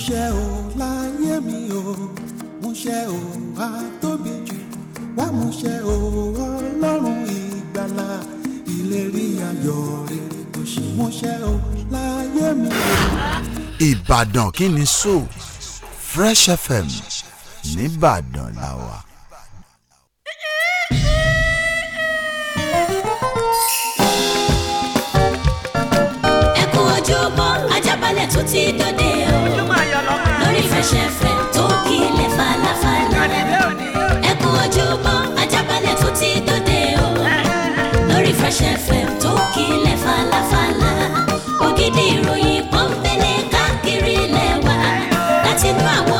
múṣẹ o láyé mi o múṣẹ o àtóbi jù wá múṣẹ o ọlọ́run ìgbàlà ìlérí ayọ̀ rere kò sí múṣẹ o láyé mi o. Ìbàdàn kí ni sọ Fresh FM nìbàdàn làwà. ojúbọ ajábalẹ̀ tó ti dòde o lórí fẹsẹ̀fẹ̀ tó kílẹ̀ falafala ẹ kú ojúbọ ajábalẹ̀ tó ti dòde o lórí fẹsẹ̀fẹ̀ tó kílẹ̀ falafala ògidì ìròyìn pọ́npẹ́lẹ́ káàkiri lẹ́wà látinú àwọn.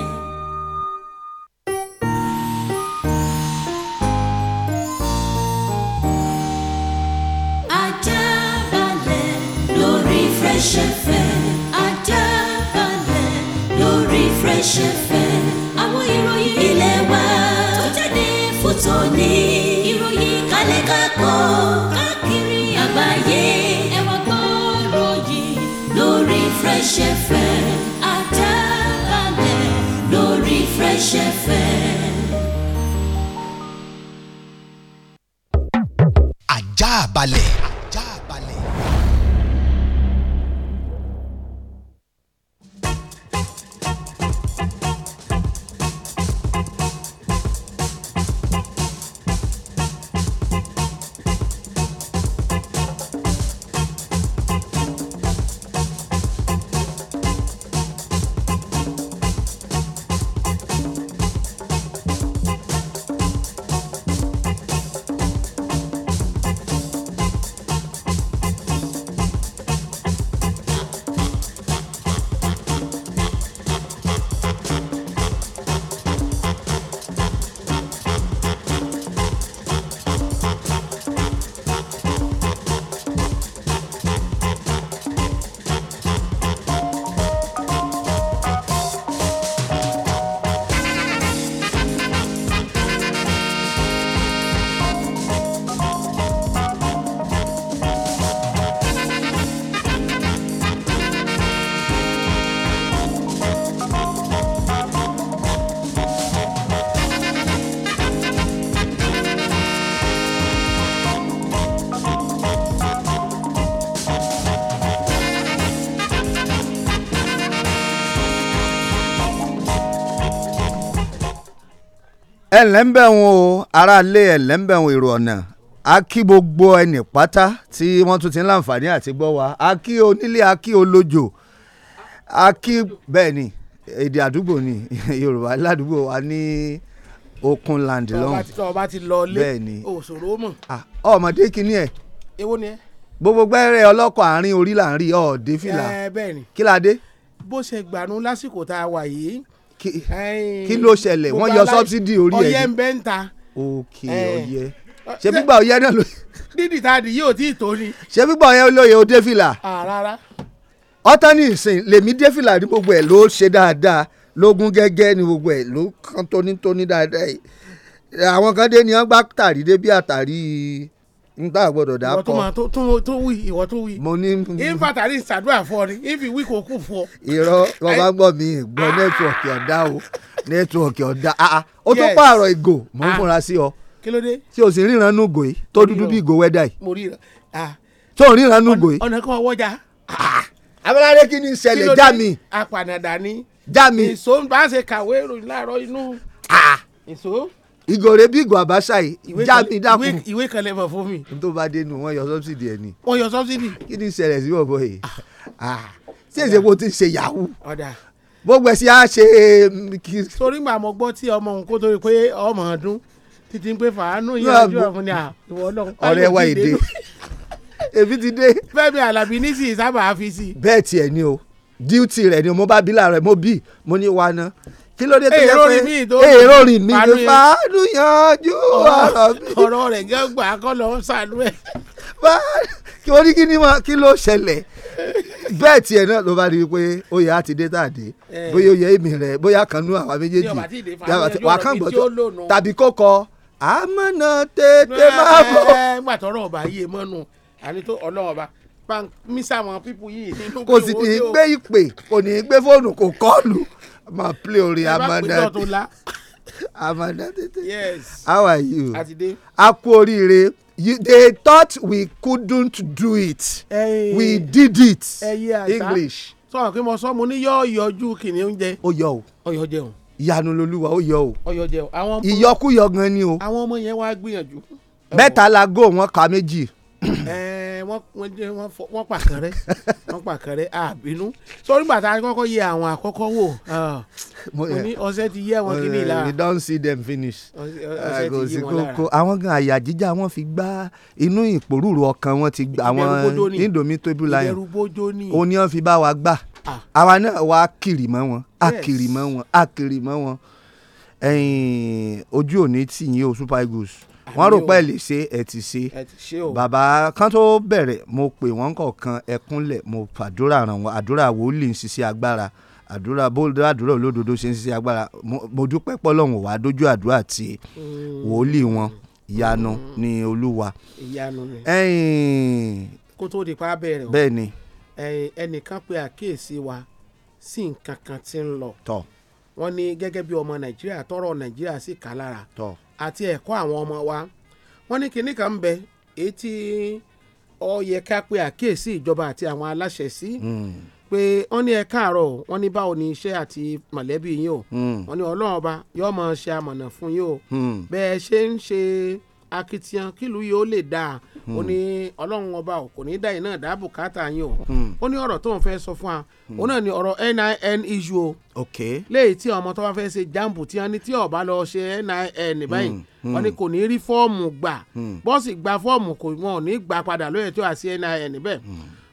ẹ ǹlẹ́ ń bẹ̀ wọn o aráalé ẹ ǹlẹ́ ń bẹ̀ wọn èrò ọ̀nà a kí gbogbo ẹnì pátá tí wọ́n tún ti ń láǹfààní àti gbọ́ wa a kí onílé a kí olójò a kí bẹ́ẹ̀ ni èdè àdúgbò ni Yorùbá ládùúgbò wa ní okun land lọ́hùn tọ́ba ti ọmọdé kìíní ẹ. ni ẹ. gbogbo gbẹ́rẹ́ ọlọ́kọ̀ àárín orí là ń rí ọ̀ọ́dẹ́fìlà kí la dé. bó ṣe gbànú lásìkò tá a wà yìí kí ló ṣẹlẹ̀ wọ́n yọ subsidy orí ẹ̀yìn ọyẹ́ ń bẹ́ ń ta. ok ọyẹ́ eh. eh, ṣé gbígbà ọyẹ́ náà ló. dídì tàdí yóò tí ì tó ni. ṣé gbígbà ọyẹ́ olóye ó dé fìlà. rárá. ọ̀tán ní ìsìn lèmi dé fìlà ní gbogbo ẹ̀ ló ṣe dáadáa lógún gẹ́gẹ́ ní gbogbo ẹ̀ ló kán tónítóní dáadáa yìí àwọn kan dé ni wọ́n gbá tàrí dé bí àtàrí n tá gbọ́dọ̀ dà pọ̀ ìwọ tó máa tó wí ìwọ tó wí. mo ní. ìfàtàlì mm, ṣàdúrà fún ọ ni ìfì wí kò kù fún ọ. wọn bá gbọ́ mi gbọ́ ah. nẹ́tíwọ̀kì ọ̀dà o nẹ́tíwọ̀kì ọ̀dà a ah, o ah, tó pààrọ̀ ìgò mo ń fúnra sí ọ. kí tí o sì ríran nù gòyí tó dúdú bí ìgò wẹ́dà yìí. mo ríran a. tó o ríran nù gòyí. ọ̀nà kan wọ́jà. abẹ́rẹ́ kí ni ìṣẹ̀lẹ̀ já mi. àpànàdà ni. já mi. èso bá ṣe kàwé ìròyìn láàárọ̀ inú. èso ìgòrè bí ìgò àbáṣà yìí já mi dákun. ìwé kan lè mọ̀ fún mi. n tó bá dénú wọn yọ sọ́bsidì ẹ̀ ni. wọn yọ sọ́bsidì. kí ni ìṣẹ̀lẹ̀ sí bọ̀bọ̀ yìí tí èsè kò ti ṣe yahoo gbogbo ẹ̀ sì á ṣe. Mm, torí màá mọ gbọ́ tí ọmọ òun kó torí pé ọmọ ọdún títí ń pè fàánù yẹn ojú ọ̀fun ni ah, ìwọ náà. ọ̀rẹ́ wa èdè èmi ti dé. fẹ́mi alábí nísìnyí sábà á fi sí. bẹ́ẹ̀ tiẹ̀ ni o díùtì rẹ̀ ni mo bá bí láàárọ̀ mo bí mo ní wa ná kí ló dé tó yẹ pé èrò rì mí ní fàánúyànjú ọ̀rọ̀ mi. ọ̀rọ̀ rẹ̀ gẹ́gbà kọ́ ló ń sànú ẹ̀. kí wọ́n ní kí ni wọn kí ló ṣẹlẹ̀ bẹ́ẹ̀ tiẹ̀ náà ló bá rí i pé oyè á ti dé tàdé bóyá oyè èmi rẹ̀ bóyá kanú àwa méjèèjì wà á kàn gbọ́ tó tàbí kó kọ àmọ́nà tètè máa bọ̀. ẹ ẹ gbàtọ́rọ̀ ọba yìí mọ́nu àní tó ọlọ́wọ́ bá mísà wọn pípù yìí. kò sì ní í gbé ìpè kò ní í gbé fóònù kò kọ́ọ̀lù máa play orin amanda amanda tètè yes how are you a kú oríire they thought we couldn't do it hey. we did it hey, yeah, english. sọ̀rọ̀ pé mo sọ mo ní yọ ọ̀yọ́jú kìnìún jẹ. ó yọ o. ọ̀yọ́ jẹ o. ìyanu lolúwa ó yọ o. ọ̀yọ́ jẹ o. àwọn ìyọkúyọ gan ni o. àwọn ọmọ yẹn wá gbìyànjú. mẹ́ta la go wọn ka méjì. ẹ̀ẹ́ wọ́n pàkàn rẹ wọ́n pàkàn rẹ àbínú sórí bàtà kọ́kọ́ yẹ àwọn àkọ́kọ́ wò mo ní ọṣẹ ti yẹ wọn kíní lára you don see them finish ah, kò sí kókó àwọn gan àyà jíjà wọn fi gbá inú ìpòrúurú ọkàn wọn ti gbà àwọn indomie tóbi láyìn òní fi bá wa gbà àwa náà wà á kiri mọ́ wọn á kiri mọ́ wọn á kiri mọ́ wọn ojú òní tì yín o super eagles wọ́n rò pé lè ṣe ẹ ti ṣe bàbá kan tó bẹ̀rẹ̀ mo pè wọ́n kọ̀ọ̀kan ẹkúnlẹ̀ mo fàdúrà ràn wọ́n àdúrà wòlíì ń ṣiṣẹ́ agbára àdúrà bóòdù àdúrà olódodo ṣe ń ṣiṣẹ́ agbára mo dúpẹ́ pọ́lọ́hún wàá dójú àdúrà ti mm. wòlíì wọn ìyanu mm. ni olúwa. ìyanu ni kó tó di pa bẹ̀rẹ̀ o bẹ́ẹ̀ ni ẹnìkan pe àkíyèsí wa sí nǹkan kan tí ń lọ wọ́n ní gẹ́gẹ́ bí ọmọ nàìjíríà tọrọ nàìjíríà sì kà lára àti ẹ̀kọ́ àwọn ọmọ wa wọ́n ní kinní kan ń bẹ etí ó yẹ ká pe àkíyèsí ìjọba àti àwọn aláṣẹ sí hmm. pé wọ́n ní ẹ káàárọ̀ wọ́n ní báwo ni iṣẹ́ àti mọ̀lẹ́bí yín o hmm. wọ́n ní ọlọ́run ọba yóò máa ṣe amọ̀nà fún yín o hmm. bẹ́ẹ̀ ṣe ń ṣe akitiyan kílùú yìí ó lè da, ó hmm. ní ọlọ́run ọba o kò ní dá iná dá bùkátà yín o hmm. ó ní ọ̀rọ̀ tó ń fẹ́ sọ fún wa hmm. ó náà ní ọ̀rọ̀ NIN issue o léyìí tí ọmọ tó bá fẹ́ ṣe jambu tí wọ́n ní tí ọba lọ ṣe NIN báyìí wọ́n ní kò ní rí fọ́ọ̀mù gbà bọ́ọ̀sì gba fọ́ọ̀mù kò wọ́n ò ní gbà padà lóye tó àṣẹ NIN bẹ́ẹ̀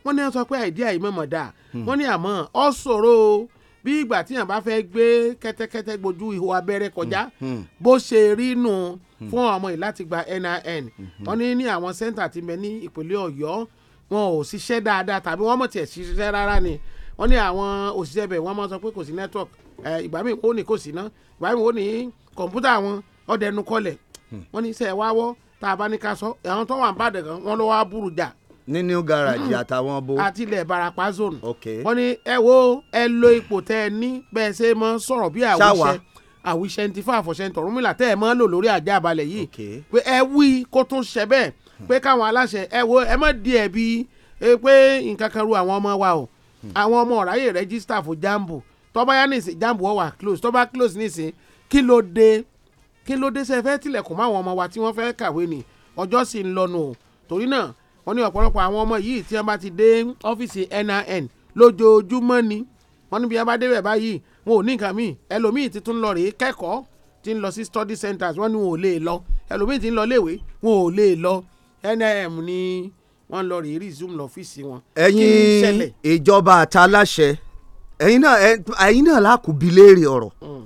wọ́n ní wọ́n sọ pé àìdí àìmọ̀mọ̀ dáa wọ́n ní àmọ́ ọ̀ sọ̀rọ̀ o bí ìgbà tíyàn bá fẹ́ gbé kẹ́tẹ́kẹ́tẹ́ gbojú ihò abẹ́rẹ́ kọjá hmm, hmm. bó ṣe rí nù hmm. fún ọmọ yìí láti gba NIN wọ́n ní ní àwọn sẹ́ńtà ti mẹ́ ní ìpínlẹ̀ Ọ̀yọ́ wọn ò ṣiṣẹ́ dáadáa tàbí wọ́n mọ̀ tiẹ̀ ṣiṣẹ́ rárá ni wọ́n ní àwọn òṣìṣẹ́ bẹ̀ wọ́n máa sọ pé kò sí network ìgbà míì ó ní kò sí ná ìgbà míì ó ní kọ̀ǹpútà wọn ọ̀dẹ̀nu kọlẹ̀ wọ́n ní sẹ́ẹ̀ wáwọ́ tá a bá ní ká sọ àwọn tó wà ń bàdàn kan wọ́n lọ́wọ́ á burú jà ní new garage àtàwọn bo. àti ilẹ̀ Ìbàràpá zone. ok wọ́n ní ẹ wo ẹ lo ipò tẹ ẹ ní bẹ́ẹ̀ ṣe mọ́ sọ̀rọ̀ bí àwíṣẹ́ àwíṣẹ́ ti fún àfọ̀ṣẹ́ tọ̀rúnmìlà tẹ́ ẹ mọ́ lò lórí àjà balẹ̀ yìí pé ẹ wí kó tún ṣẹ bẹ́ẹ̀ pé káwọn aláṣẹ ẹ wo ẹ mọ̀ di ẹ̀ bí pé nǹkan kan ru àwọn ọmọ wa o àwọn ọmọ ọ̀ráyè rẹ́gísítà fún jambu tọ́ba yá nìsín jambu ó wà close tọ́ba close nìsín kí ló dé kí ló dé sẹ́fẹ́ tilẹ̀kùn máwọn ọmọ wa tí wọ́n fẹ́ kàwé ni ọjọ́ sì ń lọnu o torí náà wọ́n ní ọ̀pọ̀lọpọ̀ àwọn ọmọ yìí tí wọ́n bá ti dé ọ́fíìsì NIN lójoojúmọ́ ni wọ́n níbi abá débẹ̀ báyìí wọn ò ní nǹkan míì ẹlòmíì ti tún lọ rèé kẹ́kọ̀ọ́ ti ń lọ sí study centers wọ́n ní wọn ò lè lọ ẹlòmíì ti ń lọ léèwé wọn ò lè lọ NIN ni wọ́n lọ rèé resume lọ́fíìsì wọn. ẹ̀yin ìjọba àtàláṣẹ ẹ̀yin náà ẹ̀yin náà lákùbí léèrè ọ̀rọ̀ hmm.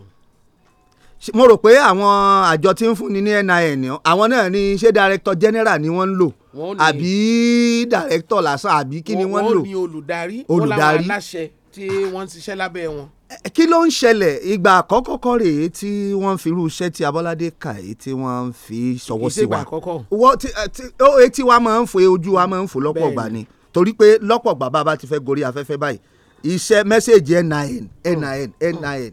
mo rò pé àwọn àjọ tí ń fúnni ní NIN àwọn náà ní ṣé director general ni wọ́n ń lò àbí dàrẹ́tọ̀ lásán àbí kí ni wọ́n lò wọ́n ní olùdarí olùdarí aláṣẹ tí wọ́n ń ṣiṣẹ́ lábẹ́ wọn. kí ló ń ṣẹlẹ̀ ìgbà àkọ́kọ́ kọ́ rèé tí wọ́n fi irú iṣẹ́ tí Abọ́ládé kà é tí wọ́n fi ṣọwọ́ sí wa wọ́n etí wa máa ń fò ojú wa máa ń fò lọ́pọ̀ gbà ni torí pé lọ́pọ̀ gbà bá ti fẹ́ gorí afẹ́fẹ́ báyìí iṣẹ́ mẹ́sẹ̀gì NIN NIN NIN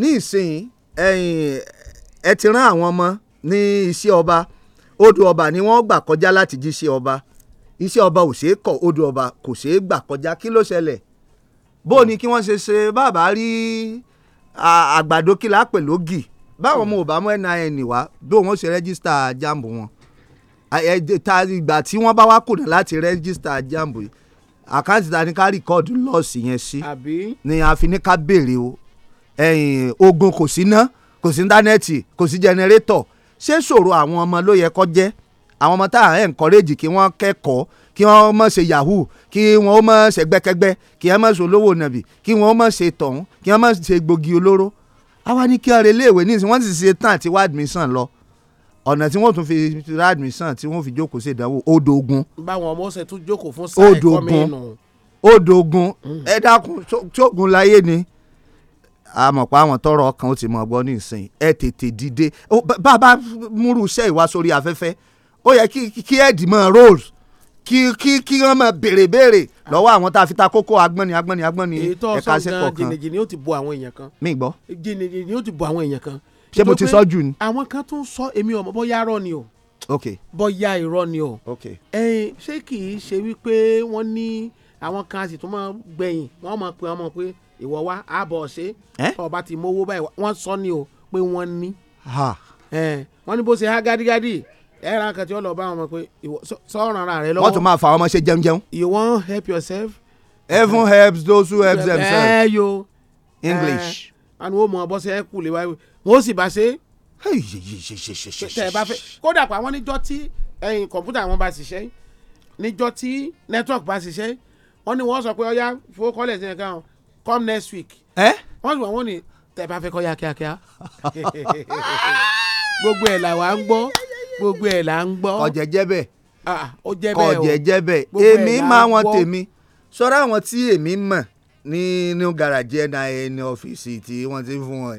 ní ìsìn ẹ ti rán àwọn ọmọ ní iṣẹ́ ọba odò ọba ni wọ́n gbà kọjá láti jíṣẹ́ ọba iṣẹ́ ọba ò ṣeé kọ̀ odò ọba kò ṣeé gbà kọjá kí ló ṣẹlẹ̀ bó ni kí wọ́n ṣe ṣe bàbá rí àgbàdo kí lápè lógì báwọn ọmọ òbámu NIN wá bí wọ́n ṣe rẹ́gísítà jambu wọn ìgbà tí wọ́n bá wá kùnà láti rẹ́gísítà jambu yìí àkáǹtì ta ni ká rìkọ́ọ̀dù lọ́ọ̀sì yẹn sí ni a fi ní ká béèrè o ogun kò sí ná kò sí íńtánẹ́ẹ̀tì kò sí jẹnẹrétọ̀ ṣé ṣòro àwọn ọmọ ló yẹ kó jẹ́ àwọn ọmọ tá à ń encourage kí wọ́n kẹ́kọ̀ọ́ kí wọ́n mọ̀ ṣe yahoo kí wọ́n mọ̀ ṣe gbẹ́kẹ́gbẹ́ kí wọ́n mọ̀ ṣe olówó nàbì kí wọ́n mọ̀ ṣe tọ̀hún kí wọ́n mọ̀ ṣe gbòógì olóró àwa ní kí ọ̀rẹ́ iléèwé nísìnyí wọ́n sì ṣe tán àti wá admission lọ ọ̀nà tí wọ́n tún fi ra admission tí wọ́n fi jókòó sí ìdánwò odò ogun. báwọn ọmọ ṣe tún jókòó fún sáà ẹ̀kọ́ mi nù. odò ogun odò ogun ogun láyé ni àmọ̀pá àwọn tọrọ ọkàn ó ti mọ̀ gbọ́ ní ìsìn ẹ tètè dìde bàbá múrú iṣẹ́ ìwà sórí afẹ́fẹ́ ó yẹ kí ẹ̀dì mọ̀ roll kí kí kí wọ́n mọ̀ béèrè béèrè lọ́wọ́ àwọn tá a fi ta kókó agbọ́nni agbọ́nni agbọ́nni ẹ̀ka sẹ́kọ̀ọ́ kan. jìnnìjìnnì ó ti bo àwọn èèyàn kan. mi gbọ́. jìnnìjìnnì ó ti bo àwọn èèyàn kan. ṣé mo ti sọ jù ni. àwọn kan tún sọ èmi ọmọ bóyá arọ ni o. ok. bóyá irọ́ ni o. ok. ẹyin ṣé kì í ṣe wípé wọ́n ní àwọn kan a sì tún máa gbẹ̀yìn wọ́n máa pe ọmọ pé ìwọ wá àbọ̀ ṣe ọba ti mówó báyìí wọ́n sọ ni o pé wọ́n ní wọ́n ní bó ṣe há gádígádí ẹ̀rọ akẹ́tì ọ̀lọ́ bá wọn mọ̀ pé sọ̀rọ̀ ara rẹ lọ́wọ́. wọ́n tún máa fa ọmọ ṣe jẹun you wan help yourself. heaven helps those who help eh, themselves. Eh, english. Eh, àni wọ́n mọ ọ bọ́sẹ̀ kù lè wáyé wọ́n sì bá ṣe. kódà pa àwọn níjọ́ tí ẹyin wọn bá ṣiṣẹ́ níjọ́ tí network bá ṣiṣẹ́ wọ́n ní wọ́n sọ pé ọ̀yá fowó kọ́lẹ̀ sí ẹ̀ka wọn come next week. ẹ. Eh? wọ́n sùn àwọn ní tẹ̀ bá fẹ́ kọ́ ya kíákíá. gbogbo ẹ̀ là wà ń gbọ́ gbogbo ẹ̀ là ń gbọ́. kọ̀jẹ̀jẹ̀ bẹ́ẹ̀. Ah, ah ó jẹ́ bẹ́ẹ̀ o kọ̀jẹ̀jẹ̀ bẹ́ẹ̀ èmi máa wọn tèmi sọ́ra àwọn tí èmi mọ̀ ní new garage nia ní ọ́fíìsì tí wọ́n ti fún wọn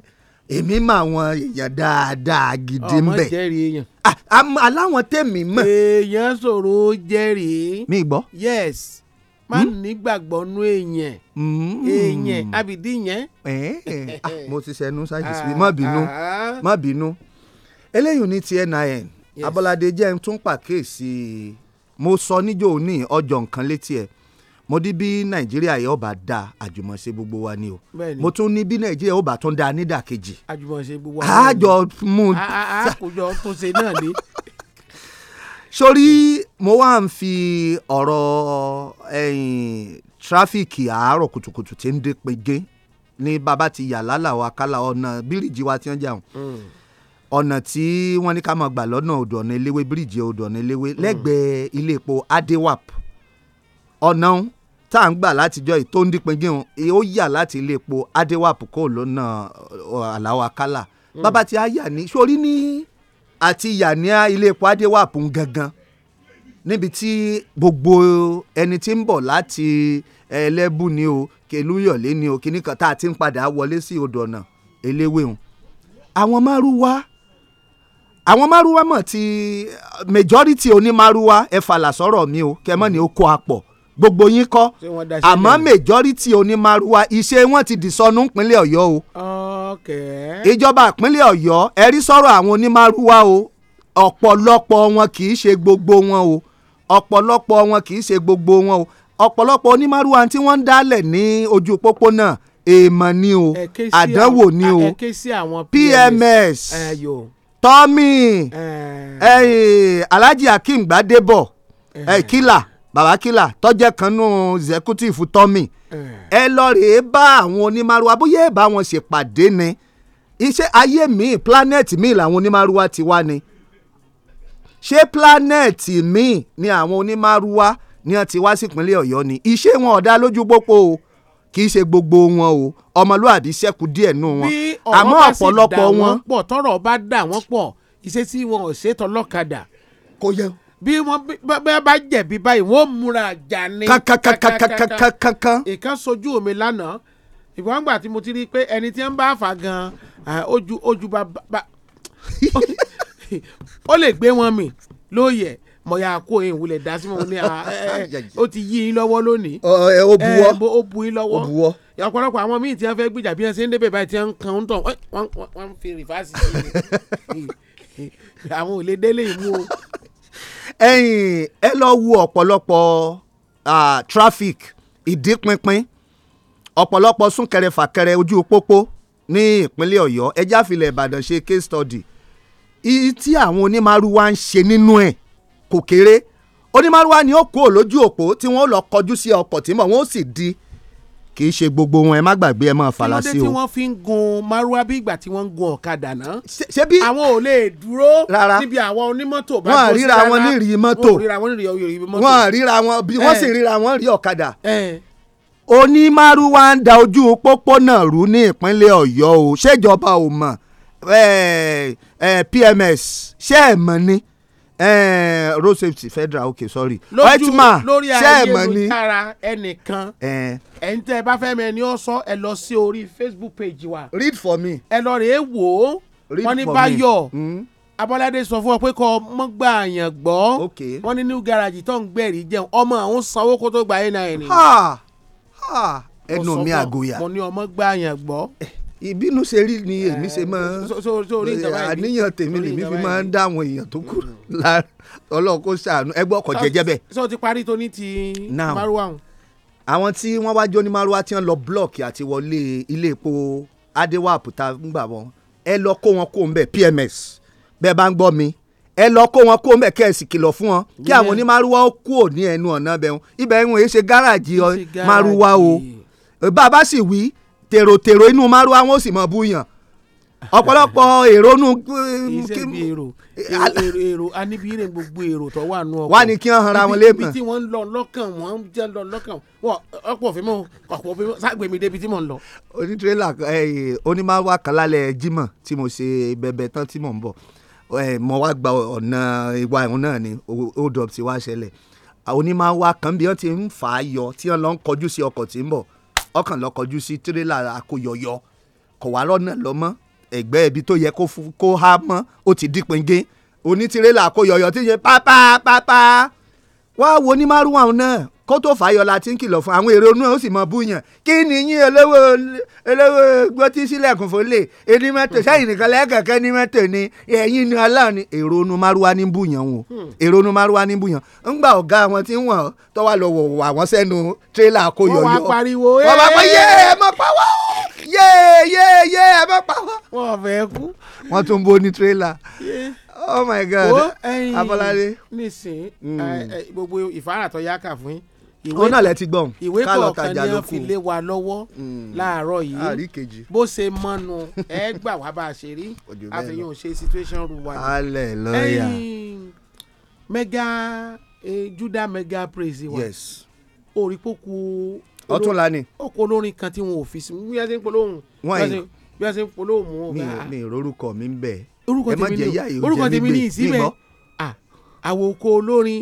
èmi mà wọn èèyàn dáadáa gidi ń bẹ ọmọ jẹ́rìí èèyàn ah, aláwọn tèmi mọ̀. èèyàn sọ̀rọ̀ jẹ́rìí. mi gbọ́. yes má hmm? nígbàgbọ́ nú èèyàn hmm. èèyàn àbìdí yẹn. Ah, mo ti ṣẹnu ṣáàjì sí ah, Ma bínú ah. ma bínú eléyìí ní ti NIN Abọ́ládé jẹ́ ń tún pàkíyèsí mo sọ níjọ́ òní ọjọ́ nǹkan létí ẹ̀ mo di bí nàìjíríà yóò bá da àjùmọ̀ṣe gbogbo wa ni o mo tún ní bí nàìjíríà yóò bá tún da nídàkejì àjùmọ̀ṣe gbogbo wa ni o àjọ mú. a kò jọ ṣe náà ni. sórí mo wá ń fi ọ̀rọ̀ ẹ̀yìn tráfíkì àárọ̀ kùtùkùtù tí ń dé pege ní bàbá ti yà lálà wa kálá ọ̀nà bíríìjì wa ti ń jà wọn hmm. ọ̀nà tí wọ́n ní ká máa gbà lọ́nà odò ọ̀nà eléwé bíríìjì odò ọ̀nà eléwé hmm. lẹ́gbẹ̀ẹ́ ilé epo adewap ọ̀nà tá à ń gbà látijọ́ yìí tó ń dípẹ́gẹ́ wọn ó yà láti ilé epo adewap kó lọ́nà àláwa kálá hmm. bàbá ti á yà ní sórí ní àti yàníà ilé epo adéwàpọ̀ gangan níbi tí gbogbo ẹni tí ń bọ̀ láti ẹlẹ́bù ni o kẹlúyọ̀lé ni o kíní kan tá a ti ń padà wọlé sí odò ọ̀nà eléwéhùn àwọn márùwá àwọn márùwá mọ̀ ti majority onímárùwá ẹ̀fà làsọ̀rọ̀ mi o kẹ́mọ́ ni ó kó apọ̀ gbogbo yín kọ́ àmọ́ majority onímàrúwa iṣẹ́ wọn ti dìsọnù ìpínlẹ̀ ọ̀yọ́ o ìjọba ìpínlẹ̀ ọ̀yọ́ ẹ rí sọ̀rọ̀ àwọn onímàrúwa o ọ̀pọ̀lọpọ̀ wọn kì í ṣe gbogbo wọn o ọ̀pọ̀lọpọ̀ wọn kì í ṣe gbogbo wọn o ọ̀pọ̀lọpọ̀ onímàrúwa tí wọ́n ń dálẹ̀ ní ojú pópónà èèmọ̀ ni o àdánwò ni o PMS tọ́mì Alhaji Akeem Gbadebo killer baba kila tọ́jẹ́ kanú executive tommy eh. ẹ lọ rèé bá àwọn onímàrúwa bóyá ẹ bá wọn ṣèpàdé ni iṣẹ́ ayé mi planet mi làwọn onímàrúwa ti wá ni ṣé planet mi ni àwọn onímàrúwa ni wọ́n ti wá sípínlẹ̀ ọ̀yọ́ ni iṣẹ́ wọn ọ̀dá lójú pópó o kì í ṣe gbogbo wọn o ọmọlúwàbí ṣẹ́kù díẹ̀ nù wọn àmọ́ ọ̀pọ̀lọpọ̀ wọn. bí ọ̀rọ̀ bá sì dà wọ́n pọ̀ tọ́rọ̀ bá dà wọ́n pọ̀ ìṣesí wọn ò ṣètò ọlọ́kadà. kò yẹ bí wọ́n bẹ́ẹ̀ bá jẹ̀bi báyìí wọ́n múra àjà ní a ẹ̀yin ẹ lọ wo ọ̀pọ̀lọpọ̀ traffic ìdínpinpin ọ̀pọ̀lọpọ̀ súnkẹrẹ fàkẹrẹ ojú pópó ní ìpínlẹ̀ ọ̀yọ́ ẹjá filẹ̀ ìbàdàn ṣe case study iye tí àwọn onímàrúwá ń ṣe nínú ẹ̀ kò kéré onímàrúwá ni ó kúrò lójú òpó tí wọ́n lọ kọjú sí ọkọ̀ tí mọ̀ wọ́n ó sì di kì í ṣe gbogbo wọn ẹ má gbàgbé ẹ má fara sí o. kí ló dé tí wọ́n fi ń gun márúwá bí ìgbà tí wọ́n ń gun ọ̀kadà náà. ṣé bí àwọn ò lè dúró níbi àwọn onímọ́tò bá tó sí wọn ò ríra wọn nírìí mọ́tò ríra wọn bí wọ́n sì ríra wọn rí ọ̀kadà. onímárúwá ń da ojú pópónà rú ní ìpínlẹ̀ ọ̀yọ́ o ṣèjọba ò mọ̀ PMS ṣé ẹ̀ mọ̀ ni. Eh, eh, Eh, road safety federal okay sorry ọtí lórí ayélujára ẹnìkan eh. ẹ̀yin tẹ́ ẹ bá fẹ́ mi ẹni ọ sọ ẹ lọ sí orí facebook page wa. read for me. ẹ lọ rèé wò ó wọ́n ní báyọ̀ hmm? abọ́ládé sọ fún ọ pé kọ́ mọ́ gbà àyàn gbọ́ wọ́n ní new garage tó ń gbẹ̀rí jẹun ọmọ àwọn sanwó kó tó gba ẹ̀ náà ẹ̀ ni. ẹnu mi àgòyà. mo ní ọmọ gbà àyàn gbọ́. Eh ìbínú ṣe rí ni eh, èmi ṣe máa àníyàn tèmi lèmi fi máa ń dá àwọn èèyàn tó kù mm. lára ọlọ́run kó ṣàánú ẹgbẹ́ ọkọ̀ jẹ́jẹ́ bẹ́ẹ̀. sọ ti parí tó ní ti márùwá hùn. àwọn tí wọ́n wá jó ní márùwá tí wọ́n lọ blọọkì àti wọlé ilé epo adéwàpù tá ń gbà wọ́n ẹ lọ kó wọn kó ń pms bẹ́ẹ̀ bá ń gbọ́ mi ẹ lọ kó wọn kó mẹ kẹsì kìlọ̀ fún wọn kí àwọn onímàrúwá ó kúò ní ẹnu ọ̀nà bẹ̀rùn ibẹ̀ ń wọ́n ṣe gáràjì màrúwá o bàbá sì wí tèrò-tèrò inú márùn àwọn ò sì mọ̀ buyàn ọ̀pọ̀lọpọ̀ èrò nu. Uh, iṣẹ́ bí èrò èrò anibire gbogbo èrò tó wà nù ọkọ̀. wà ní kí wọ́n hanra wọn lébùn. ibi tí wọ́n ń lọ lọ́kàn wọ́n ń jẹ́ lọ lọ́kàn wọ́n ọ̀pọ̀ fímọ́ ọ̀pọ̀ fímọ́ sáàgbé mi débi tí mò ń lọ. onítìrẹ́là eh, onímọ̀wá kan lálẹ́ tí mo ṣe bẹ̀bẹ̀ tán tí mò ń bọ̀ eh, mo wá gba ọ̀nà ìwà ẹ̀hún náà ni hold up ti wá ṣẹlẹ̀ onímọ̀wá kan bí wọ́n ti ń fà á yọ tí wọ́n lọ ń kọjú sí ọkọ̀ tí ń bọ̀ ọkàn lọ kọjú sí tírélà akóyọyọ kò wá lọ́nà lọ mọ́ ẹ̀gbẹ́ ibi tó yẹ kó há mọ́ ó ti dín penge onítìrélà akóyọyọ ti yẹ pápá pápá wá wo ní márùn-ún náà kó tó fàyọ la ti ń kìlọ̀ fún àwọn èrò náà ó sì mọ búyàn kí ni yín olówó olówó gbọ́tí sílẹ̀kùn fòlè ẹni mọ́tò sẹ́yìn nìkan lẹ́ẹ̀kẹ̀kẹ́ ní mọ́tò ni ẹ̀yìn ni aláàánú èrò onú márúwá ní búyàn wọn hmm. èrò onú márúwá ní búyàn ńgbà ọ̀gá wọn tí wọ́n tó wà lọ́wọ́ wà wọ́n sẹ́nu tírélà kó yọ̀yọ̀ wọ́n wá pariwo ẹ̀ wọ́n bá pọ̀ yé ẹ mọ̀ pawọ́ yé yé yé ẹ mọ̀ pawọ́. wọn ò fẹ́ kú. wọ́n tún bó ní tírélà oh my god abolade. nísìnyí hmm. gbogbo ìfáràtọ̀ yá kà fún yín ìwé náà lẹ ti gbọ́n ìwé kọ̀ọ̀kan ni wọ́n fi lé wa lọ́wọ́ hmm. láàárọ̀ yìí bó ṣe mọ́nu ẹ gbà wá bá a ṣe rí àfihàn ṣe situation ru wa ni ẹyin mega eh, juda mega praise wa yes. òrìpọ̀kù ọ̀túnla ni ọkọ̀ olórin kan tí wọn ò fi sí bí wọ́n ṣe ń polóhùn bí wọ́n ṣe ń polóhùn mú ọ̀gá. mi ò rorúkọ mi ń bẹ̀ ẹ má jẹ́ yáyé oúnjẹ mi gbé mi mọ́. orúkọ tèmi ní ìsíbẹ̀ àwòkọ olórin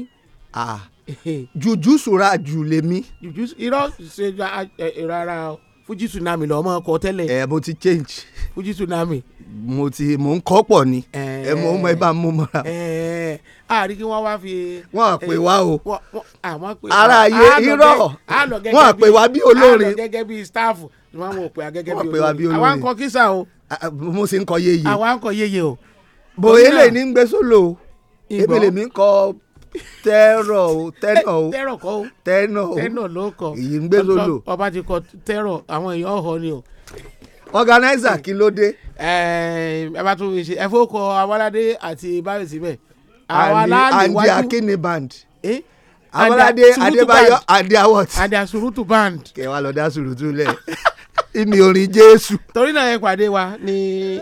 jùjú sùrà jù lèmi. jùjú irọ́ ṣe rárá o fuji tsunami lọ ọmọ ọkọ tẹ́lẹ̀. ẹ mo ti change. fuji tsunami. mo ti mo ń kọ́ pọ̀ ni. ẹ mo mọ ẹ bá mú mọ́ra. àárín kí wọ́n wá fi. wọ́n á pè wá o. ara ayé irọ́ wọ́n á pè wá bí olórin. àlọ́ gẹ́gẹ́ bí staff wọ́n á pè wá gẹ́gẹ́ bí olórin. àwa ń kọ kísà o. mo sì ń kọ yeye. àwa ń kọ yeye o. bòyélè ní gbèsòlò èmi lèmi ń kọ tẹ́rọ̀ o tẹ́nọ̀ o tẹ́rọ̀ kọ́ o tẹ́nọ̀ o tẹ́nọ̀ ló kọ èyí ń gbé lolo ọba ti kọ tẹ́rọ̀ àwọn èèyàn ọ̀họ́ ni o. organizer kí ló dé. ẹ ẹ bá tún ṣe ẹ fọwọ́ kọ awolade àti báyọ̀ síbẹ̀. àǹdí akínni band. Eh? awolade adébáyọ̀ adiawot. adiasurutu band. kẹwàá lọ dá surutu lẹ. ìní orin jésù. torí náà ẹ pàdé wa ní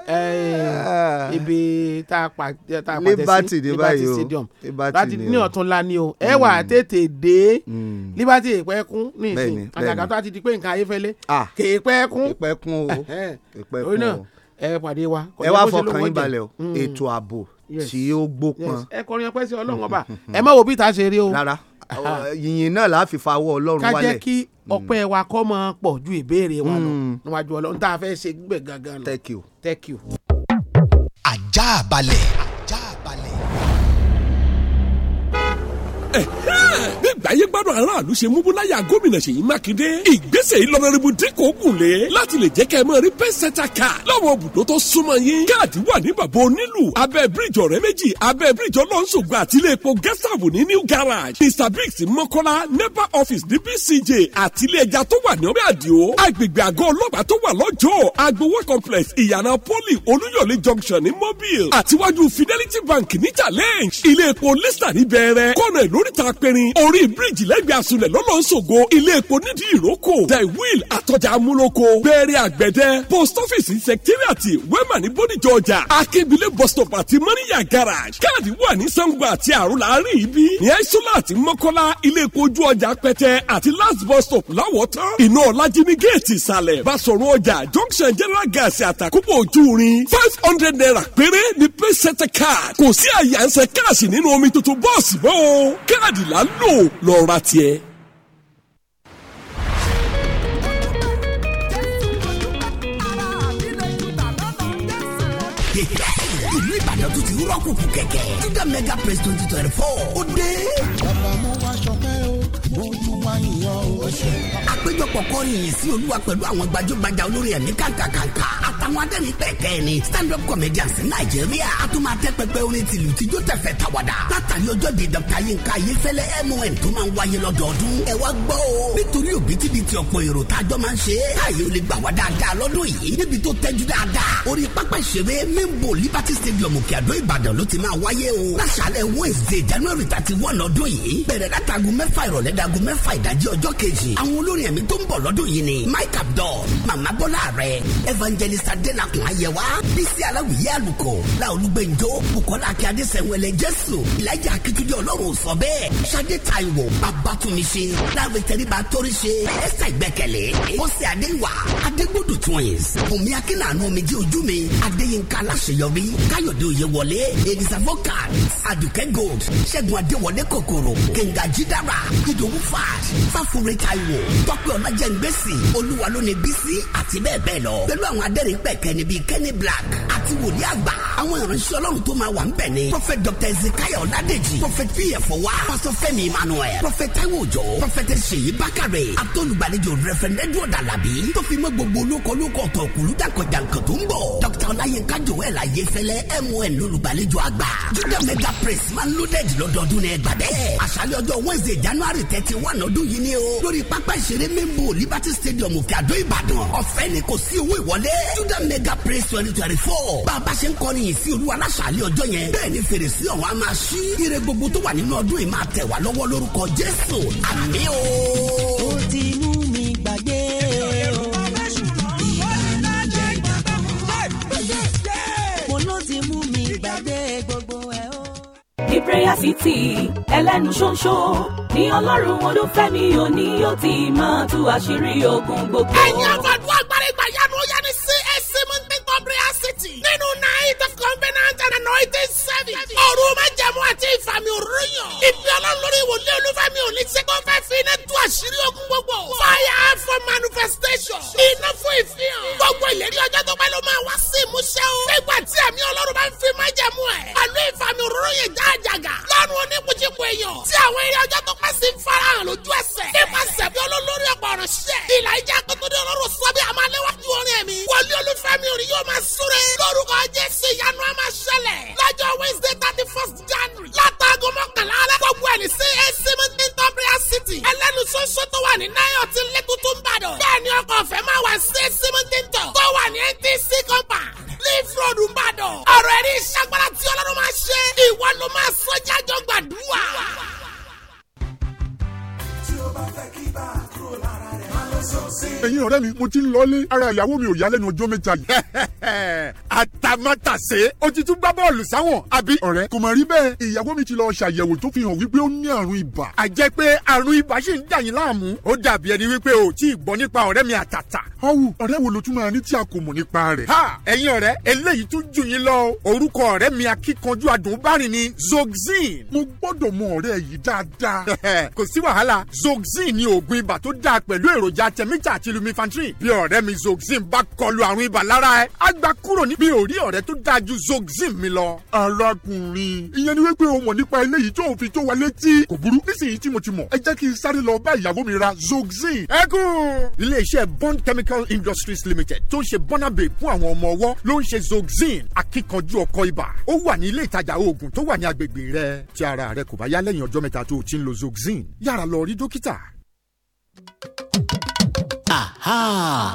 ah. ibi tá a pàtẹ sí liberty ní báyìí stadium liberty ní ọ̀túnla ni o ẹ mm. wà tètè dé mm. liberty ìpẹ́kún ní ìsìn àtàkàtà àti dípé nǹkan ayéfẹ́lẹ́ kè é pẹ́kún. ìpẹ́kún o ìpẹ́kún o ẹ pàdé wa. ẹ wá fọkàn yín balẹ̀ o mm. ètò ààbò tí ó gbópọn. ẹ kọrin ọpẹ́ sí ọlọ́run ọba ẹ má wo bí ìta ṣe rí o. rárá yìnyín náà láà fi fa ọwọ́ ọlọ́run wálẹ̀. ká jẹ́ kí ọpẹ́ hmm. wa kọ́ mọ́ pọ̀ ju ìbéèrè wa lọ hmm. níwájú ọlọ́run tá a fẹ́ ṣe gbẹ̀ lọ. thank you. thank you. ajá balẹ̀. bí gbàyé gbádùn aráàlú ṣe mú búláyà gómìnà Ṣèyí Mákindé ìgbésẹ̀ ìlọrẹ́rìbù dínkù ògùn lé láti lè jẹ́ kẹ́ ẹ mọ́ rí pẹ́sẹ́tà kà láwọn ibùdó tó súnmọ́ yín káàdì wà ní bàbá onílù abẹ́ bíríjì ọ̀rẹ́ méjì abẹ́ bíríjì ọlọ́nṣogbo àti ilé epo gẹ́sàbù ní new garage mr briggs mọ́kọ́lá nepa office ní bcj àti ilé ẹja tó wà ní ọbẹ̀ àdìo agbègbè àgọ́ ọlọ́pàá tó wà lọ́jọ́ junction ní mobile fidelity bank ní challenge ilé epo lista ní bẹ̀rẹ̀ lóríta apẹrin orí bíríìjì lẹ́gbẹ̀ẹ́ asunlẹ̀ lọ́lọ́sọ̀gọ ilé epo nídìí ìrókò the wheel àtọjà amúlòkọ bẹ̀rẹ̀ àgbẹ̀dẹ post office secretariat wema ní bódìjọ ọjà akébílẹ̀ bus stop àti mọ́níyà garage káàdì wà ní sango àti àrùn láàrin ibi ní aisola àti mọ́kọ́lá ilé epo ojú ọjà pẹtẹ àti last bus stop láwọ̀tán iná ọ̀làjì ní géètì ìsàlẹ̀ basọ̀rọ̀ ọjà junction general gas àtàkùbọ̀ ojú rin five hundred naira péré ní pẹ́sẹ́tẹ̀ card kò sí àyànṣe káàsì nínú omi tuntun bọ́ọ̀sì bọ́ọ̀ káàdì là ń lò lọ́ọ́ ra tiẹ̀. ìlú ìbàdàn tún ti rọ́ọ̀kù kù kẹ̀kẹ́ jíjẹ́ mega press twenty twenty four ó dé. bàbá mo wá ṣọpẹ́ o mo tún wá yìnyín o àpéjọpọ̀ kọrin yìí sí olúwa pẹ̀lú àwọn gbajúgbajà olórí ẹ̀mí kàǹkàǹkà àtàwọn adẹ́rìn pẹ̀kẹ́ ni stand up comedians nàìjíríà a tún máa tẹ́ pẹpẹ orin tìlù tíjó tẹ̀fẹ̀ tàwàdà látàrí ọjọ́ di dr yinka ayéfẹ́lẹ́ mon tó máa ń wáyé lọ́dọọdún ẹ wá gbọ́ o nítorí òbítíbitì ọ̀pọ̀ èrò tájọ́ máa ń ṣe káyé olè gbà wá dáadáa lọ́dún yìí níbi tó tẹ́jú dáadáa orí pápá ìṣeré mímbo liberty stadium òkè àdó ìbàdàn ló ti máa wáyé o láṣálẹ̀ wednesday january thirty one ọdún yìí bẹ̀rẹ̀ látago mẹ́fà ìrọ̀lẹ́ dago mẹ́fà ìdájí ọjọ́ kejì àwọn olórin ẹ̀mí tó ń bọ̀ lọ́dún yìí ni mike abdul mama bọ́lá rẹ̀ evangelist adenakun ayẹwa bísí aláwìyé àlùkò làolúgbẹ̀njọ́ bukola akíade sẹ̀wẹ̀lẹ̀ jésù ìlàjà akitunde ọlọ́run sọ bẹ́ẹ̀ sade taiwo babatunmise láwọn ìtẹríba torise ẹsẹ̀ ìgbẹ́kẹ̀lé mọ́sẹ̀ adéwà adégbòdù twins bùnmi akínàánú omijì ojú mi adéyínká aláṣeyọrí káyọ̀dé oyèwọlé elisa vocal adùkẹ́ gold ṣẹ́gun adéwọlé kòkòrò kẹ̀ǹgà jídára ìdòwú fàd fáfúrẹ́ taiwo tọ́k tọ́pẹ́ ọlájẹ́ngbèsì olúwa ló ní bísí àti bẹ́ẹ̀ bẹ́ẹ̀ lọ pẹ̀lú àwọn adẹ́rìn pẹ̀kẹ́ níbi Kenny Black àti wòlíì àgbà àwọn ìránṣẹ́ ọlọ́run tó máa wà ń bẹ̀ ni prophet dr ezekiel ọ̀làdèjì prophet pf wa pastor fẹ́mi emmanuel prophet taiwo òjò prophet ṣèyí bákàrẹ̀ àtọ́lùgbàlejò reverend edward alabi tó fi mọ́ gbogbo olóko olóko ọ̀tọ̀ òkùnrin jàǹkànjàǹkàn tó ń bọ̀ dr ọláyínká joel ayéfẹ́lẹ́ mon lọ́lùgbàlejò àgbà judah mega praise man loaded lọ́dọọdún ní ẹgbàdẹ́ àṣálẹ́ ọjọ́ wednesday january thirty one ọdún yìí ni o lórí pápá ìṣeré maimbo liberty stadium òkè àdó ìbàdàn ọ̀fẹ́ ni kò sí owó ìwọlé judah mega praise twenty twenty four bá a bá ṣe ń kọrin yìí sí olúwa aláṣàlẹ̀ ọjọ́ yẹn bẹ́ẹ̀ ni fèrèsé ọ̀hún á máa ṣí ire gbogbo tó wà nínú ọdún yìí máa tẹ̀ wá lọ́wọ́ lórúkọ jésù àmín o. ó ti mú mi gbàgbé o. Ìpéyà City ẹlẹ́nu ṣóńṣó ní ọlọ́run olúfẹ́mi òní yóò ti máa tú àṣírí ogun gbogbo. ẹ̀yin ọba ọ̀rẹ́ mi mo ti ń lọlé ara ìyàwó mi ò yá lẹ́nu ọjọ́ mẹ́ta yìí. àtàmátàsé o ti tún gbá bọ́ọ̀lù sáwọn àbí ọ̀rẹ́ kò mọ̀ rí bẹ́ẹ̀ ìyàwó mi ti lọ ṣàyẹ̀wò tó fi hàn wípé ó ní àrùn ibà. a jẹ́ pé àrùn ibà ṣì ń dà yín láàmú. ó dàbí ẹni wípé o tí ì gbọ́ nípa ọ̀rẹ́ mi àtàtà. ọ̀wù ọ̀rẹ́ wo ló tún máa ní tí a kò mọ̀ nípa rẹ̀. ha ẹ̀yin ọ̀rẹ́ eléyìí tún jù yín lọ orúkọ ọ̀rẹ́ mi akíkanjú adùnbárìn ni Zoxyn. mo gbọ́dọ̀ mọ ọ̀rẹ́ yìí dáadáa. kò sí wàhálà Zoxyn ni oògùn ibà tó dáa pẹ̀lú èròjà tẹ̀mítà àti mi Zoxyn bá kọlu àrùn ibà lára ẹ̀ á gbà kúrò níbi zoxyn mi lọ. arákùnrin ìyẹn ni wípé o mọ̀ nípa eléyìí tó o fi tó wa létí. kò burú nísìnyí tí mo ti mọ̀ ẹ jẹ́ kí n sáré lọ bá ìyàwó mi ra zoxyn. ẹ kún. iléeṣẹ́ bond chemical industries limited tó ń ṣe bọ́nàbè fún àwọn ọmọ ọwọ́ ló ń ṣe zoxyn akíkanjú ọkọ ibà. ó wà ní ilé ìtajà oògùn tó wà ní agbègbè rẹ. tí ara rẹ kò bá yá lẹ́yìn ọjọ́ mẹ́ta tó o ti ń lo zoxyn yára lọ rí dókítà aha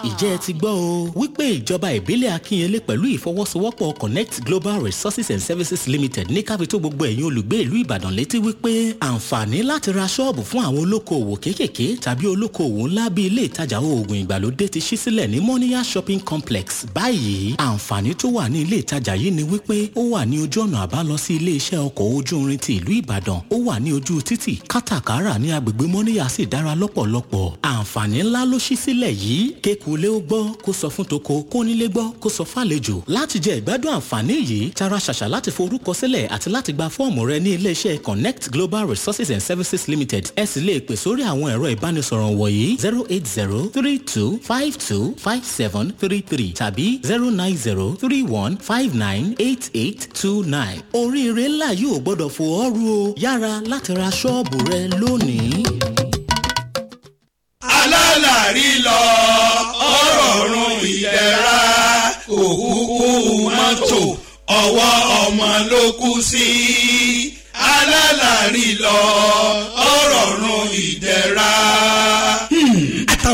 ìjẹ́ ẹ ti gbọ́ o wípé ìjọba ìbílẹ̀ Akínyẹlé pẹ̀lú ìfọwọ́sowọ́pọ̀ Connect Global Resources and Services Limited ní káfí tó gbogbo ẹ̀yin olùgbé ìlú Ìbàdàn létí wípé àǹfààní láti ra ṣọ́ọ̀bù fún àwọn olókoòwò kéékèèké tàbí olókoòwò ńlá bí ilé ìtajà oògùn ìgbàlódé ti ṣí sílẹ̀ ní Moniya Shopping Complex báyìí àǹfààní tó wà ní ilé ìtajà yìí ni wípé ó wà ní ojú ọ̀nà àbálọ sí ilé iṣẹ́ ọkọ̀ ojú irin ti ìlú Ìbàdàn ó wà ní ojú títì kátàkárà ní agbègbè Moniya sì dára lọ́pọ̀lọpọ̀ àǹfààní ńlá ló ṣí sílẹ̀ yìí kékulé ó gbọ́ kó sọ fún toko kónílé gbọ́ kó sọ fàlejò láti jẹ ìgbádùn àǹfààní yìí tara ṣàṣà láti forúkọ sílẹ̀ àti láti gba fọ́ọ̀mù rẹ ní iléeṣẹ́ Connect Global Resources and Services Limited ẹ sì lè pè sórí àwọn ẹ̀rọ ìbánisọ̀rọ̀ wọ̀nyí zero eight zero three two five two five seven three three tàbí zero nine zero three one five nine eight eight two nine oríire ńlá yóò gbọ́dọ̀ fò ọ́ o yára láti ra ṣọ́ọ̀bù rẹ lónìí lílọ ọ̀rọ̀ ọ̀run ìdẹ̀ra òkúkú mọ́tò ọwọ́ ọmọ ló kú sí alálàrí lọ ọ̀rọ̀ ọ̀run ìdẹ̀ra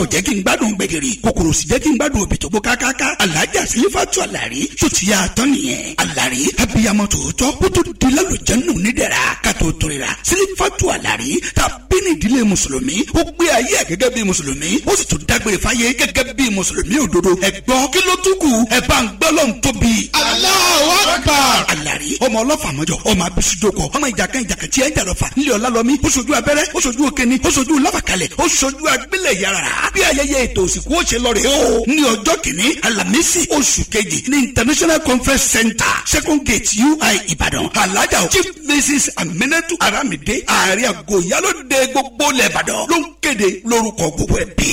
ò jẹ́ kí n gbádùn gbẹ̀gìrì kòkòrò sì jẹ́ kí n gbádùn òbítọ́gbó kákáká alájà sílífàtú àlàrí sòtìyà àtọ́ nìyẹn àlàrí abiyamọ tòótọ́ kó tó di lálùjẹ́ nù nídẹ̀ra kàtó torira sílífàtú àlàrí ta bí ní ìdílé mùsùlùmí ó gbé ayé ẹ̀ gẹ́gẹ́ bí mùsùlùmí ó sì tún dágbére fáyé gẹ́gẹ́ bí mùsùlùmí òdodo ẹ̀gbọ́n kí ló tún kù ẹ̀ bá ń gbọ́ lọ́n tóbi. Allahu Akbar. àlàrí ọmọ ọlọ́fà mọ́jọ ọmọ abisudoko ọmọ ìjàkan ìjàkan tí ń jà lọ́fà ńlẹ̀ ọ̀làlọ́mí ó ṣojú abẹ́rẹ́ ó ṣojú òkèni ó ṣojú láfàkalẹ̀ ó ṣojú agbélẹ̀ yàrá bí ayẹyẹ ètò òsìnkú òṣè lọ rèé o ní ọjọ́ kìíní alamisi oṣù kejì ní international conference center second gate ui ìbàdàn alájà chief mrs aminatu aramide ààrẹ àgọ́ ìyálòde gbogbo lẹ́bàdàn ló ń kéde lórúkọ gbogbo ẹbí.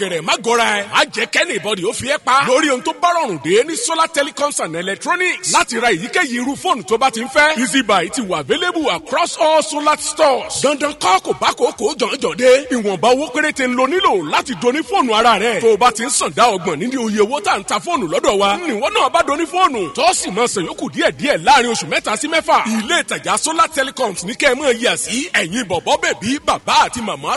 gẹ̀rẹ̀ má gọra ẹ̀ má jẹ́ kẹ́ni ìbọ̀dì ó fi ẹ́ pa lórí ohun tó bá rọrùn dé ní solar telecoms and electronics láti ra èyíkéyìí irú fóònù tó bá ti ń fẹ́ easy buy ti wà available across all solar stores dandan kọ́ kò bá kò kò jọ̀njọ̀ dé ìwọ̀nba owó péréte ń lo nílò láti doni fóònù ara rẹ̀ tó o bá ti ń sàn dá ọgbọ̀n nínú iye owó tá à ń ta fóònù lọ́dọ̀ wa níwọ̀n náà bá doni fóònù tó sì máa sàn yókù díẹ̀díẹ̀ láàrin oṣù mẹ́ta sí mẹ́fà ilé ìtajà solar telecoms ní kẹ́ ẹ mọ̀ yíyà sí ẹ̀yin bọ̀bọ̀ bèbí bàbá àti màmá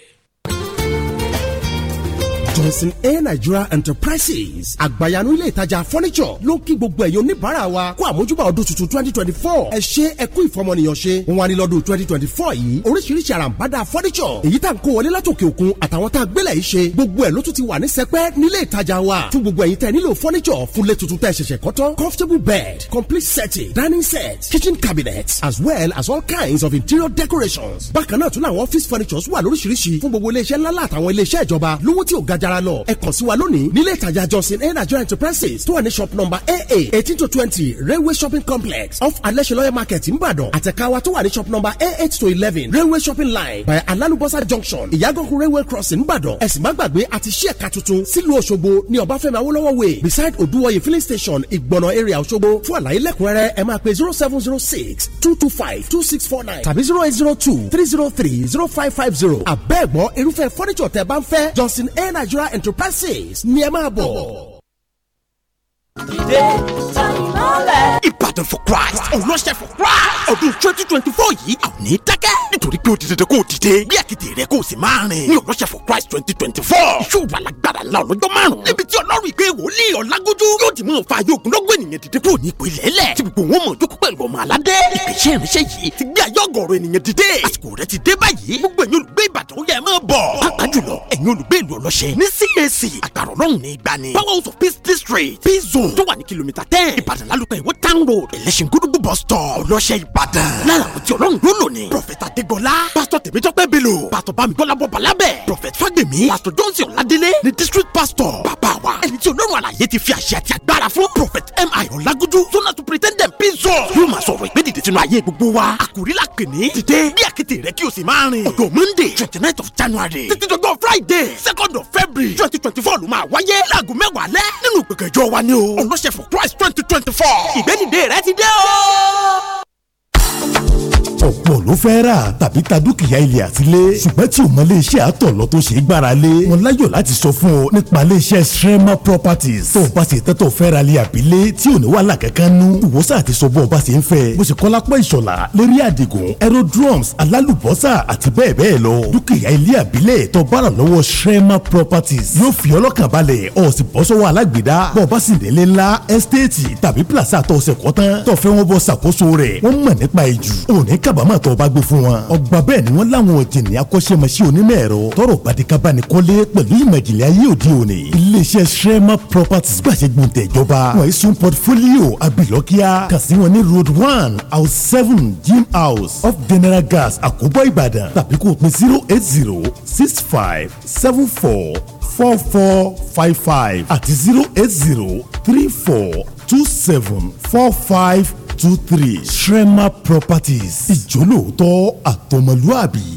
Johnson A Nigeria Enterprises àgbàyanu ilé ìtajà furniture ló kí gbogbo ẹ̀yin oníbàárà wa kó àmójúbà ọdún tuntun twenty twenty four ẹ ṣe ẹ kú ìfọmọnìyàn ṣe wọn ni lọ́dún twenty twenty four yìí oríṣiríṣi àràǹbádà furniture èyí tá n kó wọlé látòkè òkun àtàwọn tá a gbélé yìí ṣe gbogbo ẹ̀ ló tún ti wà ní sẹpẹ́ nílé ìtajà wa fún gbogbo ẹ̀yin tẹ́ nílò furniture fún ilé tuntun tẹ́ ṣẹ̀ṣẹ̀ kọ́tọ́ comfortable bed complete setting dining set kitchen cabinet as well as all kinds of interior decorations bákan náà tún làwọn office furnitures wà lóríṣiríṣi fún gbogbo iléeṣẹ́ ńlá náírà lọ ẹ kàn sí wa lónìí nílé ìtajà johnson air nigeria enterprises tó wà ní shop number aa eighteen to twenty railway shopping complex off alẹ́sẹ̀lọ́yẹ̀ market nìbàdàn àtẹ̀káwa tó wà ní shop number a eight to eleven railway shopping line by alalubosa junction ìyàgànkù railway crossing nìbàdàn ẹ sì má gbàgbé àti ṣí ẹ̀ka tuntun sílùú òṣogbo ní ọbáfẹ́mi awólọ́wọ̀ way beside oduwoye filling station ìgbọ̀nà area òṣogbo fún àlàyé lẹ́kùnrẹ́rẹ́ ẹ máa pe zero seven zero six two two five two six four nine tàbí zero eight zero two three zero three zero five five zero àbẹ́ẹ̀gbọ́ irúfẹ́ fọ́nìṣọ̀ tẹ́ bá ń fẹ́ johnson air nigeria Agricultural Enterprises ní ẹ máa bọ̀ dìde tanimọ́lẹ̀. Ìbàdàn for Christ ọlọ́ṣẹ́ for Christ ọdún twenty twenty four yìí àwọn ní dákẹ́ nítorí pé ó di dandan kó o dìde bí àkété rẹ kó o sì máa rìn ní ọlọ́ṣẹ́ for Christ twenty twenty four yóò wà lágbára ńlá ọlọ́jọ́ márùn-ún níbi tí ọlọ́run ìgbé wòlíì ọ̀làgójú yóò ti mọ̀ fa ayógunlógún ènìyàn dìde kúrò ní ipò ilẹ̀ẹ́lẹ̀ tí gbogbo wọn mọ̀ jókòó pẹ̀lú ọmọ aládé ìgbésẹ̀ ìrìnsẹ̀ yìí ti gbé ayọ́gọ̀rọ̀ ènìyàn dìde àsìkò rẹ ti dé báyìí gbogbo ẹ̀yin olùgbé Ìbàdàn ó yẹ ẹ máa bọ̀ pàápàá jùlọ ẹ̀yin olùgbé ìlú ọlọ́ṣẹ́ ní CAC àgbàrọ̀ lọ́hùn ní ìgbani Power House of Peace District Peace Zone márùn-ún tó wà ní kìlómítà ten ìbàdàn lálùpẹ̀ ìwó town road ẹlẹ́sìngúdùgbù bus stop lọ́sẹ̀ ìbàdàn lára àwọn tí ọlọ́run ló lò ní. prọfẹ̀tà adégbọlá pásítọ̀ tèmítọ́pẹ́ bello pásítọ̀ bámigbọ́lá bọ̀ balábẹ̀ prọfẹ̀t fàgbèmí pásítọ̀ johnson ọ̀ládélé ni district pastor bàbá wa ẹni tí ọlọ́run àlàyé ti fi àṣẹ àti agbára fún prọfẹ̀t mi ọ̀làgúdú sọ́nà tó pretendent pizzo yóò máa sọ̀rọ̀ ìgbédìde sínú ayé gbogbo wa àkòrí la pè ní dìde bí àkété rẹ kí o sì máa rìn ọjọ́ monday twenty nine of january títí dọjọ́ friday second of february twenty twenty four ló máa wáyé láago mẹ́wàá lẹ́ nínú wa ni o o. ìránṣẹ́ for Christ twenty twenty four. ìgbẹ́nìdè rẹ ti dé o ọ̀pọ̀ ló fẹ́ rà tàbí ta dúkìá ilẹ̀ àtìlé ṣùgbọ́n tí o mọ iléeṣẹ́ àtọ̀lọ́ tó ṣe é gbára lé wọn láyọ̀ láti sọ fún ọ nípa iléeṣẹ́ Shrema Properties tó o bá ṣe tẹ́tọ̀ fẹ́ ra ilé àbílẹ̀ tí ò ní wàhálà kankan nú ìwọ́sà àti sọ bọ́ ọ bá ṣe ń fẹ́ bó ṣe kọ́lápọ̀ ìṣọ̀lá lérí àdìgún aerodrums alálùbọ́sà àti bẹ́ẹ̀ bẹ́ẹ̀ lọ dúkìá ilé àbílẹ̀ tó bára lọ́wọ́ Shrema Properties yóò fi ọlọ́kàn balẹ̀ ọ̀ sì bọ́ sọ́wọ́ alágbèédá bọ́ọ̀ bá sì nílé ńlá ẹ́stéètì tàbí pílàsà tó ṣe kọ́ tán tó fẹ́ wọn bọ́ ṣàkóso rẹ̀ wọ́n mọ̀ nípa ìjù òní ká kábàámọ̀ tó bá gbé fún wọn. ọgbà bẹ́ẹ̀ ni wọ́n láwọn òjìní akọ́ṣẹ́mọṣẹ́ onímọ̀ ẹ̀rọ tọrọ gbàdékábánikọ́lé pẹ̀lú ìmọ̀ ìjìnlẹ̀ ayé òde òní. iléeṣẹ́ sẹ́mà properties gbàṣẹ gbòǹtẹ̀ ìjọba wọ́n yìí sun portfolio abilọ́kíá kà sí wọn ní road one house seven gym house of general gas àkóbọ̀ ìbàdàn tàbí kò pin zero eight zero six five seven four four four five five àti zero eight zero three four two seven four five two three Shrema Properties ìjólóòótọ́ àtọmọlúàbí.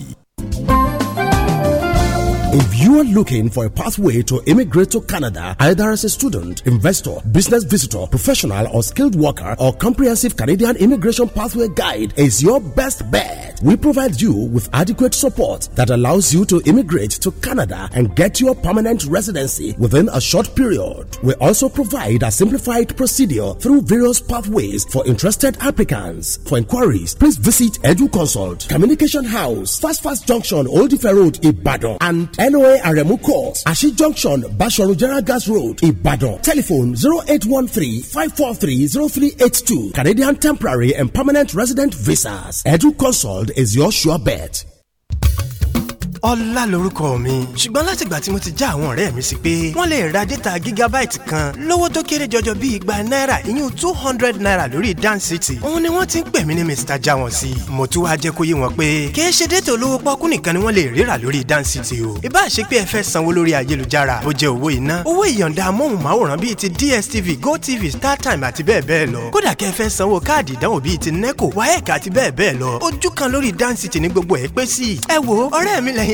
you are looking for a pathway to immigrate to Canada either as a student, investor, business visitor, professional, or skilled worker, or comprehensive Canadian immigration pathway guide is your best bet. We provide you with adequate support that allows you to immigrate to Canada and get your permanent residency within a short period. We also provide a simplified procedure through various pathways for interested applicants. For inquiries, please visit EduConsult, Communication House, Fast Fast Junction, Old Ife Road, Ibadan, and NOA Aremu Court, Ashi Junction, Basharu Gas Road, Ibadan. Telephone zero zero eight one three three five four three eight two. Canadian temporary and permanent resident visas. Edu Consult is your sure bet ọlá lorúkọ mi ṣùgbọ́n látìgbà tí mo ti já àwọn ọ̀rẹ́ mi sí pé wọ́n lè ra dẹ́ta gígábáìtì kan lówó tó kéré jọjọ bíi igba náírà ìyún two hundred naira lórí dan city òun ni wọ́n ti ń pè mí ní mr jawon sí i mo tún wáá jẹ́ kó yé wọn pé kì í ṣe dẹ́tà olówó pọ́kú nìkan ni wọ́n lè ríra lórí dan city o ìbá ṣe pé ẹ fẹ́ sanwó lórí ayélujára ó jẹ́ owó iná owó ìyọ̀ǹda amóhùnmáwòrán bíi ti dstv gotv startime àti bẹ́ẹ̀ bẹ́ẹ̀ lọ kódà kẹ́ fẹ́ sanwó káàdì ìdánwò bíi ti neco waec àti bẹ́ẹ̀ bẹ́ẹ̀ lọ ojú kan lórí dan city ní gbogbo ẹ̀ pé sí i mi lẹ́yìn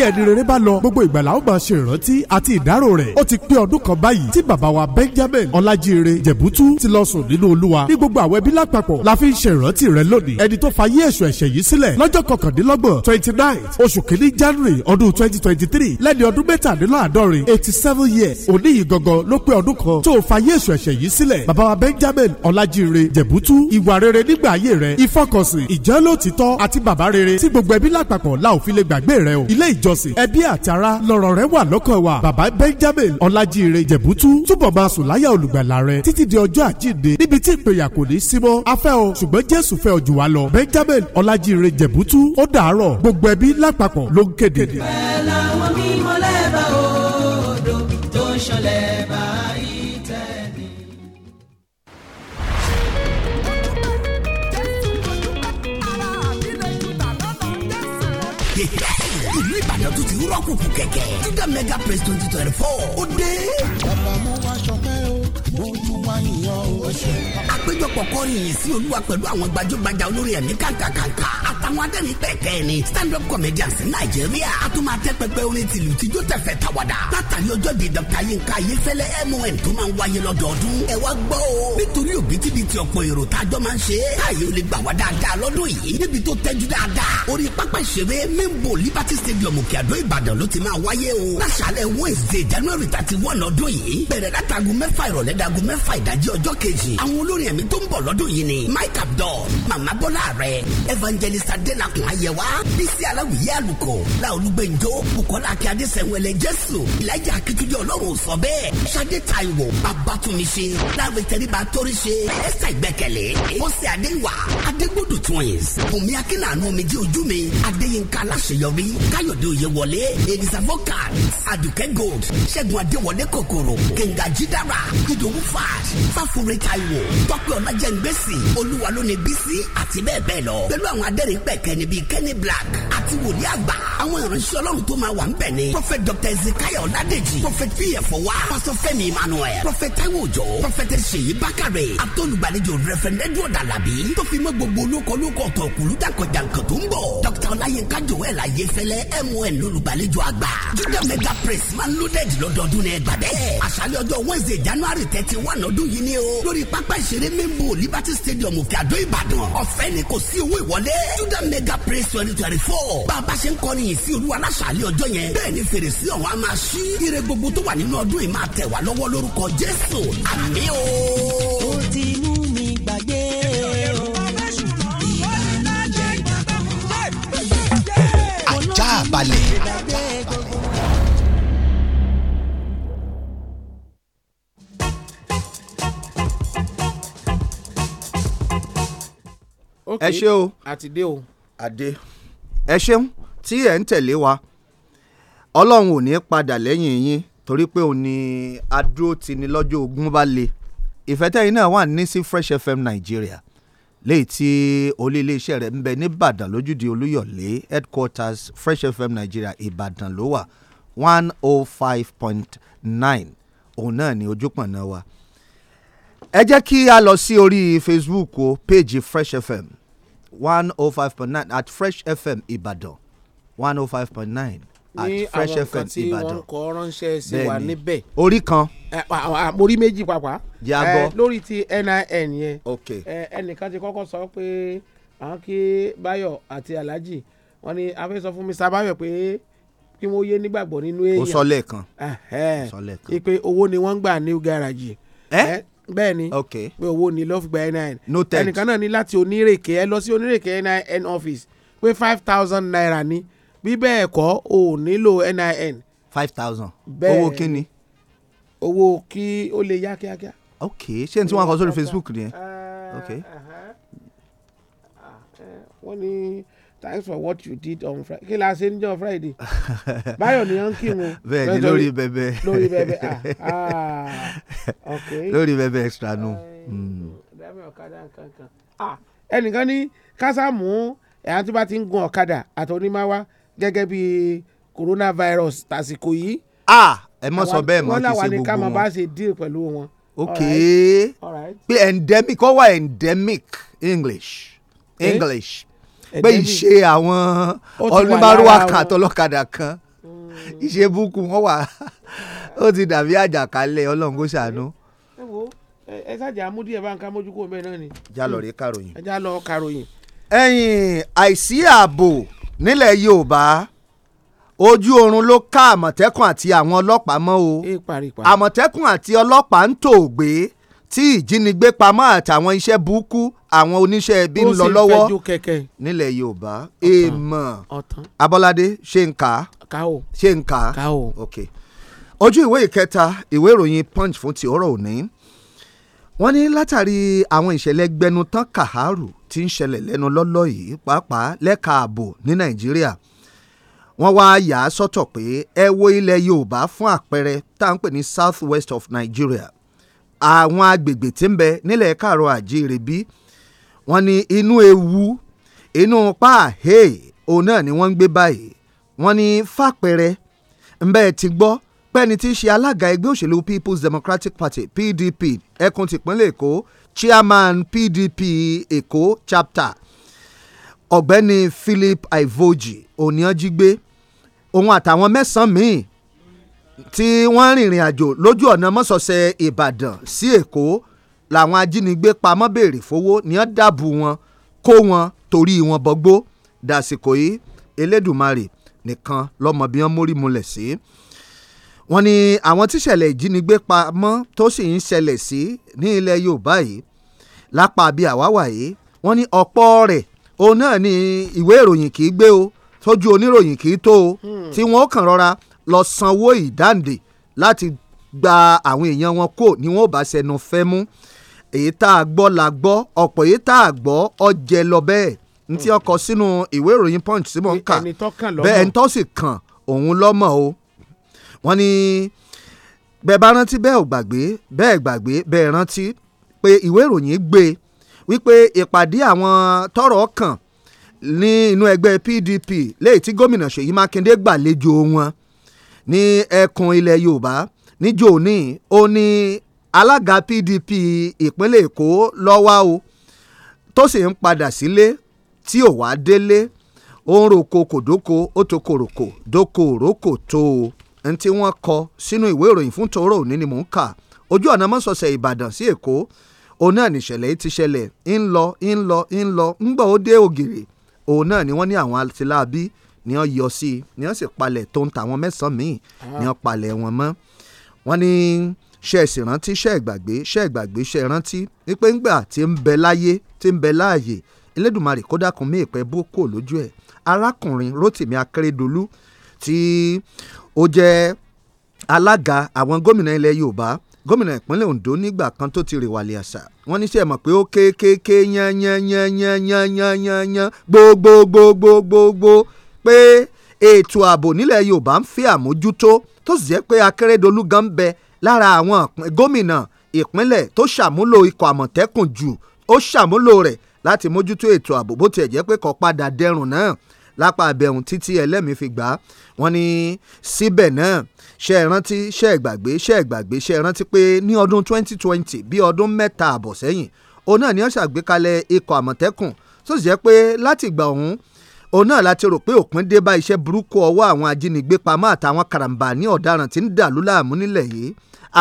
bí ẹni rere bá lọ gbogbo ìgbà la ó máa ṣe ìrántí àti ìdárò rẹ̀ ó ti pé ọdún kan báyìí tí bàbá wa Benjamin Ọlájíire Jẹ̀bútú ti lọ sùn nínú Olúwa ní gbogbo àwọn ẹbí lápapọ̀ la fi ń ṣe ìrántí rẹ̀ lónìí ẹni tó fa yé èso ẹ̀ṣẹ̀ yìí sílẹ̀ lọ́jọ́ kọkàndínlọ́gbọ̀n twenty nine oṣù kìíní January ọdún twenty twenty three lẹ́ni ọdún mẹ́tàdínláàdọ́rin eighty seven years òní yìí gangan ló pé ọdún kan tó fa yé èso ẹ̀ṣẹ̀ yìí sílẹ̀ bàbá wa Benjamin Ọlájíire Jẹ̀bútú ìwà rere nígbà ayé rẹ̀ ìfọkànsìn ìjẹ́lótìtọ́ àti bàbá rere tí gbogbo ẹbí lápapọ̀ la ò fi lè gbàgbé rẹ̀ o ilé ìjọ ìjọsìn ẹbí àtàrà lọ́rọ̀ rẹ wà lọ́kàn wa bàbá benjamin ọlájíire jẹ̀bútú túbọ̀ máa sùn láyà olùgbàlà rẹ títí di ọjọ́ àjíǹde níbi tí ìpèyà kò ní sí mọ́ afẹ́ o ṣùgbọ́n jésù fẹ́ ojú wa lọ benjamin ọlájíire jẹ̀bútú ó dàárọ̀ gbogbo ẹbí lápapọ̀ ló ń kéde. ẹ làwọn mímọ́ rọ́kùnkù kẹ̀kẹ́. juda mega praise twenty twenty four ó dé. bàbá mo wá ṣọpẹ́ o mo ju ènìyàn ó ṣe. àpéjọpọ̀ kọrin yìí sí olúwa pẹ̀lú àwọn gbajúgbajà olórin ẹ̀mí kàńkàkàńkà àtàwọn adẹ́rìn pẹ̀kẹ́ ni stand up comedians nàìjíríà a tún máa tẹ́ pẹpẹ orin tìlù tíjó tẹ̀fẹ̀ tàwàdà látàrí ọjọ́ di dr yinka ayéfẹ́lẹ́ mon tó máa ń wáyé lọ́dọọdún ẹ wá gbọ́ o nítorí òbítíbitì ọ̀pọ̀ èrò tájọ́ máa ń ṣe káyé o lè gbà wá dáadáa lọ́dún yìí níbi tó tẹ́jú dáadáa orí pápá ìṣeré mímbo liberty stadium òkè àdó ìbàdàn ló ti máa wáyé o láṣàlẹ̀ wednesday january thirty one ọdún yìí bẹ̀rẹ̀ látago mẹ́fà ìrọ̀lẹ́ dago mẹ́fà ìdájí ọjọ́ kejì àwọn olórin ẹ̀mí tó ń bọ̀ lọ́dún yìí ni mike abdul mama bọ́lá rẹ̀ evangelist adelakun ayẹwa bísí aláwìyé àlùkò làolúgbẹ̀njọ bukola akíade sẹ̀wẹ̀lẹ̀ jésù ìlàjà akitunde ọlọ́run sọ bẹ́ẹ̀ sade taiwo babatunmise láwẹ̀ tẹríba torise ẹsẹ̀ ìgbẹ́kẹ̀lé mọ́sẹ̀ adéwà adégbòdù twins bùnmi akínàánú omijì ojú mi adéyínká aláṣeyọrí káyọ̀dé oyèwọlé elisa vocal adùkẹ́ gold ṣẹ́gun adéwọlé kòkòrò kẹ̀ǹgà jídára ìdòwú fàd fáfúre taiwo tọ́pẹ́ ọ̀nàjẹ̀ngbèsì olúwa ló ní bísí àti bẹ́ẹ̀ bẹ́ẹ̀ lọ pẹ̀lú àwọn adẹ́rìn pẹ̀kẹ́ níbi kenny black àti wòlíì àgbà àwọn ìránṣẹ́ ọlọ́run tó máa wà ń bẹ̀ ni prophet dr ezekiel ọ̀làdèjì prophet pf wa pastor fẹ́mi emmanuel prophet taiwo òjò prophet ṣèyí bákàrè àtọ́lùgbàlejò reverend edward alabi tó fi mọ́ gbogbo olóko olóko ọ̀tọ̀ òkúlù jàǹkànjàǹkàn tó ń bọ̀ dr ọláyínká joel ayéfẹ́lẹ́ mon january thirty ni o lórí pápá ìṣeré mímú liberty stadium òkè àdó ìbàdàn ọ̀fẹ́ ni kò sí owó ìwọlé juda mega praise twenty twenty four bá a bá ṣe ń kọrin yìí sí olúwa láṣàlẹ̀ ọjọ́ yẹn bẹ́ẹ̀ ni fèrèsé ọ̀hún a máa ṣí ire gbogbo tó wà nínú ọdún yìí máa tẹ̀ wá lọ́wọ́ lórúkọ jésù àmì o. ó ti mú mi gbàgbé o. ajá balẹ̀. ok ẹ ṣe o àtìdé o àdé ẹ ṣeun tí ẹ ń tẹ̀lé wa ọlọ́run ò ní padà lẹ́yìn yín torí pé òun ni adúró ti ní lọ́jọ́ ogun bá le ìfẹ́tẹ́yìn náà wà ní sí Fresh FM Nàìjíríà léyìí tí olú iléeṣẹ́ rẹ̀ ń bẹ nìbàdàn lójúde olúyọ̀lé headquarters Fresh FM Nàìjíríà Ìbàdàn ló wà one oh five point nine òun náà ni ojúpọ̀nà wa ẹ jẹ́ kí a lọ sí orí Facebook o page Fresh FM one oh five point nine at fresh fm Ibadan. one oh five point nine at fresh fm Ibadan. ní àwọn nǹkan tí wọ́n kọ́ ránṣẹ́ sí wa níbẹ̀ orí kan orí méjì pàápàá jagbọ́ lórí ti NIN yẹn ẹnìkan ti kọ́kọ́ sọ pé àwọn kí Báyọ̀ àti Alhaji wọ́n ní a fẹ́ sọ fún Mr. Báyọ̀ pé kí wọ́n yé nígbàgbọ́ nínú èèyàn. ó sọ lẹ́ẹ̀kan. ìpè owó ni wọ́n ń gbà ní garaji. ẹ bẹ́ẹ̀ni okay pé owó ni ló fi gba NIN noted ẹnìkan náà ní láti onírèké ẹ lọ sí onírèké NIN office pé five thousand naira ni bí bẹ́ẹ̀ kọ́ o nílò NIN. five thousand owó kí ni. owó kí ó lè yá kíákíá. ok ṣé n tí wọ́n kọ sórí Facebook nìyẹn. ok. Ah, eh, wọ́n ní. Uh, uh, uh, uh, uh, uh, uh, uh, thanks for what you did on friday kí la ṣe níjọ́ friday báyọ̀ ni wọ́n kí mu. bẹ́ẹ̀ ni lórí bẹbẹ lórí bẹbẹ ah, ah ok lórí bẹbẹ extra nu. dẹ́mi hmm. ọ̀kadà kankan ah, ẹnìkan ní kásámù ẹ̀yàn tó bá ti ń gun ọ̀kadà àtọ́nímáwá gẹ́gẹ́ bí coronavirus tàsìkò yìí. ah ẹ mọ sọ bẹ́ẹ̀ mọ kí ṣe gbogbo wọn. wọn làwọn ní ká máa bá ṣe deal pẹ̀lú wọn. ok pé endemic ó endemic english english. Eh? english pé ìṣe àwọn oníbàárùwà kan àtọlọ́kadà kan hmm. ìṣe búkú wọn wà ó ti dàbí àjàkálẹ̀ ọlọ́run kó ṣàánú. ẹ wo ẹ ṣáàjà amúdí ẹ bá ń ká mójúkó bẹ́ẹ̀ náà ni. já lọ rí karòyìn. ẹ já lọ karòyìn. ẹ̀yin àìsí ààbò nílẹ̀ yorùbá ojú oorun ló ká àmọ̀tẹ́kùn àti àwọn ọlọ́pàá mọ́ o àmọ̀tẹ́kùn àti ọlọ́pàá ń tòògbé tí ìjínigbé pamọ́ àtàwọn iṣẹ́ burúkú àwọn oníṣẹ́ ibi ń lọ lọ́wọ́ nílẹ̀ yorùbá èèmọ̀ abọ́ládé ṣe ń kà á ṣe ń kà á ok ojú ìwé ìkẹta ìwé ìròyìn punch fún ti ọ̀rọ̀ òní wọ́n ní látàrí àwọn ìṣẹ̀lẹ̀ gbẹnután kàhárù tí ń ṣẹlẹ̀ lẹ́nu lọ́lọ́ yìí pàápàá lẹ́ka ààbò ní nàìjíríà wọ́n wá yà á sọ́tọ̀ pé ẹ wo ilẹ̀ yorùbá fún àpẹẹrẹ tá à ń pè ní south west of nigeria àwọn agbègbè tí ń bẹ nílẹ̀ káàrọ̀ àjíire bí wọ́n ní inú ewu inú páàhé òun náà ni wọ́n ń gbé báyìí wọ́n ní fàpẹrẹ ńbẹ́ ti gbọ́ pẹ́ni tí í ṣe alága ẹgbẹ́ òṣèlú People's Democratic Party PDP ẹkùn tìpínlẹ̀ Èkó chairman PDP Èkó chapter ọ̀gbẹ́ni Philip Ivoji oníyanjígbé òun àtàwọn mẹ́sàn-án míì tí wọ́n rìnrìn àjò lójú ọ̀nà mọ́sọ̀ọ̀sẹ̀ ìbàdàn sí èkó làwọn ajínigbé pamọ́ béèrè fowó ní ọ́n dàbù wọn kó wọn torí wọn bọ́gbó dàsìkò yìí elédùmarè nìkan lọ́mọ bí wọ́n mórí mulẹ̀ sí. wọ́n ní àwọn tíṣẹ̀lẹ̀ ìjínigbé pamọ́ tó sì ń ṣẹlẹ̀ sí ní ilẹ̀ yorùbá yìí lápá bíi àwáwà yìí wọ́n ní ọ̀pọ̀ rẹ̀ òun náà ni ìwé ìròyìn kì í gbé o tójú oníròyìn kì í tó o hmm. tí wọ́n kàn rọra lọ sanwó ìdáǹdè láti gba àwọn èèyàn wọn kò ní wọn ò bá sẹnu fẹ́ mú èyí tá a gbọ́ la gbọ́ ọ̀pọ̀ èyí tá a gbọ́ ọjẹ́ lọ bẹ́ẹ̀ n tí ọkọ̀ sínú ìwé ìròyìn punch tí mo ń kà bẹ́ẹ̀ ń tọ́ sì kàn òun lọ́mọ̀ o wọ́n ní bẹ́ẹ̀ bá rántí bẹ́ẹ̀ ò gbàgbé bẹ́ẹ̀ gbàgbé bẹ́ẹ̀ rántí pé ìwé ìròyìn gbé wípé ìpàdé àwọn tọ́rọ̀ kàn ní inú ẹgbẹ́ PDP lẹ́yìn tí gómìnà Ṣèyí Mákindé gbàlejò wọn ní ẹkùn ilẹ̀ yorùbá níjọ́ òní ó ní alága pdp ìpínlẹ̀ èkó lọ́wọ́ o tó sì ń padà sílé tí ò wá délé ó ń roko kòdóko ó tó koròkò dóko òrókò tó o ní tí wọ́n kọ sínú ìwé ìròyìn fún tòró òní ni mò ń kà ojú ọ̀nà mọ́sọ̀ọ̀sẹ̀ ìbàdàn sí èkó òun náà nìṣẹ̀lẹ̀ ti ṣẹlẹ̀ ń lọ ń lọ ń lọ ń gbọ́ ó dé ògiri òun náà ni wọ́n ní àwọn àtìláàbí ni wọ́n yọ sí i ni wọ́n sì palẹ̀ tó ń ta àwọn mẹ́sàn-án míì ni wọ́n palẹ̀ wọn mọ́ wọ́n ní ṣẹ́ẹ̀sì rántí ṣẹ́ẹ̀gbàgbé ṣẹ́ẹ̀gbàgbé ṣẹ́ẹ̀rántí wípé ńgbà tí ń bẹ láyé tí ń bẹ láàyè Elédùmarè kó dákun mí ìpẹ́ bó kò lójú ẹ̀ arákùnrin Rótìmí Akérédolú tí ó jẹ́ alága àwọn gómìnà ilẹ̀ Yorùbá gómìnà ìpínlẹ̀ Ondo nígbà kan tó ti rèwàlẹ̀ àṣà wọ́n ní sẹ́ mọ̀ pé ó kéékèèké yán yán yán yán yán yán yán gbogbogbogbogbogbo pé ètò ààbò nílẹ̀ Yorùbá ń fi àmójútó tó sì jẹ́ pé Akérédolú gan bẹ lára àwọn gómìnà ìpínlẹ̀ tó ṣàmúlò ikọ̀ àmọ̀tẹ́kùn jù ó ṣàmúlò rẹ̀ láti mójútó ètò ààbò bó tiẹ̀ jẹ́ pé kò padà dẹrùn náà lápá abẹ́hùn títí ẹlẹ́mìí fi gbà á wọ́n ní síbẹ̀ náà ṣe é rántí ṣe é gbàgbé ṣe é gbàgbé ṣe é rántí pé ní ọdún 2020 bí ọdún mẹ́ta àbọ̀ sẹ́yìn òun náà ni wọ́n ṣàgbékalẹ̀ ikọ̀ àmọ̀tẹ́kùn tó sì jẹ́ pé látìgbà ọ̀hún òun náà láti rò pé òpin dé bá iṣẹ́ burúkú ọwọ́ àwọn ajínigbé pamọ́ àtàwọn karambání ọ̀daràn tí ń dàlú láàmú nílẹ̀ yìí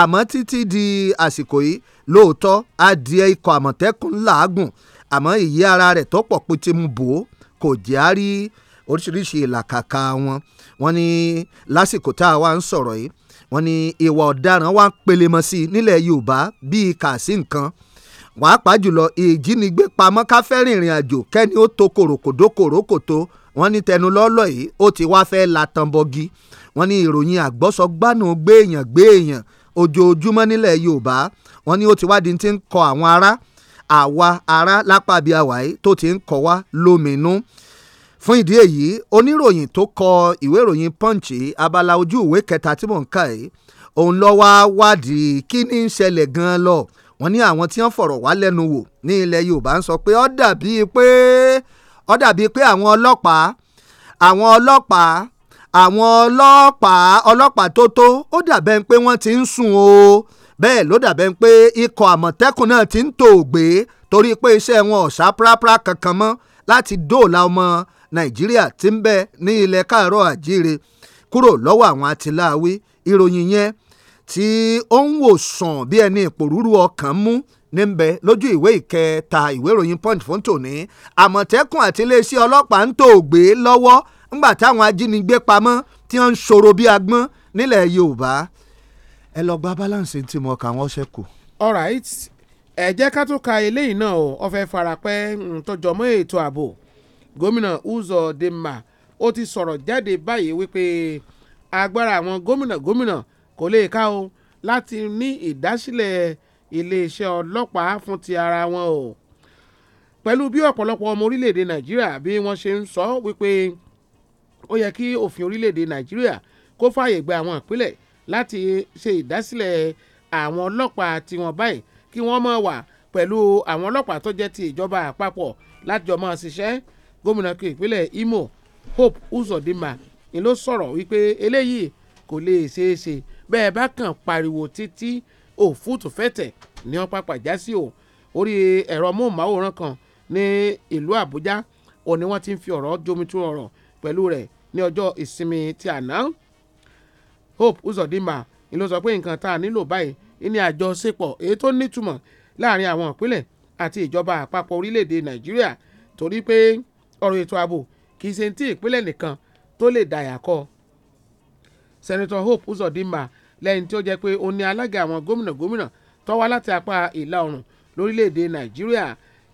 àmọ́ títí di àsìkò yìí lóòótọ́ adìẹ ikọ̀ àmọ̀tẹ́kùn làágùn àmọ́ ìyí ara rẹ̀ tọ́pọ̀ pé ti mú bò ó kò jẹ́ á rí oríṣiríṣi ìlàkàkà wọn wọ́n ní lásìkò tá a wá ń sọ̀rọ̀ yìí wọ́n ní ìwà ọ̀daràn wá ń pelemọ sí nílẹ̀ Yorùbá bíi kàsí nǹkan pàápàá jùlọ ìjínigbé pamọ́ káfẹ́rìn ìrìn àjò kẹ́ni ó to kòròkòdó kòrókòtó wọ́n ní tẹnu lọ́lọ́ yìí ó ti wá fẹ́ la tanbọ́gi wọ́n ní ìròyìn àgbọ́sọgbánu gbéèyàn gbéèyàn ojoojúmọ́ nílẹ̀ Yorùbá wọ́n ní ó ti wádìí ti ń kọ àwọn ará àwa ará lápá bíi àwáyé tó ti ń kọ wá lóminú fún ìdí èyí oníròyìn tó kọ ìwé ìròyìn Punch abala ojú ìwé kẹta tí mò ń kà yìí òun ló wá wádìí kí ní ń ṣẹlẹ̀ gan-an lọ wọ́n ní àwọn tí wọ́n fọ̀rọ̀ wá lẹ́nu wò ní ilẹ̀ Yorùbá ń sọ pé ó dàbí pé ó dàbí pé àwọn ọlọ́pàá àwọn ọlọ́pàá àwọn ọlọ́pàá ọlọ́pàá tó tó ó dàbẹ́ pé wọ́n ti ń sùn o bẹ́ẹ̀ ló dàbẹ́ pé ikọ̀ àmọ̀tẹ́kùn náà ti ń tòògbé torí pé iṣẹ́ wọn ọ̀sà prápra kankan mọ́ láti dóòlà ọmọ Nàìjíríà ti ń bẹ ní ilẹ̀ káàárọ̀ àjíire kúrò lọ́wọ́ àwọn atiláwí ìròyìn yẹn tí ó ń wò sàn bí ẹni ìpòrúurú ọkàn mú níbẹ̀ lójú ìwé ìkẹta ìwé ìròyìn punch fún tòní àmọ̀tẹ́kùn àti iléeṣẹ́ ọlọ́pàá ń tòògbé lọ́wọ́ ńgbà táwọn ajínigbé pamọ́ tí wọ́n ń ṣòro bí agbọ́n nílẹ̀ yorùbá ẹ lọ gba balance tí mo kà wọ́n ṣẹ́kù. all right ẹ jẹ́ ká tó ka eléyìí náà o ọ̀fẹ́ farapẹ́ tó jọmọ́ ètò ààbò gómìnà Uzodinma ó ti sọ̀rọ̀ jáde báyìí wípé agbára àwọn gómìnà gómìnà kò lè ká o láti ní ìdásílẹ̀ iléeṣẹ́ ọlọ́pàá fún ti ara wọn o pẹ̀lú bí ọ̀pọ̀lọpọ̀ ọmọ orílẹ̀-èdè nàìjíríà bí wọ́n ṣe ń sọ wípé ó yẹ kí òfin orílẹ̀-èdè nàìjíríà kó fààyè gba àwọn ìpínlẹ̀ láti ṣe ìdásílẹ̀ àwọn ọlọ́pàá tiwọn báyìí kí wọ́n máa wà pẹ̀lú àwọn ọlọ́pàá tó jẹ́ ti ìjọba àpapọ̀ láti jọ ṣiṣẹ́ gómìnà ìpínlẹ̀ Imo Hope Uzodinma ni ló sọ̀rọ̀ wípé eléyìí kò lè ṣeé ṣe bẹ́ẹ̀ bá kàn pariwo títí òfútù fẹ́tẹ̀ ní wọ́n pàpà já sí o orí ẹ̀rọ móhùnmáwòrán kan ní ìlú Àbújá òní wọ́n ti ń fi ọ̀rọ̀ jomitú ọ̀rọ̀ pẹ̀lú rẹ̀ ní ọjọ́ ìsinmi ti àná Hope Uzodinma ni ló sọ pé nǹkan tá a nílò báyìí ní àjọṣepọ̀ èyí tó nítumọ̀ láàrin àwọn ìpínlẹ̀ àti ìjọba àpapọ̀ orílẹ̀-èdè Nàìjíríà torí pé ọ̀rọ̀ ètò ààbò kì í ṣe ti ìpínlẹ̀ nìkan tó lè dàyàkọ Senator Hope Uzodinma lẹ́yìn tí ó jẹ́ pé òun ni alága àwọn gómìnà gómìnà tó wá láti apá ìlà oòrùn lórílẹ̀‐èdè nàìjíríà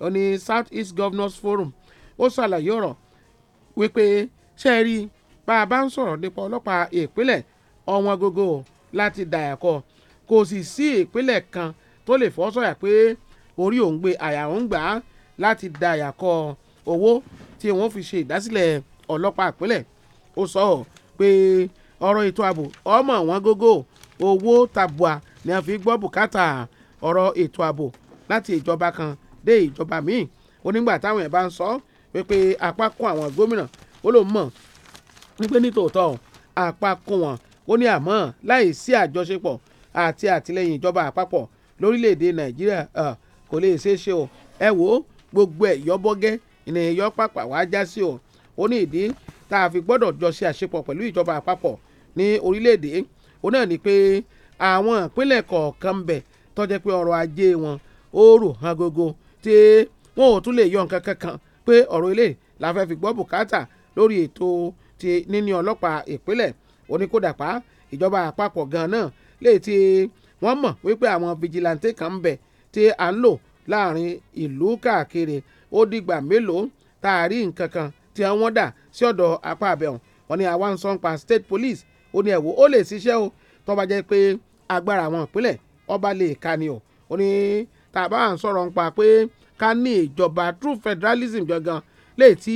ó ní South East Governors Forum ó ṣàlàyé ọ̀rọ̀ wípé ṣe é rí bá a bá ń sọ̀rọ̀ nípa ọlọ́pàá ìpínlẹ̀ ọ̀wọ́n gógó láti dàyàkọ kò sì sí ìpínlẹ̀ kan tó lè fọ́ sọ̀yà pé orí òun gbé àyà òun gbà á láti dàyàkọ owó tí wọ́n fi ṣe ìdásílẹ̀ ọlọ́pàá ìpínlẹ̀ ó sọ pé ọ̀rọ̀ ètò ààbò ọmọ wọn gógó owó tabua ni a fi gbọ́ bùkátà ọ̀rọ̀ ètò ààbò láti ìjọba kan dé ìjọba míì ó nígbà táwọn ẹ̀ bá ń sọ pé apá kún àwọn gómìnà ó ló mọ̀ wípé nítòótọ́ apá kún wọn ó ní àmọ́ láì sí àjọṣepọ̀ àti àtìlẹyìn ìjọba àpapọ̀ lórílẹ̀‐èdè nàìjíríà kò lè ṣeé ṣe o ẹ wo gbogbo ẹ̀ yọ́bọ́gẹ́ ìnìyàn yọ́ pàpà wá já sí o ó ní ìdí tá a fi gbọ́dọ̀ jọ ṣe àṣepọ̀ pẹ̀lú ìjọba àpapọ̀ ní orílẹ̀‐èdè ó náà ni pé àwọn ìpínlẹ̀ kọ̀ọ̀kan ń bẹ tó jẹ́ pé ọrọ̀ ajé wọn ó rò hàn gógó tí wọn ò tún lè yọ nǹkan kankan pé ọ̀rọ̀ ilé la fẹ́ fi gbọ́ bùkátà lórí ètò ti níní ọlọ́pàá ìpínlẹ̀ oníkódàpá ìjọba àpapọ̀ gan náà lè ti wọ́n mọ̀ wípé àwọn fijilantè kan ń bẹ tí à ń lò láàrin ìlú káàkiri ó dìgbà mélòó tá a rí nǹkan kan tí wọ́n dà sí ọ̀dọ̀ apá abẹ́hùn wọn ni àwa ń sọ pa state police ó ní ẹ̀wò ó lè ṣiṣẹ́ o tó bá jẹ́ pé agbára àwọn ìpínlẹ̀ ọba lè ka ni o ó ní tàbá à ń sọ̀rọ̀ ń pa pé ká ní ìjọba true federalism gangan lè tí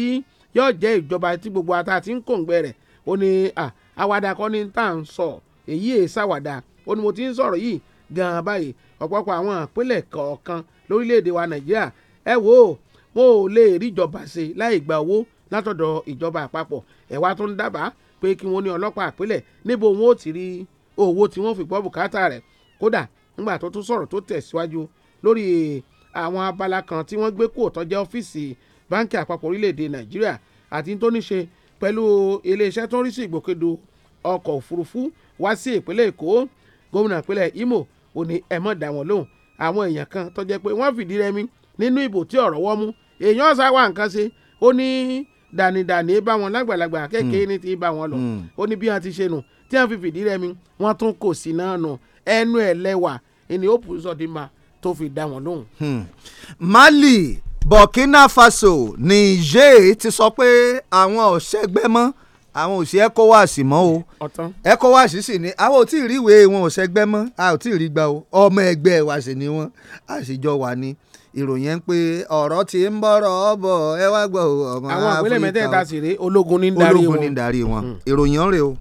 yóò jẹ́ ìjọba tí gbogbo ata ti ń kòǹgbẹ́ rẹ̀ ó ní àwàdà kan ní tá à ń sọ èyí è ṣàwàdà ó ní mo ti ń sọ̀rọ̀ yìí gan-an báyìí ọ̀pọ̀pọ̀ àwọn ìpínlẹ̀ kọ̀ọ̀kan lórílẹ̀‐èdè wa nàìjíríà ẹ wò ó wọn ò lè ríjọba ṣe láì gba owó látọ̀dọ̀ ìjọba àpapọ̀ ẹ̀ wá tó ń dábàá pé kí wọ́n ní ọlọ́pàá àpilẹ̀ níbo wọn ó ti rí owó tí wọ́n fi gbọ́ bùkátà rẹ̀ kódà nígbà tó tún sọ̀rọ̀ tó tẹ̀síwájú lórí àwọn abala kan tí wọ́n gbé kó tọ́jẹ́ ọ́fíìsì báńkì àpapọ̀ orílẹ̀-èdè nàìjíríà àti tó ní ṣe pẹ̀lú iléeṣẹ́ tó ń rí sí ìgbòkèdò ọkọ̀ òfurufú wá sí ìpínlẹ̀ èkó gómìnà ìpínlẹ̀ imo ò ní ẹ má dá wọn lóhùn àwọn èèyàn kan tó jẹ́ pé wọ́n fìdí rẹmi nínú ìbò tí ọ̀rọ̀ wọ́n mú èèyàn ọ̀sà wà nǹkan ṣe ó ní dànìdànì bá wọn lágbàlagbà kékeré hmm. ní ti bá wọn lọ hmm. ó ní bí wọn ti ṣe nù tí wọn fi fìdí rẹmi wọn tún kò sí náà nù ẹnu ẹ lẹwà ó pù sọdínmà tó fi dá wọn lóhùn. Hmm. Mali Burkina Faso Niger ti sọ pé àwọn ọ̀sẹ́gbẹ́ mọ́ àwọn ò sí ECOWAS mọ́ o ECOWAS sì ni àwọn ò tí ì rí wọn ò sẹ́gbẹ́ mọ́ a ò tí ì rí gbà o ọmọ ẹgbẹ́ wa ni wọ́n a sì jọ wà ìròyìn ń pé ọ̀rọ̀ tí ń bọ̀rọ̀ ọ̀bọ̀ ẹ wá gbọ́ ọmọ Áfíríkà àwọn àpẹẹrẹ mẹ́tẹ̀ẹ̀ta sì rèé ológun ní darí wọn ológun ní darí wọn ìròyìn ọ̀rẹ́ o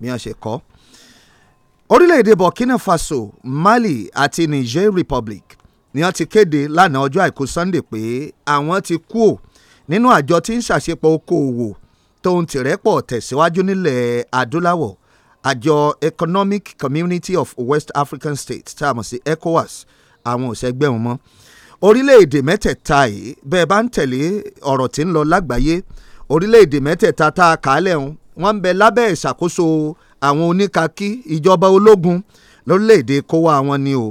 mi ò ṣe kọ́. orílẹ̀-èdè Burkina Faso Mali àti Niger Republic ni wọ́n ti kéde lánàá ọjọ́ àìkú Sunday pé àwọn ti kú ò nínú àjọ tí ń ṣàṣepọ̀ okòòwò tóun tìrẹ́pọ̀ tẹ̀síwájú nílẹ̀ adúláwọ̀ àjọ Economic Community of West African States tá a mọ̀ sí ECOWAS àwọn òṣègbè wọn mọ́ orílẹ̀-èdè mẹ́tẹ̀ẹ̀ta yìí bẹ́ẹ̀ bá ń tẹ̀lé ọ̀rọ̀ tí ń lọ lágbàáyé orílẹ̀-èdè mẹ́tẹ̀ẹ̀ta tá a kà á lẹ̀ ń wọ́n ń bẹ lábẹ́ ìṣàkóso àwọn oníkakí ìjọba ológun lórílẹ̀-èdè kówó àwọn ni o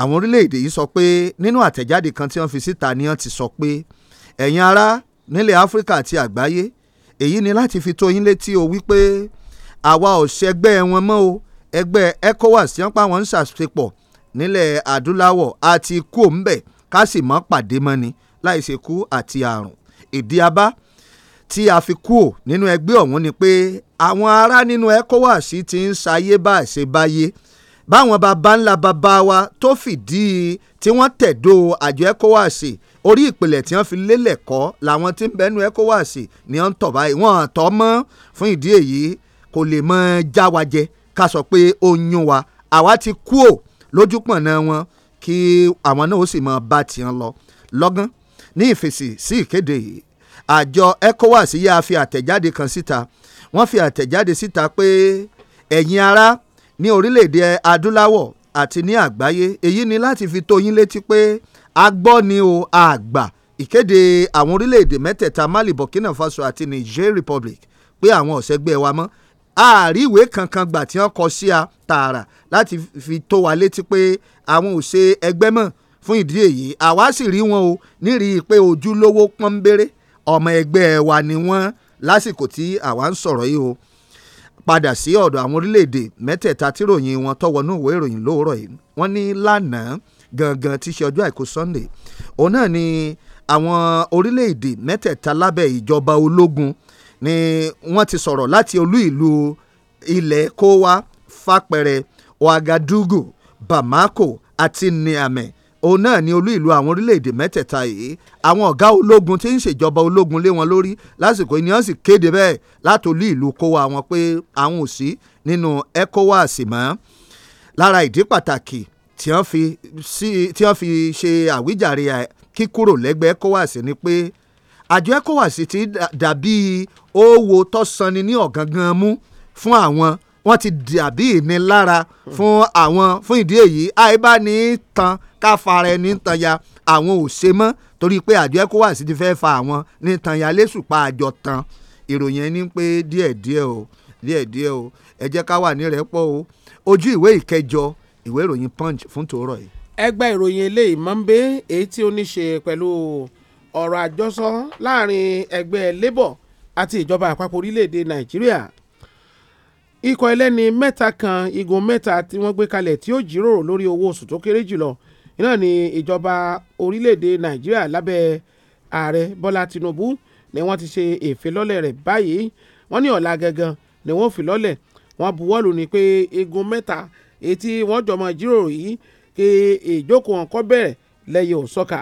àwọn orílẹ̀-èdè yìí sọ pé nínú àtẹ̀jáde kan tí wọ́n fi síta ni wọ́n ti sọ pé ẹ̀yin ará nílẹ̀ áfíríkà àti àgbáyé èyí ni láti fi tó yín létí o wípé àwa ò ṣẹgbẹ́ wọn mọ́ o ẹgbẹ́ ecowas tí wọ́n pa wọ́n ń ṣàṣepọ̀ nílẹ̀ adúláwọ̀ àti kú ká sì mọ́ pàdé mọ́ ni láìsí ikú àti àrùn ìdí abá tí a fi kú ò nínú ẹgbẹ́ ọ̀hún ni pé àwọn ará nínú ECOWAS ti ń ṣayé bá ṣe báyé báwọn baba ńlá baba wa tó fìdí tí wọ́n tẹ̀dó àjọ ECOWAS orí ìpìlẹ̀ tí wọ́n fi lélẹ̀ kọ́ làwọn tí ń bẹ́nu ECOWAS ni wọ́n ń tọ̀ báyìí wọ́n tọ́ mọ́ fún ìdí èyí kò lè mọ jáwájẹ ká sọ pé ó wa àwa ti kú ò lójúpọ̀nà wọn kí àwọn náà ó sì mọ bá tiẹ̀ lọ lọ́gán ní ìfèsì sí ìkéde yìí àjọ ECOWAS yá fi àtẹ̀jáde kan síta wọ́n fi àtẹ̀jáde síta pé ẹ̀yin ará ní orílẹ̀-èdè adúláwọ̀ àti ní àgbáyé èyí ni láti fi tó yín létí pé agbọ́ ni o àgbà ìkéde àwọn orílẹ̀-èdè mẹ́tẹ̀ẹ̀ta Mali Burkina Faso àti Niger Republic pé àwọn ọ̀sẹ́gbẹ́ wa mọ́ ààrí ìwé kankan gbà tí wọ́n kọ sí a tààrà láti fi tó wa létí pé àwọn ò ṣe ẹgbẹ́ mọ́ fún ìdí èyí àwa sì rí wọn o nírí pé ojúlówó pọ́nbéré ọmọ ẹgbẹ́ wa ni wọ́n lásìkò tí àwa ń sọ̀rọ̀ yìí o padà sí ọ̀dọ̀ àwọn orílẹ̀-èdè mẹ́tẹ̀ẹ̀ta tí ròyìn wọn tọ́wọ́nú ìwé ìròyìn lóòrọ̀ yìí wọ́n ní lánàá gangan tí í ṣe ọjọ́ àìkú Sunday òun náà ni àwọn orílẹ̀-èdè mẹ́tẹ̀ẹ̀ta lábẹ́ ìjọba ológun ni wọ́n ti sọ̀rọ̀ láti olú ìlú ilẹ̀ kówa fapẹ̀rẹ̀ Ouagadougou Bamako àti Niamey òun náà ni olú ìlú àwọn orílẹ̀-èdè mẹ́tẹ̀ẹ̀ta yìí àwọn ọ̀gá ológun tí ń ṣèjọba ológun lé wọn lórí lásìkò ni wọ́n sì kéde bẹ́ẹ̀ láti olú ìlú kówó àwọn pé àwọn ò sí nínú ECOWAS mọ́ lára ìdí pàtàkì tí wọ́n fi tí wọ́n fi ṣe àwíjàre kíkúrò lẹ́gbẹ́ ECOWAS ni pé àjọ ECOWAS ti dàbí owó tó ní ọ̀gángán mú fún àwọn wọ́n ti dàbí ìnilára fún àwọn fún ìdí èyí àìbáni tan káfara ẹni tan ya àwọn ò ṣe mọ́ torí pé àjọ ECOWAS ti fẹ́ fa àwọn ní tan ya lẹ́sùpá àjọ tan ìròyìn ẹni pé díẹ̀díẹ̀ o díẹ̀díẹ̀ o ẹ jẹ́ ká wà ní rẹ́pọ̀ o ojú ìwé ìkẹjọ ìwé ìròyìn punch fún tòórọ̀ yìí. ẹgbẹ́ ìròyìn eléyìí máa ń bẹ èyí tí ó ní ṣe pẹ̀lú ọ̀rọ̀ àjọsọ láàrin ẹgbẹ́ labour àti ìjọba àpapọ̀ orílẹ̀-èdè nàìjíríà ikọ̀ ẹlẹ́ni mẹ́ta kan igun mẹ́ta tí wọ́n gbé kalẹ̀ tí ó jíròrò lórí owó oṣù tó kéré jùlọ náà ni ìjọba orílẹ̀-èdè nàìjíríà lábẹ́ ààrẹ bọ́lá tinubu ni wọ́n ti ṣe ìfilọ́lẹ̀ rẹ̀ báyìí wọ́n ní ọ̀la gangan ni wọ́n fi lọ́lẹ̀ wọ́n buwọ́lù ni pé igun mẹ́ta èyí wọ́n jọmọ jíròrò yìí kí ìjókòó wọn kó bẹ̀rẹ̀ lẹ́yìn òsọ́kà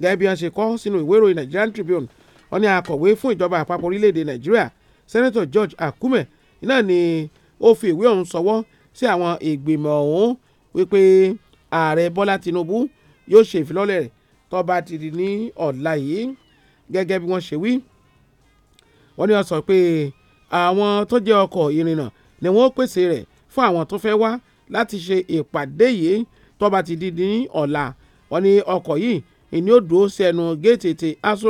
gẹ́gẹ́ bí wọ́n ṣe kọ sínú ìwé ìròyìn Nigerian Tribune wọ́n ní akọ̀wé fún ìjọba àpapọ̀ orílẹ̀-èdè nàìjíríà Senator George Akume iná ni ó fi ìwé ọ̀hún sọwọ́ sí àwọn ìgbìmọ̀ ọ̀hún wípé ààrẹ Bọ́lá Tinubu yóò ṣe ìfilọ́lẹ̀ rẹ̀ tó bá ti di ní ọ̀la yìí gẹ́gẹ́ bí wọ́n ṣe wí wọ́n ní wọ́n sọ pé àwọn tó jẹ́ ọkọ̀ ìrìnnà ni wọ́n pèsè rẹ̀ fún àwọn tó fẹ́ wá láti ṣe ìpàdé yìí tó ti di ní ọ̀la wọ́n ní ọkọ̀ yìí ìní ó dúró sí ẹnu géètì ti Aso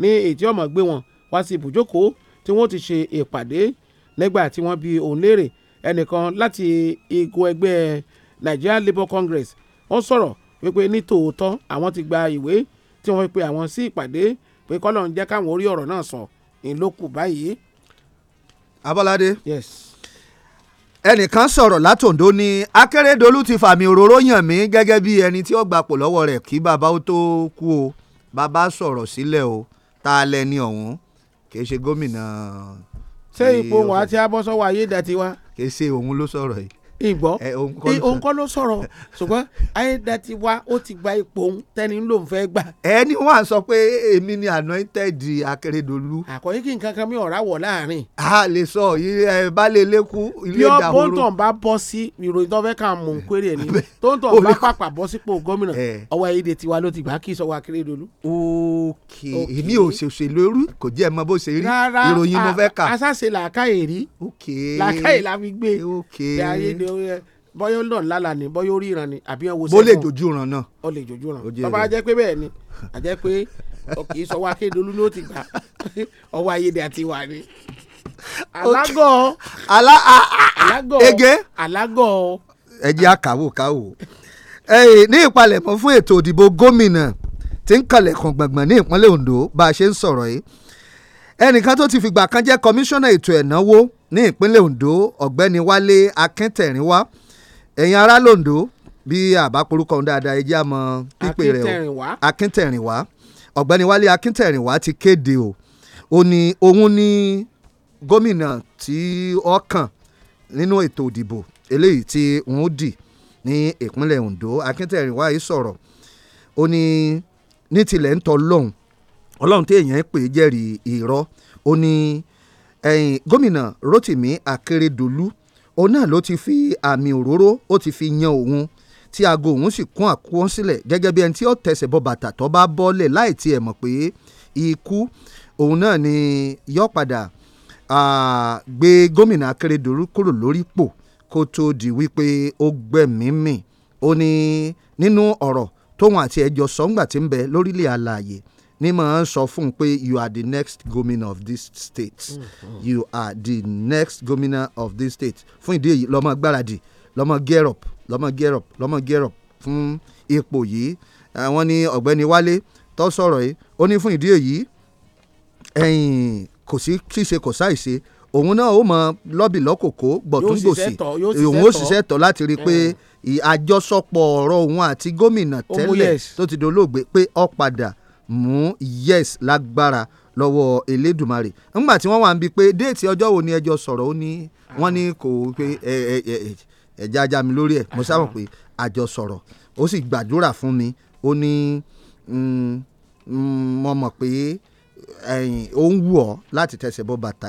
ní ètí ọmọ gbé wọn wá sí ibùjókòó tí wọ́n ti ṣe ìpàdé nígbà tí wọ́n bi òun léèrè ẹnìkan láti igun ẹgbẹ́ Nigeria Labour Congress wọ́n sọ̀rọ̀ wípé ní tòótọ́ àwọn ti gba ìwé tí wọ́n fi pe àwọn sí ìpàdé pé kọ́lọ́run jẹ́ káwọn orí ọ̀rọ̀ náà sọ ìlókù báyìí. Abọ́ládé. Yes ẹnìkan sọ̀rọ̀ látòǹdó ni akérèdọ́lù ti fàmì òróró yàn mí gẹ́gẹ́ bí ẹni tí ó gbapò lọ́wọ́ rẹ̀ kí bàbá ó tó kú o bàbá sọ̀rọ̀ sílẹ̀ o ta lẹni ọ̀hún kì í ṣe gómìnà ṣé ipò wọn àti abọ́sọ́wọ́ ayé dàtí wa. kì í ṣe òun ló sọ̀rọ̀ yìí ìgbọ́ òun kọ́ ló sọ̀rọ̀ ṣùgbọ́n ayédè ti wá ó ti gba ipò òun tẹ́ni ló ń fẹ́ gbà. ẹni wọn à sọ pé èmi ni anointed akérèdọ́lù. àkọ́yé kí nǹkan kan mi ọ̀rá wọ̀ láàrin. a lè sọ ẹ bá lè lékún ilé ìdààmú. bí bóńtàn bá bọ́ sí ìròyìn tó fẹ́ kàn mú un péré ni tóńtàn bá pàpà bọ́ sípò gómìnà ọwọ́ ayédè tiwa ló ti gbà kí wa akérèdọ́lù. ok èmi ò ṣèṣe lórí kò jẹ́ ẹ mọ bó ṣe rí ìròyìn mo fẹ́ kà. rárá asáṣe làákàyè rí la fi gbé bọ́yọ̀ náà lálàá ni bọ́yọ̀ orí ni àbí ẹ̀ wo sẹ́kùn. bó jojú ran náà. ó jojú ran bàbá jẹ́ pé bẹ́ẹ̀ ni àjẹ́ pé kì í sọ wá Akérédolú ló ti gbà ọwọ́ ayédè àti wà ni. alágọ̀ alágọ̀ ege alágọ̀. ẹ jẹ́ àkàwò káwò ní ìpalẹ̀mọ́ fún ètò òdìbò gómìnà tí ń kalẹ̀kùn gbàngbàn ní ìpínlẹ̀ Ondo bá a ṣe ń sọ̀rọ̀ yìí ẹnìkan tó ti fìgbà kan jẹ́ kọmíṣánná ètò ẹ̀náwó ní ìpínlẹ̀ Ondo ọ̀gbẹ́ni Wálé Akíntẹ̀rínwá ẹ̀yin ará londo bí àbá porúkọ ọ̀hún dáadáa ẹ jẹ́ àmọ́ pípé rẹ̀ o Akíntẹ̀rínwá ọ̀gbẹ́ni Wálé Akíntẹ̀rínwá ti kéde o ó ní òun ní gómìnà tí ó kàn nínú ètò ìdìbò eléyìí tí òun dì ní ìpínlẹ̀ Ondo Akíntẹ̀rínwá yìí sọ̀rọ̀ ó ní ní tilẹ̀ ń tọ́ lọ́hùn ọlọ́run tí èèyàn ń pè jẹ́rìí irọ́ ó ní gómìnà Rotimi Akeredolu òun náà ló ti fi àmì òróró ó ti fi yan òun tí aago òun sì kún àkúwọ́n sílẹ̀ gẹ́gẹ́ bí ẹni tí ó tẹ̀sẹ̀ bọ bàtà tó bá bọ́lẹ̀ láì tiẹ̀ mọ̀ pé ikú òun náà ni yọ padà gbé gómìnà Akérédolú kúrò lórípò kó tó di wípé ó gbẹ̀mí-mì ó ní nínú ọ̀rọ̀ tóun àti ẹjọ́ sọ́ngbà tí ń bẹ lórílẹ̀ àlàyé ní màá sọ fún un you are the next governor of this state mm -hmm. you are the next governor of this state fún ìdí èyí lọ́mọ gbáradì lọ́mọ gear up lọ́mọ gear up lọ́mọ gear up Fun ipò yìí àwọn eh, ni ọ̀gbẹ́ni wale. tó sọ̀rọ̀ yìí ó ní fún ìdí èyí ẹ̀yìn kò sí ṣíṣe kò sáìṣe òun náà ó mọ lọ́bì lọ́kòkó gbọ̀túngbòsì òun ó ṣiṣẹ́ tọ́ láti rí i pé mm. àjọsọpọ̀ ọ̀rọ̀ òun àti gómìnà oh, tẹ́lẹ̀ tó ti dolóògbé pé ó padà mú yes lágbára lọ́wọ́ Elédùmarè ńgbà tí wọ́n wà ń bi pé déètì ọjọ́ wo ni ẹjọ́ sọ̀rọ̀ ó ní wọ́n ní kò pé ẹ ẹ ẹ ẹja ajá mi lórí ẹ̀ mo sábà pé àjọ sọ̀rọ̀ ó sì gbàdúrà fún mi ó ní mm, mm, mo mọ̀ pé ó ń wù ọ́ láti tẹsẹ̀ bọ́ bàtà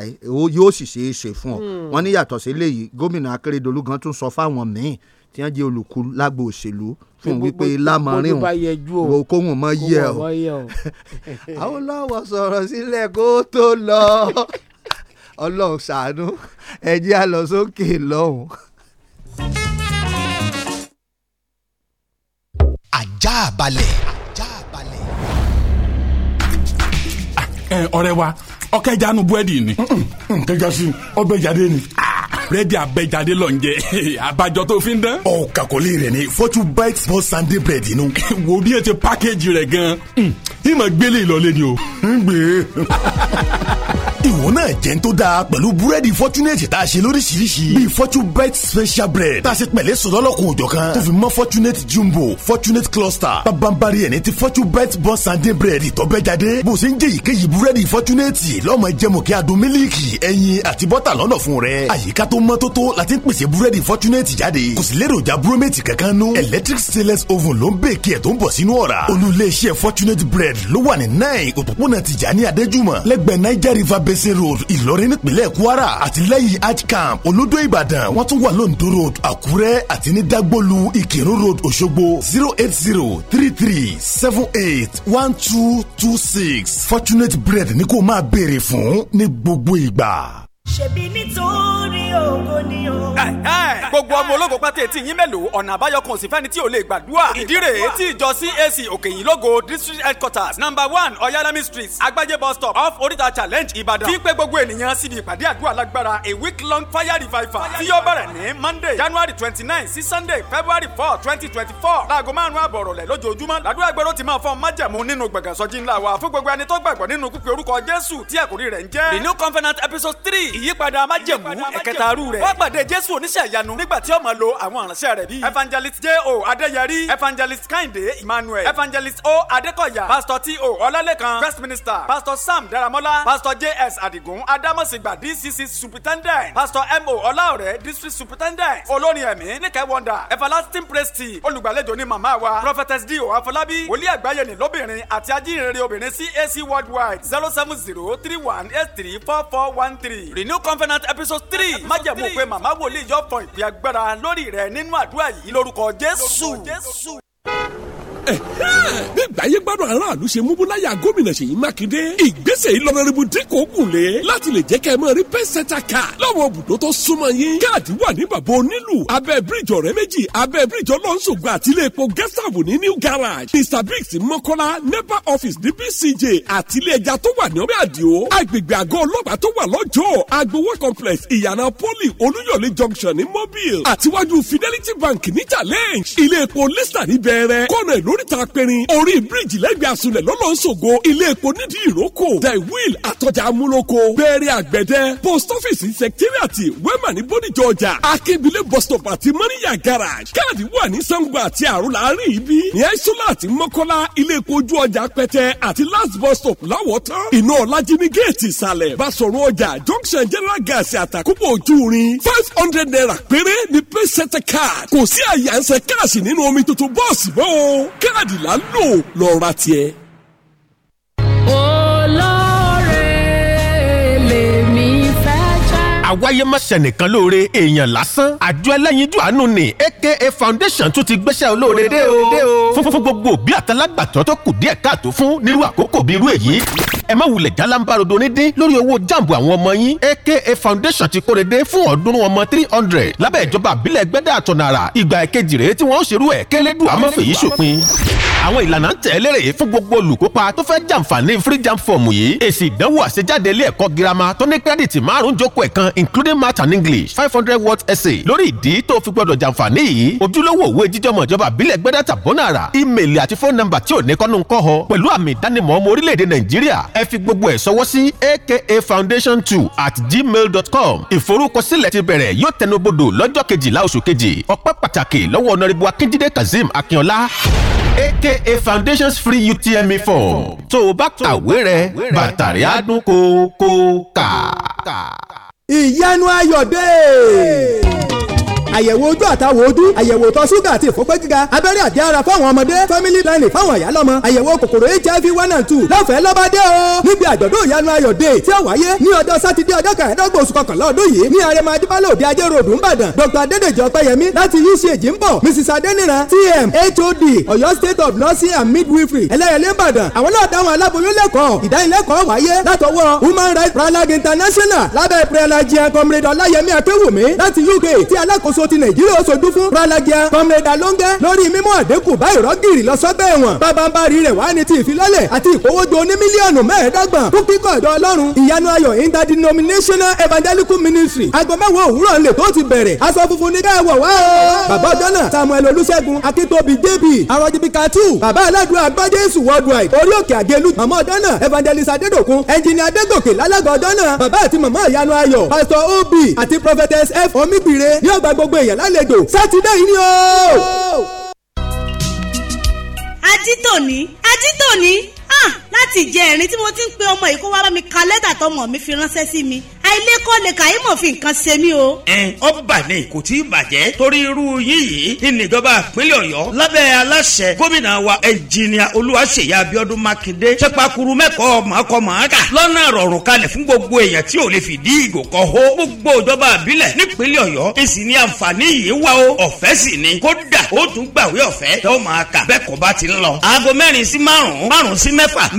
yóò sì ṣe é ṣe fún ọ hmm. wọ́n ní yàtọ̀ sí eléyìí gómìnà Akérèdọ́lù gan tún sọ fáwọn míì tí wọ́n jẹ́ olùkú lágbo òṣèlú fún wípé lámọrin o kóhùn mọ yẹ o àwọn lọ́wọ́ sọ̀rọ̀ sílẹ̀ kó tó lọ ọlọ́run ṣàánú ẹ̀jẹ̀ á lọ́hùn. ajá balẹ̀. Ah, ọ̀rẹ́ wa ọkẹ́ ìjánu búrẹ́dì ni. kẹjá sí ọbẹ̀ ìjáde ni. Ah, búrẹ́dì abẹ́jáde lọ ń jẹ abajọ tó fi ń dán. ọ kàkọ́lé rẹ̀ ni fortune bites for sunday bread inú. wo bí ẹ ti pákéjì rẹ̀ gan-an hmm, ìmọ̀ gbélé ìlọlẹ́ ni o. ń gbé ìwọ náà jẹ́ tó dáa pẹ̀lú búrẹ́dì fọ́túnẹ̀tì tá a ṣe lóríṣiríṣi bíi fortune bite special bread tá a ṣe pẹ̀lẹ́ sọ̀dọ́lọ́kun òjọ̀ kan tó fi mọ́ fortunate jumbo fortunate cluster pabambari ẹni ti fortune bite bọ́ sunday bread ìtọ́bẹ́jáde bó ṣe ń jẹ́ ìkéyìí búrẹ́dì fọ́túnẹ̀tì lọ́mọ jẹ́mọ̀kẹ́ adùn mílíìkì ẹyin àti bọ́tà lọ́nà fún rẹ àyíká tó mọ́ tótó la ti ń pèsè búrẹ́dì fọ́túnẹ́tì jáde kò sì léròjà búrómẹ́tì kankan nú electric stainless oven ló ń bèèkì ẹ̀ tó ń bọ̀ sínú ọ̀rá olùléeṣẹ́ fortunate bread ló wà ní nine òpópónà Tìjání Adéjùmọ̀ lẹ́gbẹ̀ẹ́ niger river basin road Ìlọrin nípínlẹ̀ Kwara àti lẹ́yìn arch camp olódó Ìbàdàn wọ́n tún wà lóńdó road Àkúrẹ́ àti ní dagbolu Ìkírun road Òṣogbo zero eight zero three three seven eight one two two six fortunate bread ni kò máa béèrè fún ní gbogbo ìgbà. ṣèbí nítorí gbogbo ọmọ ológun pátá etí yín mélòó ọ̀nà àbáyọ kan òsínfẹ́ni tí ò lè gbàdúrà ìdí rèé tí ìjọ CAC òkèyìnlógo district headquarters number one oyalami street agbájé bus stop off oríta challenge ìbàdàn kí pé gbogbo ènìyàn síbi ìpàdé àdúrà lágbára a week long fire revival tí yóò bẹ̀rẹ̀ ní monday january twenty nine sí sunday february four twenty twenty four láago márùn-ún àbọ̀ ọ̀rọ̀lẹ̀ lójoojúmọ́ làdúrà gbẹ́rọ́ ti máa fọ́n májẹ̀mú nínú gbàgàsọ́jí ńlá wa fún gbogbo ẹni tó gbàgbọ́ nínú kúpe orúkọ jésù tí àkórí rẹ̀ ń the new covenant episode three ìyípadà májẹ̀mú ẹ̀kẹ́t àtàrú rẹ̀. wọ́n pàdé jésù oníṣẹ́ ìyanu nígbà tí ó máa lo àwọn ìránṣẹ́ rẹ̀ bíi evangelist j o adéyẹrí evangelist kehinde emmanuel evangelist o adékọ̀yà pastor t o ọlálẹ́kan first minister pastor sam daramola pastor j s adigun adamosigba dcc superintendent pastor m o ọláọ̀rẹ́ district superintendent olórin ẹ̀mí níkẹ́ wonder everlasting praise team olùgbàlejò ni màmá wa prophetess d o afọlábí wòlíì àgbáyé ni lóbìnrin àti ajínrere obìnrin cac worldwide zero seven zero three one eight three four four one three renew covenant episode three májẹ̀mú pé màmá wòlíì yọ fọ ìpè agbára lórí rẹ̀ nínú àdúrà yìí lórúkọ Jésù. Eh, bí gbàyé gbádùn aráàlú ṣe mú búláyà gómìnà Ṣèyí Mákindé ìgbésẹ̀ ìlọrẹ́rìbù dínkù ògùn lé láti lè jẹ́ kẹ́ ẹ mọ́ rí pẹ́sẹ́tà kà láwọn òbùdó tó súnmọ́ yín káàdì wà ní bàbá onílù abẹ́ bíríjì ọ̀rẹ́ méjì abẹ́ bíríjì ọlọ́nṣogbo àti ilé epo gẹ́sàbù ní new garage mr biggs mọ́kọ́lá nepa office ní bcj àti ilé ẹja tó wà ní ọ̀rẹ́ àdìo agbègbè àgọ́ ọlọ́pàá lóríta pẹ̀rin orí bíríìjì lẹ́gbẹ̀ẹ́ àsunlẹ̀ lọ́lọ́sọ̀gọ ilé epo nídìí ìrókò the wheel àtọjà amúlòkọ bẹ̀rẹ̀ àgbẹ̀dẹ post office secretariat wema ní bódìjà ọjà akébílẹ̀ bus stop àti mọ́níyà garage káàdì wà ní sango àti àrùn láàrin ibi ní aisola àti mọ́kọ́lá ilé epo ojú ọjà pẹ́tẹ́ àti last bus stop láwọ̀tán iná ọ̀làjì ní géètì ìsàlẹ̀ basọ̀rọ̀ ọjà junction general gas àtàkùbọ̀ ojú rin five hundred naira péré ní pẹ́sẹ́tẹ̀ card kò sí àyànṣe káàsì nínú omi tuntun bọ́ọ̀sì bọ́ọ̀ káàdì là ń lò lọ́ọ́ ra tiẹ̀. àwáyé má ṣẹnìkan lóore èèyàn lásán àjọ ẹlẹ́yinjú àánú ni aka foundation tún ti gbéṣẹ́ olóore dé o fún fún gbogbo òbí àtàlágbàtọ́ tó kù díẹ̀ káàtó fún nírú àkókò bíi irú èyí ẹ má wulẹ̀ jálámbárodo nídìí lórí owó jàǹbù àwọn ọmọ yín aka foundation ti kóre dé fún ọ̀ọ́dúnrún ọmọ three hundred lábẹ́ ìjọba àbílẹ̀ gbẹ́dẹ́ àtọ̀nàrà ìgbà ìkejì rèé tí wọ́n ó ṣerú ẹ̀ kélédù àmọ́fèyí ṣòpin àwọn ìlànà tẹ̀lére fún gbogbo olùkópa tó fẹ́ jàǹfààní free jam form yìí èsì ìdánwò àṣejáde ilé ẹ̀kọ́ girama tó ní kírẹ́dìtì márùn-ún jókòó ẹ̀kan including math and english five hundred word essay lórí ìdí tó fi gbọdọ̀ jàǹfààní yìí ojúlówó òwe jíjọmọ̀ ìjọba àbílẹ̀ gbẹ́dẹ́ tàbọ́nà ara ímeèlì àti fóònù nọ́mbà tí ò ní kọ́nu kọ́ ọ pẹ̀lú àmì ìdánimọ̀ ọmọ orílẹ̀-èdè nàìjíríà ẹ fi gbogbo ẹ̀ sọwọ́ sí aka foundation two at gmail dot com ìforúkọsílẹ̀ ti bẹ̀rẹ̀ yóò tẹnubodò lọ́jọ́ kejìlá oṣù kejì ọpẹ́ pàtàkì lọ́wọ́ ọ̀nàrẹ́bù akíndídé kazeem akínọlá aka foundations free utme form tó o bá kàwé rẹ bàtàrí àdún kò kà ìyanu ayọ̀dé. Hey àyẹ̀wò ojú àtàwọ̀ ojú àyẹ̀wò ìtọ̀ ṣúgà àti ìfọ́pẹ́ gíga abẹ́rẹ́ àti ara fáwọn ọmọdé family planning fáwọn ìyálọ́mọ àyẹ̀wò kòkòrò hiv one and two lọ́fẹ̀ẹ́ lọ́bàdé o níbi àjọ̀dún ìyanu ayọ̀ dé tí ó wáyé ní ọjọ́ sátidé ọjọ́ kẹẹ̀ẹ́dọ́gbọ̀n oṣù kọkànlá ọdún yìí ní arẹmọ adébálò òde ajé ròdù ńbàdàn dr adédèjì ọpẹ́yẹmí láti uch ń bọ̀ mrs adéníra tm hod ọ̀yọ́ state of nursing and midwifery ẹlẹ́yẹlé ńbàdàn àwọn náà dáhùn aláboyún lẹ́kọ̀ọ́ ìdánilẹ́kọ̀ọ́ wáyé látọwọ́ human rights pralague international lábẹ́ pralague comrade ọláyẹmí akéwùmí láti uk tí alákòóso alákòóso ti nàìjíríà ṣojú fún ralagia kọ́mẹ́dà lóńgẹ́ lórí mímú àdínkù bá ìrọ́gìrì lọ sọ́gbẹ́ ẹ̀wọ̀n bábánbárì rẹ̀ wá ní ti ìfilọ́lẹ̀ àti ìkówójọ oní mílíọ̀nù mẹ́ẹ̀ẹ́dọ́gbọ̀n fún kíkọ́ ọ̀dọ́ ọlọ́run ìyanu ayọ̀ interdenominational evangelical ministry aago mẹ́wàá òwúrọ̀ lè tó ti bẹ̀rẹ̀ aṣọ funfun ní káyọ̀ wá o. bàbá ọjọ́ náà samuel olúṣẹ́gun akíntóbi jp arọ́jibikatu bàbá aládùn agbọ́jẹ́sù worldwide orí òkè àgélú mama ọjọ́ evangelist adédokun ẹnjìnì adégòkè lálágbà ọjọ́ náà bàbá àti màmá ìyanu ayọ̀ pastor obi àti prophetess f omibire yóò gbàgbọ́ gbogbo èèyàn lálejò sátidé yìí ni o. ajítòní ajítòní ah láti jẹ ẹ̀rín tí mo ti ń pe ọmọ yìí kó wá bá mi ka lẹ́tà tọmọ mi fi ránṣẹ́ sí mi àìlẹ́kọ́ lè kàí mọ̀ fi nǹkan ṣe mí o. ẹ ọ bà ní kò tí ì bàjẹ́ torí irú yín yìí ní ìjọba ìpínlẹ̀ ọ̀yọ́ lábẹ́ aláṣẹ gómìnà wa ẹnjìnìà olúwaṣeyẹ abiodun makinde sẹpakuru mẹ́kọ̀ọ́ màkọ́ màákà lọ́nà rọrùn kalẹ̀ fún gbogbo èèyàn tí ò lè fi dí ìgò kọ́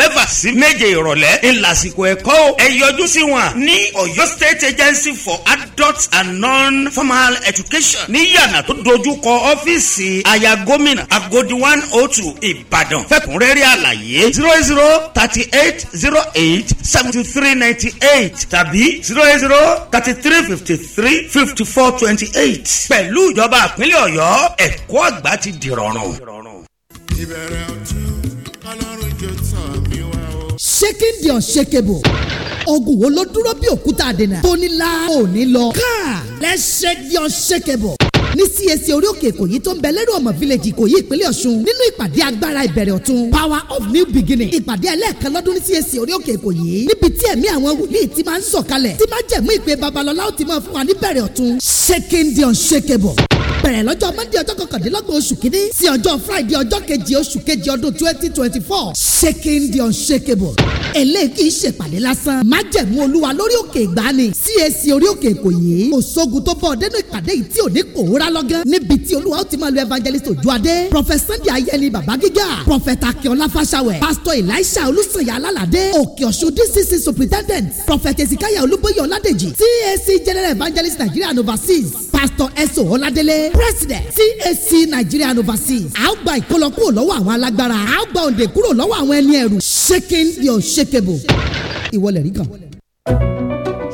mẹ́fà sí méje ìrọ̀lẹ́ ńlásìkò ẹ̀kọ́ o ẹ yọjú sí wọn ní Ọ̀yọ́ State Agency for Adult and Non-Formal Education ní yàrá tó dojú kọ ọ́fíìsì aya gómìnà Agodi one oh two Ìbàdàn fẹ́kùnrẹ́rẹ́ àlàyé zero zero thirty eight zero eight seventy three ninety eight tàbí zero zero thirty three fifty three fifty four twenty eight pẹ̀lú ìjọba ìpínlẹ̀ Ọ̀yọ́ ẹ̀kọ́ àgbà ti dìrọ̀rùn. ìbẹ̀rẹ̀ ọ̀tún shaking the unshakable ogun wo ló dúró bí òkúta àdènà tó la ò ní lọ káà let's shake the unshakable ní CAC orí òkè ìkòyí tó ń bẹ lẹ́rù ọmọ village ìkòyí ìpínlẹ̀ ọ̀ṣun nínú ìpàdé agbára ìbẹ̀rẹ̀ ọ̀tun power of new beginning ìpàdé ẹlẹ́ẹ̀kan lọ́dún ní CAC orí òkè ìkòyí níbi tí ẹ̀mí àwọn wòlíì ti máa ń sọ̀kalẹ̀ tí máa jẹ̀mú ìpè babalọ́lá ó ti máa fún wa ní bẹ̀rẹ̀ ọ̀tun shaking the unshakable bẹ̀rẹ̀ lọ́jọ́ mọ́ndé ọjọ́ kọkàndínlọ́gbọ̀n oṣù kínní sí ọjọ́ friday ọjọ́ kejì oṣù kejì ọdún twenty twenty four shaking the unshakeable eléyìí kì í ṣèpàdé lásán májẹ̀mú olúwa lórí òkè ìgbani CAC orí òkè ìkòyí òṣogun tó bọ̀ dénú ìpàdé yìí tí ò ní kòóra lọ́gán níbi tí olúwa ó ti máa lo evangelist Òjúadé prophet Sunday Ayẹni baba gíga prophet Akínọlá Fáṣàwẹ̀ pastor Elisha Olùsànyà Alálàdé òkè ọ̀ṣun DCC superintendent prophet Ezekiah Olúbóyè Ọládèjì CAC general evangelist Nigeria and overseas pastor eso ọládélé president cac nigerian overseas a ó gba ìkọlọ́kù lọ́wọ́ àwọn alágbára a ó gba òǹdè kúrò lọ́wọ́ àwọn ẹni ẹ̀rù shaking the unshakable ìwọlẹ̀ rí kan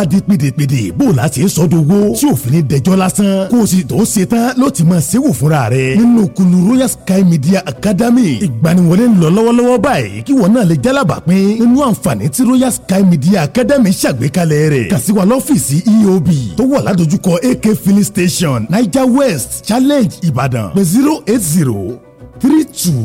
bá di pèdèpèdè bó o la ṣe sọ dogo tí o fini dẹjọ́ lásán kó o sì tó ṣe tán ló ti máa ṣẹ́wò fúnra rẹ̀ nínú kunu royal sky media academy ìgbaniwọlé ń lọ lọ́wọ́lọ́wọ́ báyìí kí wọ́n náà lè jálábà pín nínú àǹfààní tí royal sky media academy ṣàgbékalẹ̀ rẹ̀ kàn sí lọ́fíìsì eob tó wà ládojúkọ ak filling station niger west challenge Ibadan. pé zero eight zero three two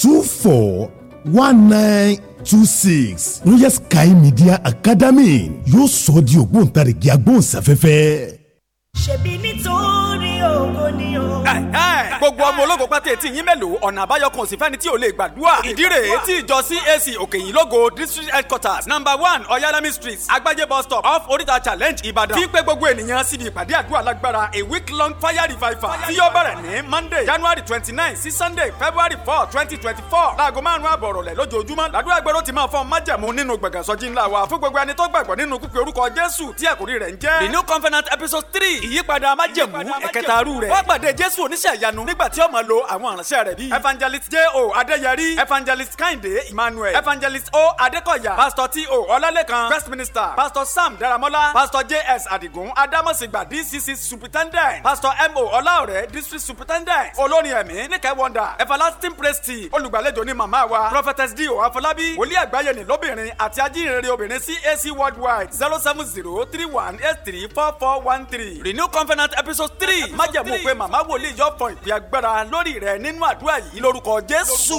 two four one nine two six royal sky media academy yóò sọ ọ́ di ògbóǹtarìgì agbóhùnsáfẹ́fẹ́. ṣèbí nítorí gbogbo ọmọ ológo pátá etí yín mélòó ọ̀nà àbáyọ kan òsínfẹ́ni tí ò lè gbàdúrà ìdí rèé tí ìjọ CAC òkèyìnlógo district headquarters number one ọ̀yálami street agbájé bus stop off oríta challenge ìbàdàn fípe gbogbo ènìyàn síbi ìpàdé àdúrà lágbára a week long fire revival tí yóò bẹ̀rẹ̀ ní monday january twenty nine sí sunday february four twenty twenty four láago márùn-ún àbọ̀ ọ̀rọ̀lẹ̀ lójoojúmọ́ làdúrà gbẹ́rọ́ ti máa fọ́n májẹ̀mú nínú gbàgàsọ́jí ńlá wa fún gbogbo ẹni tó gbàgbọ́ nínú kúpe orúkọ jésù tí àkórí rẹ̀ ń the new covenant episode three ìyípadà májẹ̀mú ẹ̀kẹta ẹrú rẹ̀. wọ́n pàdé jésù oníṣẹ́ ìyanu nígbà tí ó lo àwọn ìránṣẹ́ rẹ̀ bíi evangelist j o Adeyari, evangelist kehinde emmanuel evangelist o Adekoya, pastor t o ọlálẹ́kan first minister pastor sam daramola pastor j s adigun adamosigba dcc superintendent pastor m o ọláọ̀rẹ́ district superintendent olórin ẹ̀mí níkẹ́ wonder everlasting praise team olùgbàlejò ni màmá wa prophetess d o afọlábí wòlíì àgbáyé ni lóbìnrin àti ajínrere obìnrin AC worldwide zero seven zero three one eight three four four one three renew covenant episode three májẹ̀ májẹ̀mú pé màmá wòlíì yóò fọn ìpè agbára lórí rẹ̀ nínú àdúrà yìí lórúkọ Jésù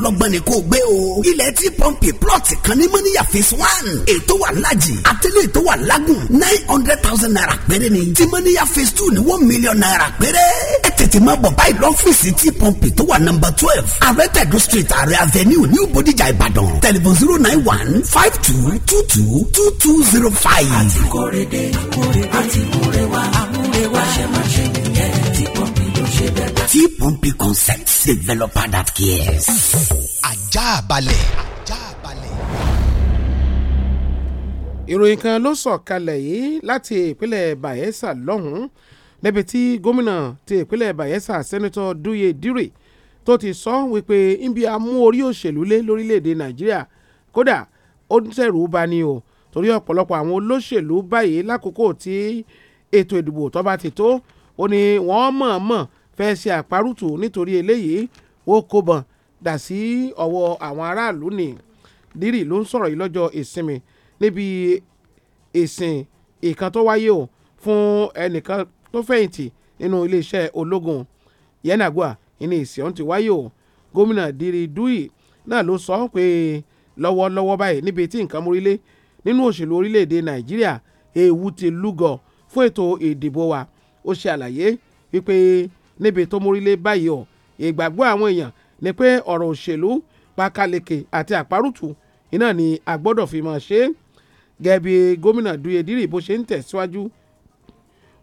ọlọ́gbọ́n ni kò gbé o. ilẹ̀ tí pọ́ǹpì plọ̀tì kan ní mọ́níyà phase one ètò wà lájì àtẹlẹ́ ètò wà lágùn nine hundred thousand naira péré ni tí mọ́níyà phase two ni one million naira péré. ẹ tètè máa bọ̀ báyìí lọ́fíìsì tí pọ́ǹpì tó wà nọmba twelve arẹ́tẹ̀dù street àrẹ avenue new bodijà ìbàdàn tẹlifon zero nine one five two two two two two zero five. àti kórè dé àti kórè wá àmúrè wá nìyẹn. T Pumpy Concepts, developer that cares. Ajá balẹ̀. Ìròyìn kan ló sọ̀ kalẹ̀ yìí láti ìpínlẹ̀ Bayelsa lọ́hùn-ún níbi tí gómìnà ti ìpínlẹ̀ Bayelsa sẹ́nitọ́ Duye Dire tó ti sọ wípé ibi amú orí òṣèlú lé lórílẹ̀‐èdè Nàìjíríà kódà ó ń tẹ̀rù bá ní o torí ọ̀pọ̀lọpọ̀ àwọn olóṣèlú báyìí lákòókò tí ètò ìdìbò tó bá ti tó ó ní wọ́n mọ̀ọ́mọ̀ fẹ́ẹ́ ṣe àparùtù nítorí eléyìí ó kóbọn dà sí ọwọ́ àwọn aráàlú ni dírì ló ń sọ̀rọ̀ yìí lọ́jọ́ ìsinmi níbi ìsìn ìkan tó wáyé o fún ẹnìkan tó fẹ̀yìntì nínú iléeṣẹ́ ológun yẹnàgbà ìní ìsìn ọ̀hún ti wáyé o gómìnà dírì dùì náà ló sọ pé lọ́wọ́lọ́wọ́ báyìí níbi tí nǹkan múrílé nínú òṣèlú orílẹ̀-èdè nàìjíríà èèwù ti lúgọ fún ètò ìdìbò wa ó ṣe àlàyé wípé níbi tó mórílé báyìí o ìgbàgbọ́ àwọn èèyàn ni pé ọ̀rọ̀ òṣèlú pákáleke àti àparùtù iná ni a gbọ́dọ̀ fi máa ṣe é gẹ́gẹ́ bí gómìnà Douye Diri bó ṣe ń tẹ̀síwájú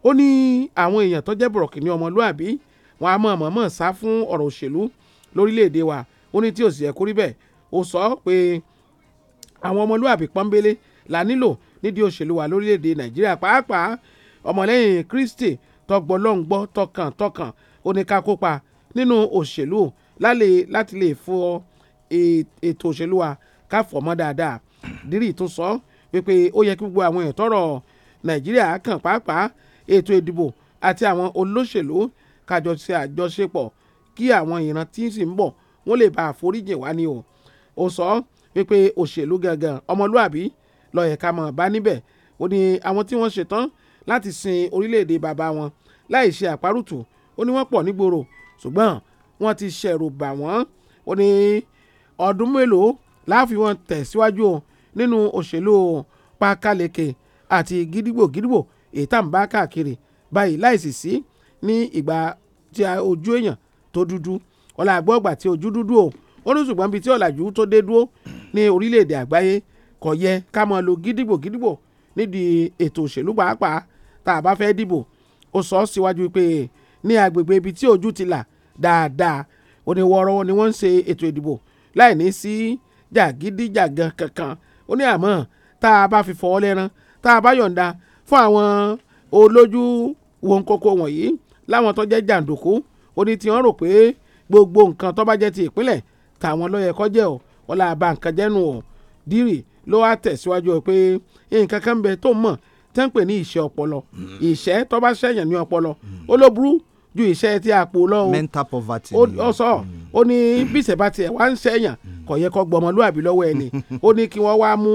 ó ní àwọn èèyàn tó jẹ́ bọ̀rọ̀kìnní ọmọlúàbí wọn a mọ̀ mọ̀mọ́ sá fún ọ̀rọ̀ òṣèlú lórílẹ̀‐èdè wa ó ní tí ò sì yẹ kó rí bẹ́ẹ̀ ó sọ pé àwọn ọmọlúàbí pọ́nbélé la nílò nídìí òṣèlú wa lórílẹ̀‐èdè Nàìjíríà pàápàá ọmọlẹ́yìn Kristi tọgbọ́lọ́ngbọ́ tọkàntọkàn ó ní ká kópa nínú òṣèlú lálẹ́ láti lè fọ e, ètò òṣèlú wa ká fọ̀ mọ́ dáadáa dírí tún sọ wípé ó yẹ kí gbogbo àwọn èèyàn tọrọ nàìjíríà kàn pàápàá ètò ìdìbò àti àwọn olóṣèlú kájọ ṣe àjọṣepọ̀ kí àwọn ìran tí ń sì ń bọ̀ wọ́n lè bá àforíjìn wá ni o ó sọ wípé òṣèlú gangan ọmọlúàbí ló yẹ ká máa bá níbẹ̀ ó ní àwọn tí wọ́n ṣetán láti sin orílẹ̀-èdè bàbá wọn láì ṣe àparùtù ó ní wọ́n pọ̀ nígboro ṣùgbọ́n wọ́n ti ṣẹ̀rù bà wọ́n ó ní ọdún mélòó láàfin wọn tẹ̀síwájú nínú òṣèlú pákáleke àti gídígbò gídígbò èyí tá à ń bá káàkiri báyìí láìsí sí ní ìgbà tí ojú èèyàn tó dúdú ọ̀la àgbọ̀gbà tí ojú dúdú o ó ní ṣùgbọ́n bíi tí ọ̀làjú tó dé dúró ní orílẹ̀-èdè àgbáyé kò yẹ ká máa lo gídígbò gídígbò nídìí ètò òṣèlú pàápàá tá a bá fẹ́ dìbò ó sọ síwájú pé ní agbègbè ibi tí ojú ti là dáadáa ó ní ni wọ́n ń ṣe ètò ìdìbò láì ní sí jàgídíjàgan kankan ó ní àmọ́ tá a bá fi fọ́ lẹ́ran tá a bá yọ̀ǹda fún àwọn olójú wọn kókó wọ̀nyí láwọn tó jẹ́ jàǹdùkú ó ní tí wọ́n rò pé gbogbo nǹkan tó bá jẹ́ ti ìpínlẹ̀ tàwọn ló yẹ kó jẹ́ ọ̀ wọ́n là bá nǹkan jẹ́nu ọ̀ dírì ló wá tẹ̀síwájú pé nǹkan kan bẹ tó mọ̀ tẹ́ ní ìṣẹ́ ọpọlọ hmm. ìṣẹ́ tó ṣẹ̀yàn ní ọpọlọ hmm. ó ló burú ju ìṣẹ́ tí a pò lọ́wọ́ mental poverty ó sọ hmm. ó ní bí ìṣẹ́ bá tiẹ̀ wá ń ṣẹ̀yàn kò yẹ kó gbọmọlúàbí lọ́wọ́ ẹni ó ní kí wọ́n wá mú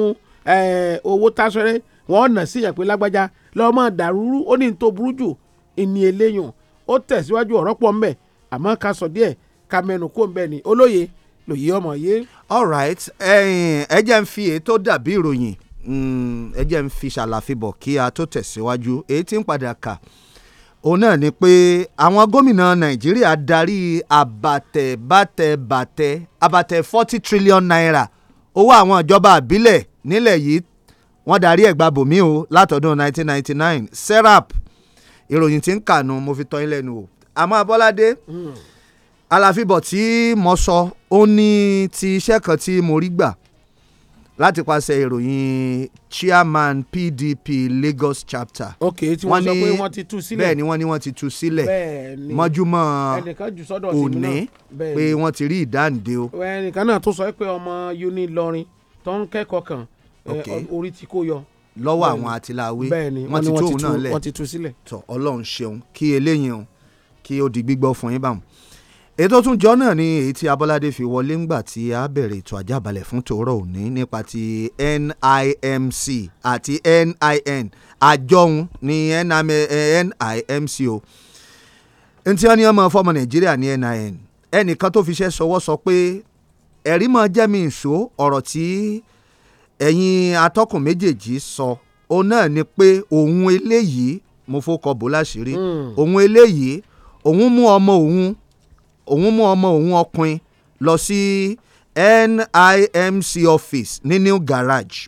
owó táṣẹ́rẹ́ wọ́n nà sí yàn pé lágbájá lọ́mọ dàrúrú ó ní tó burú jù ìní eléyàn ó tẹ̀síwájú ọ̀rọ̀ pọ̀ ńbẹ̀ àmọ́ ká sọ díẹ̀ ká mẹ́nu kó ńbẹ̀ ni olóye lòye ọmọ yé. all right ẹ jẹ́ ń fi èyí tó dàbí ìròyìn Mm, ẹ jẹ́ ń fi ṣàlàfibọ̀ kí a tó tẹ̀síwájú èyí tí ń padà kà òun náà ni pé àwọn gómìnà nàìjíríà darí àbàtẹ̀bàtẹ̀bàtẹ̀ àbàtẹ̀ forty trillion naira owó àwọn ìjọba àbílẹ̀ nílẹ̀ yìí wọ́n darí ẹ̀gbà bòmí o látọ̀dún nineteen ninety nine serap ìròyìn tí ń kànú mo fi tọ́ ilé nu o àmọ́ abọ́ládé hmm. àlàfibọ̀ tí mo sọ ó ní ti iṣẹ́ kan tí mo rí gbà láti pàṣẹ ìròyìn chairman PDP Lagos chapter. ok tí wọ́n sọ pé wọ́n ti tú sílẹ̀ bẹ́ẹ̀ ni wọ́n ní wọ́n ti tú sílẹ̀ mọ́júmọ́ òní pé wọ́n ti rí ìdáǹdè o. ẹnìkan náà tó sọ pé ọmọ uni lọrin tó ń kẹ́kọ̀ọ́ kan orí ti kó yọ lọ́wọ́ àwọn àtìláwé wọ́n ti tú òun náà lẹ̀ tọ́ ọlọ́run ṣeun kí eléyìí hàn kí ó di gbígbọ́ fún yín báwọn ètò tún náà ni èyí tí Abọ́ládé fi wọlé ńgbà tí a bẹ̀rẹ̀ ètò àjábalẹ̀ fún tòórọ̀ òní nípa ti NIMC àti NIN àjọhun ni NIMC o ntí wọn ní ọmọ fọmọ Nàìjíríà ní NIN ẹnìkan tó fi iṣẹ́ sọwọ́ sọ pé ẹ̀rí mọ́ jẹ́ mi ìṣó ọ̀rọ̀ tí ẹ̀yin atọ́kùn méjèèjì sọ òun náà ni pé òun eléyìí mo fọkọ bó láṣìírí hmm. òun eléyìí òun mú ọmọ òun òun mú ọmọ òun ọkùnrin lọ sí NIMC office ní New Garage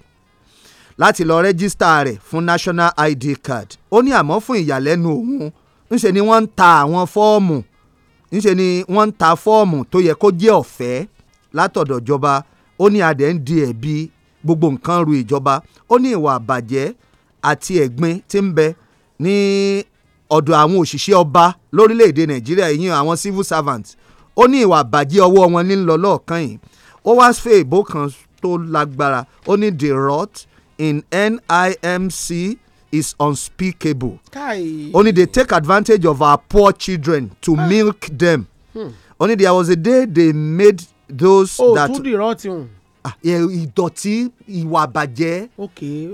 láti lọ rẹ́gísítà rẹ̀ fún national ID card ó ní àmọ́ fún ìyàlẹ́nu òun ńṣe ni wọ́n ń ta àwọn fọ́ọ̀mù ńṣe ni wọ́n ń ta fọ́ọ̀mù tó yẹ kó jẹ́ ọ̀fẹ́ látọ̀dọ̀ ìjọba ó ní adẹ̀ ń di ẹ̀bi gbogbo nǹkan ru ìjọba ó ní ìwà àbàjẹ́ àti ẹ̀gbin tí ń bẹ ní ọ̀dọ̀ àwọn òṣìṣẹ́ ọba lórílẹ̀‐èdè nàìjíríà ìyẹn àwọn civil servants ó ní ìwà àbàjẹ́ ọwọ́ wọn ní lọ yìí ó wá fẹ́ ìbò kan tó lágbára ó ní the rot in NIMC is unspeakable ó ní they take advantage of our poor children to ah. milk them hmm. ó ní there was a day they made those oh, that. Ah, ìdọ̀tí ìwà bàjẹ́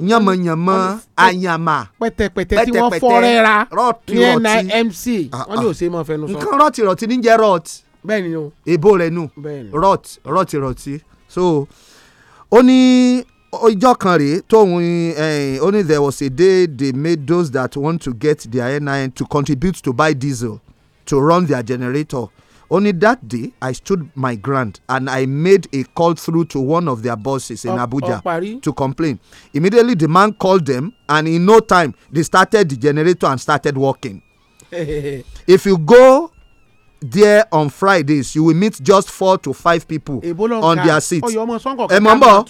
yànmọ̀yànmọ̀ àyàmà pẹ̀tẹ̀pẹ̀tẹ̀ tí wọ́n fọ́rẹ́ra ní nimc ah, wọ́n ní ah. òsè máa fẹnu sọ. nǹkan rọ̀tìrọ̀tì ní jẹ́ rot bẹ́ẹ̀ ni o èbó rẹ̀ nù rot rọ̀tìrọ̀tì so ó ní ọjọ́ kan rèé tóun ó ní there was a day they made those that want to get their NIN to contribute to buy diesel to run their generator Only that day I stood my ground and I made a call through to one of their bosses in Abuja to complain immediately the man called them and in no time they started the generator and started working if you go there on Fridays you will meet just four to five people on their seat ẹ mọ̀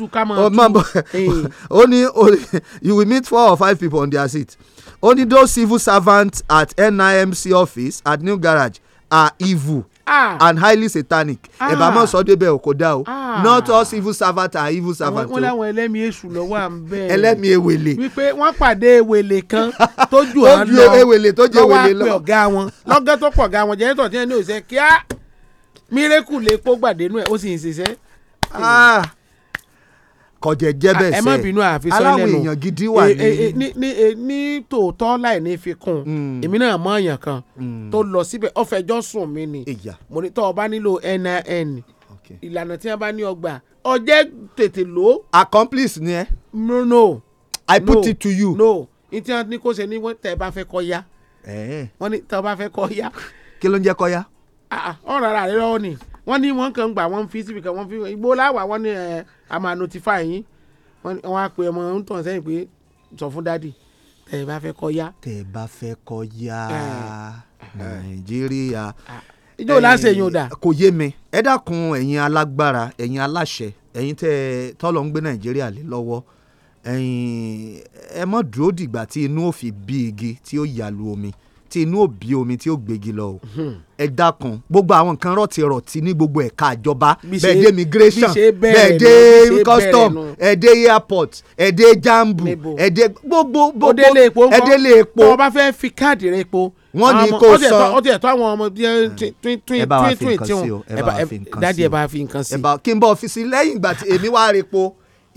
only mọ̀ you will meet four or five people on their seat only those civil servants at NIMC office at New Garage are evil Ah. and highly satanic ah. ẹ bá mọ̀ sọ débẹ̀ ò dá o ah. not us. civil servants are evil servants. wọ́n láwọn ẹlẹ́mìí èṣù lọ́wọ́ à ń bẹ̀. ẹlẹ́mìí ewele. wípé wọ́n pàdé ewele kan tó ju àwọn lọ tó ju ewele tó ju ewele lọ. lọ́wọ́ àpè ọ̀gá wọn lọ́gán tó pọ̀ ọ̀gá wọn jẹ́rẹ́tọ̀ tí wọ́n ní òṣìṣẹ́ kíá mírèkù lè kó gbàdénú ẹ̀ ó sì ń ṣiṣẹ́ kọjẹ jẹ bẹẹ sẹ ẹ má bínú àfisọ lẹnu aláwọ èèyàn gidi wà e, e, ní. E, ní tòótọ́ láì ní fi kún hmm. èmi náà mọ èèyàn kan hmm. tó lọ síbẹ̀ ó fẹjọ́ sùn mí ni mo ní tọ́ ọ bá nílò NIN ìlànà tí wọ́n bá ní ọgbà ọjẹ́ tètè lò. accomplice ni ẹ. no no. I put no, it to you. no n tí wọ́n ní kó ṣe ni wọ́n tẹ̀ bá fẹ́ kọ́ ya. wọ́n ní tẹ̀ bá fẹ́ kọ́ ya. kí ló ń jẹ́ kọ́ ya. Ah, ah, ọ̀rọ̀ ara rẹ lọ́wọ́ ni wọ́n ní wọ́n kàn gbà wọ́n fi síbi kan wọ́n fi igbó láwà wọ́n ní ẹ̀ a máa notify yín wọ́n á pe ọmọ ń tàn sẹ́yìn pé sọ fún dádì tẹ̀ ẹ bá fẹ́ kọ́ yá. tẹ̀ ẹ bá fẹ́ kọ́ yá nàìjíríà. ijó láṣẹ yín ò dà. kò yé mi ẹ dákun ẹ̀yin alágbára ẹ̀yin aláṣẹ ẹ̀yin tẹ́ tọ́lọ̀ ń gbé nàìjíríà lé lọ́wọ́ ẹ̀yin ẹ mọ̀ dúró dìgbà tí inú òfin bí igi tí ó yàlu omi tí inú òbí omi tí ó gbégi lọ o hmm. ẹ dákun gbogbo àwọn nǹkan rọ̀tìrọ̀tì ní gbogbo ẹ̀ka àjọba bẹ́ẹ̀ dé immigration bẹ́ẹ̀ dé custom ẹ̀ dé airport ẹ̀ dé jambu ẹ̀ dé gbogbo gbogbo ẹ̀ dé lè epo. tó o bá fẹ́ fi káàdì rẹ epo wọ́n ní kó sọ ọ tiẹ̀ tó àwọn ọmọ bíi hmm. eh, twin twin twin tí wọn ẹ bá fi nǹkan sí o dádì ẹ bá fi nǹkan sí o. kí n bọ̀ ọ́fíìsì lẹ́yìn ìgbà tí èmi wá rí epo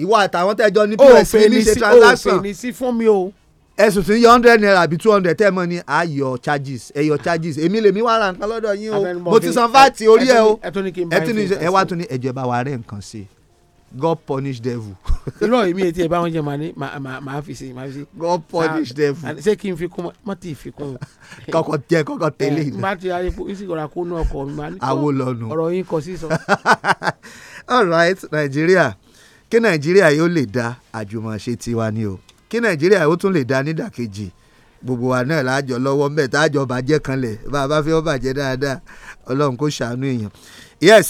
ìwọ àtàwọn tẹ́jọ́ ní pọ́s ní ṣe transaction. o ò fèlè sí fún mi o ẹ̀sùn tí yọ hundred naira àbí two hundred tẹ́ ẹ mọ̀ ni a charges ẹ yọ charges èmi lèmi wà ra nǹkan lọ́dọ̀ yín o mo ti san fáàtì orí ẹ o ẹ wá tún ní ẹ̀jẹ̀ bá wa rẹ̀ nǹkan sí God punish devil. lọ èmi ètí ẹ bá wọn jẹ màá ní màá fi sí màá fi sí. God punish devil. ṣé kí n fi kún mọ tí ì fi kún. kọkọ jẹ kọkọ tẹlẹ. Eh, n bá ti ayé isi ọ̀rọ̀ àkóónú ọkọ̀ mi máa ní. àwo lọ́nu. ọ̀rọ̀ yín kọ sísọ. all right nàìjíríà kí nàìjíríà yóò lè dá àjùmọ̀ṣe tiwa ni o kí nàìjíríà ó tún lè dá nídàkejì gbogbo wa náà láàjọ lọ́wọ́ mbẹ́ tá a jọ bá a bá fẹ́ bàjẹ́ dáadáa ọlọ́run kò ṣàánú èèyàn. yes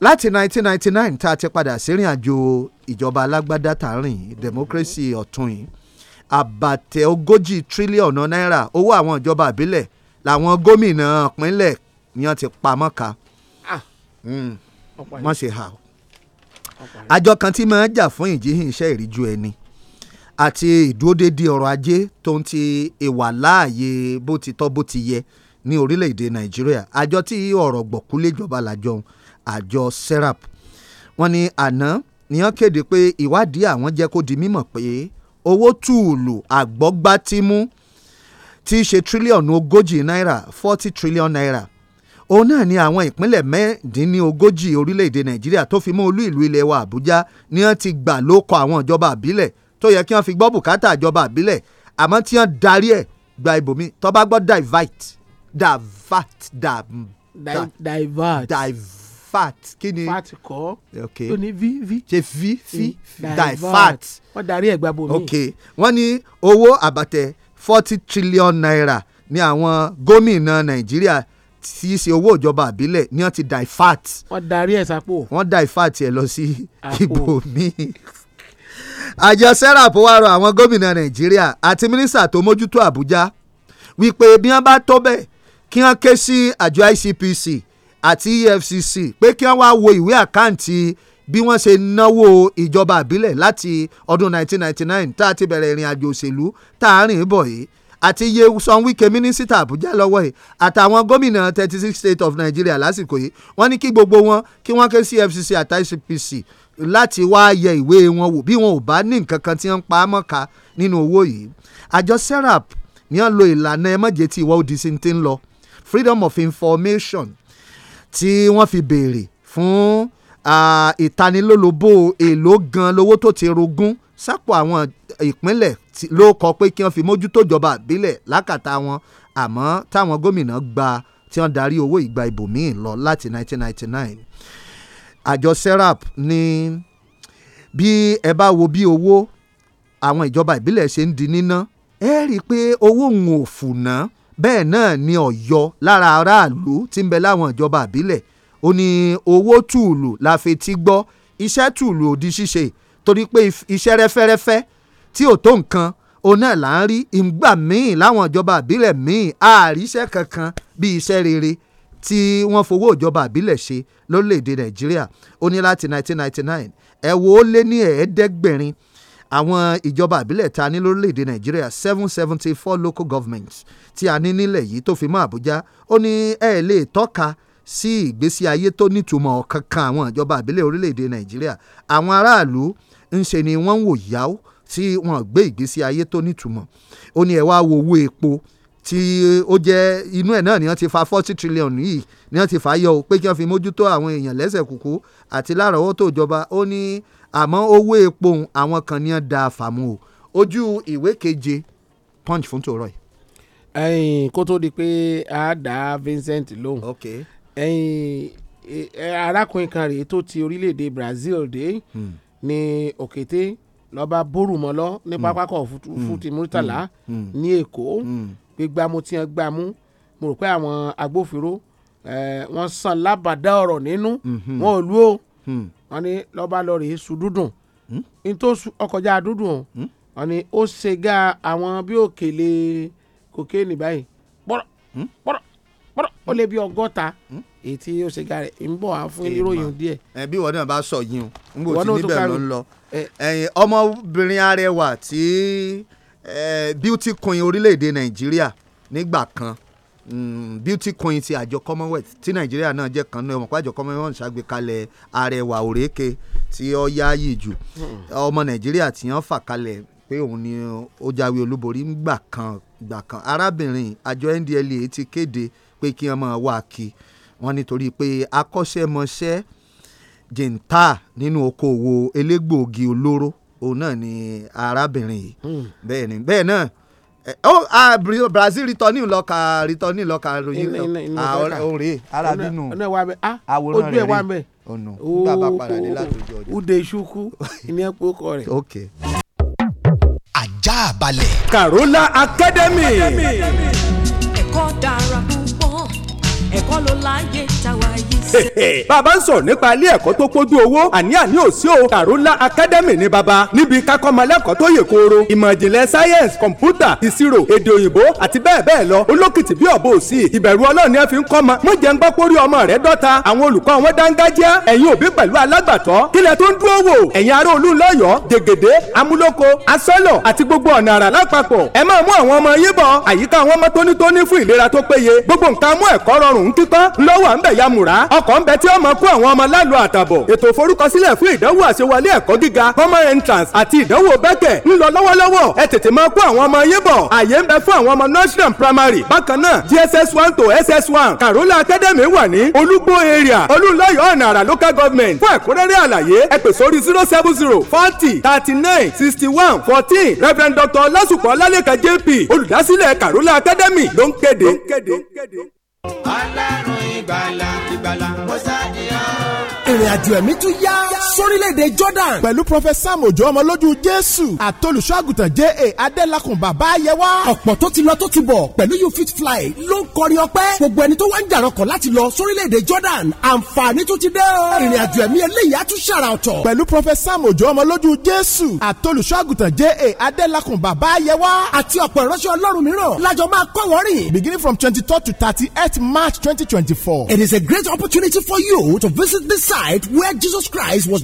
láti 1999 tá a ti padà sírìn àjò ìjọba alágbádá tààrin democracy ọ̀tún yìí àbàtẹ ogójì tírílíọ̀nù náírà owó àwọn ìjọba àbílẹ̀ làwọn gómìnà ìpínlẹ̀ ni wọ́n ti pamọ́ ka ah. hmm. wọ́n ṣe hà àjọ kan tí máa ń jà fún ìjíhìn iṣẹ́ ìríjú ẹni àti ìdúródédé ọrọ̀ ajé tó ń ti ìwà láàyè bó ti tọ́ bó ti yẹ ní orílẹ̀-èdè nàìjíríà àjọ tí ọ̀rọ̀ gbọ̀kúlé ìjọba làjọ àjọ serap wọ́n ní àná ni wọ́n kéde pé ìwádìí àwọn jẹ́ kó di mímọ̀ pé owó tùùlù àgbọ́gbátímú tí ṣe tírílíọ̀nù ogójì náírà forty trillion naira òun náà ni àwọn ìpínlẹ̀ mẹ́ẹ̀ẹ́dínlógójì orílẹ̀-èdè nàìjíríà tó fi mọ́ olú ìlú ilẹ̀ wa àbújá ni wọ́n ti gbà lóko àwọn ìjọba àbílẹ̀ tó yẹ kí wọ́n fi gbọ́ bùkátà ìjọba àbílẹ̀ àmọ́ tí wọ́n darí ẹ̀ gba ibòmí tó bá gbọ́ divert divert divert divert kí ni fat ok tó ní v v ṣe v v divert wọ́n darí ẹ̀ gba ibòmí. ok wọ́n ní owó àbàtẹ forty trillion naira ní àwọn gómìnà nàìjíríà tí í ṣe owó ìjọba àbílẹ̀ ni wọ́n ti divert. wọ́n darí ẹ̀ sápò. wọ́n divert ẹ̀ lọ sí ibòmí àjọ serap wá rọ àwọn gómìnà nàìjíríà àti mínísítà tó mójútó àbújá wípé bí wọ́n bá tó bẹ́ẹ̀ kí wọ́n ké sí àjọ ICPC àti EFCC pé kí wọ́n wá wo ìwé àkáǹtì bí wọ́n ṣe náwó ìjọba àbílẹ̀ láti ọdún 1999 tá a ti bẹ̀rẹ̀ ìrìn àjò òṣèlú tá a rìn bọ̀ yìí àti iye san wike mínísítà àbújá lọ́wọ́ yìí àtàwọn gómìnà thirty state of nigeria lásìkò yìí wọ́n ní kí gbogbo wọn kí wọ́n ké sí EFCC àti ICPC láti wáá yẹ ìwé wọn wò bí wọn ò bá ní nǹkan kan tí wọ́n ń pa á mọ́ka nínú owó yìí àjọ serap ni wọ́n lo ìlànà ẹmọ́jẹ tí ìwọ́ òdì sí ti ń lọ freedom of information tí wọ́n fi béèrè fún ìtanilólobó èlò gan lówó tó ti rogún sápò àwọn ìpínlẹ̀ ló kọ pé kí wọ́n fi mójútó ìjọba àbílẹ̀ lákàtà wọn àmọ́ táwọn gómìnà gba tí wọ́n darí owó ìgbà ìbòmíì lọ láti 1999 àjọ serap ní bí ẹ bá wo bí owó àwọn ìjọba ìbílẹ̀ ṣe ń di níná ẹ rí i pé owó òun ò fùnà bẹ́ẹ̀ náà ni ọ̀yọ́ lára aráàlú tí ń bẹ láwọn ìjọba ìbílẹ̀ ó ní owó tùlù la fi ti gbọ́ iṣẹ́ tùlù òdi ṣíṣe torí pé iṣẹ́ rẹ́fẹ́rẹ́fẹ́ tí ò tó nǹkan òun náà là ń rí ìgbà míì láwọn ìjọba ìbílẹ̀ míì àríṣẹ́ kankan bí iṣẹ́ rere tí wọ́n fowó ìjọba àbílẹ̀ ṣe lórílẹ̀‐èdè nàìjíríà ó ní láti 1999 ẹ̀wò ó lé ní ẹ̀ẹ́dẹ́gbẹ̀rin àwọn ìjọba àbílẹ̀ ta ní lórílẹ̀‐èdè nàìjíríà 774 local governments tí a ní nílẹ̀ yìí tó fi mọ́ àbújá ó ní ẹ̀ lè tọ́ka sí ìgbésí ayé tó nítumọ̀ kankan àwọn ìjọba àbílẹ̀ orílẹ̀‐èdè nàìjíríà àwọn aráàlú ń ṣe ni wọ́n ń wò yáwó tí wọ́n gbé ìgbésí ayé tó nítumọ̀ ó ní ẹ̀ wá wo owó epo tí ó jẹ́ inú ẹ̀ náà ni wọ́n ti fa forty trillion yìí ni wọ́n ti fà á yọ pé kí wọ́n fi mójútó àwọn èèyàn lẹ́sẹ̀ kúkú àti lárọ̀ọ́wọ́tó ìjọba ó ní àmọ́ owó epo àwọn kan ní da fàmù o ojú ìwé keje punch fún tòrọ yìí. ẹyin kó tó di pé a dá Vincent lóhùn okay. ẹyin arákùnrin kan rèé tó ti orílẹ̀-èdè Brazil dé hmm. ní òkété lọ́ba bórùmọ́lọ́ ní hmm. pápákọ̀ òfurufú hmm. ti Murtala ní Èkó. Mm. mm pé gbámú tí wọ́n gbámú mo rò pé àwọn agbófinró wọ́n sàn lábàdá ọ̀rọ̀ nínú mhm. wọn ò lú o hmm. wọ́n ní lọ́ba lọ rèé su dúdùn hmm. nítòsí ọkọjá dúdùn o hmm. wọ́n ní ó ṣe gá àwọn bí òkèlè kokéènì báyìí pọ́rọ̀ pọ́rọ̀ pọ́rọ̀ ó lé bí ọgọ́ta èyí tí ó ṣe gá rẹ̀ ń bọ̀ á fún ìròyìn díẹ̀. ẹ bí wọn náà bá sọ yín o n bò tí níbẹ̀ ló ń lọ ọmọbìnrin arẹwà tí. Eh, beauty queen orílẹ̀-èdè nàìjíríà nígbà kan hmm, beauty queen ti àjọ commonwealth tí nàìjíríà náà jẹ́ kan náà ọmọkùnrin àjọ commonwealth ṣàgbékalẹ̀ arẹwà òrèké tí ó yáàyè jù hmm. ọmọ nàìjíríà tí wọ́n fà kalẹ̀ pé òun ni ó jáwé olúborí ńgbà kan gbà kan arábìnrin àjọ ndlea ti kéde pé kí wọ́n máa wá kí wọ́n nítorí pé akọ́ṣẹ́mọṣẹ́ jìntà nínú okòwò elégbòogi olóró òun náà ni arábìnrin yìí hmm. bẹ́ẹ̀ ni bẹ́ẹ̀ náà ó Brazil returning lọ ka returning lọ ka ròyìn ọ̀rẹ́ arábìnú àwòrán rẹ̀ rí ọ̀nà bàbá padà dé látòjọ ọjọ́. ude isuku ní ẹ̀pọ̀ kọ rẹ̀. ok. ajá balẹ̀. Carola Academy. ẹ̀kọ́ dára púpọ̀ ẹ̀kọ́ ló láyé táwa bàbá ń sọ̀rọ̀ nípa ilé ẹ̀kọ́ tó pójú owó àní àní òsì o Karola Academy ni baba níbi kákọ́mọlẹ́kọ̀ọ́ tó yè kooro ìmọ̀ ìjìnlẹ̀ science kọ̀mpútà ìṣirò èdè òyìnbó àti bẹ́ẹ̀ bẹ́ẹ̀ lọ olókìtì bí ọ̀bọ òsì ìbẹ̀rù ọlọ́run ni ẹ fi ń kọ́ mọ mọ̀jẹ̀ ń gbọ́ pórí ọmọ rẹ̀ dọ́ta àwọn olùkọ́ wọn dángájá ẹ̀yin òbí pẹ̀lú alágbàtọ́ kílẹ̀ tó ń dúró wò ẹ̀yin ará olú lọ́yọ̀ọ́ jẹ̀gẹ̀dẹ̀ amúlòkọ asọ́lọ̀ àti gbogbo ọ̀nà àrà lápapọ̀ ẹ máa mú àwọn ọmọ yín bọ̀ àyíká àwọn ọmọ tónítóní fún ìlera tó péye gbogbo nǹkan mú ẹ̀kọ́ rọrùn kíkọ́ lọ́wọ́ à ń bẹ̀ yamùrá ọk ẹ̀kọ́ ń bẹ tí ó máa kó àwọn ọmọ lálu àtàbọ̀ ètò ìforúkọsílẹ̀ fún ìdánwò àṣewọlé ẹ̀kọ́ gíga common entrance àti ìdánwò bẹ́kẹ̀ ń lọ lọ́wọ́lọ́wọ́ ẹ tètè máa kó àwọn ọmọ yín bọ̀ àyè ń bẹ fún àwọn ọmọ nursery and primary bákan náà JSS one to SS one Karola Academy wà ní Olúgbó area Olúnlọ́yọ̀ ọ̀nà àrà local government fún ẹ̀kúnrẹ́rẹ́ àlàyé ẹ pè sórí zero seven zero forty thirty nine sixty one fourteen Reverend Dr. Ọlásùpọ̀ Ọlálẹ́kan JP olùdásílẹ̀ Karola Academy ló ń kéde. ọlọ́run ìgbàlà ìrìn àjò ẹ̀mí tún yá sórílẹ̀-èdè Jordan. pẹ̀lú Prophet Sam Òjó ọmọlójú Jésù àtolùṣọ́àgùtàn J.A. Adélakùn bàbá ayẹwà. ọ̀pọ̀ tó ti lọ tó ti bọ̀ pẹ̀lú you fit fly ló ń kọrin ọpẹ́. gbogbo ẹni tó wá ń jàrọ̀kọ̀ láti lọ sórílẹ̀-èdè Jordan àǹfààní tó ti dé o. ìrìn àjò ẹ̀mí eléyìí á tún ṣàrà ọ̀tọ̀. pẹ̀lú Prophet Sam Òjó ọmọlójú Jésù àtolùṣọ́àgùtàn J.A. Adélakùn bàbá ayẹwà. àti ọ̀pọ̀ ìránṣẹ́ Ọlọ́run mìíràn lájọ máa kọ́ wọ́n rìn. beginning from twenty to thirty eight March twenty It is a great opportunity for you to visit the site where Jesus Christ was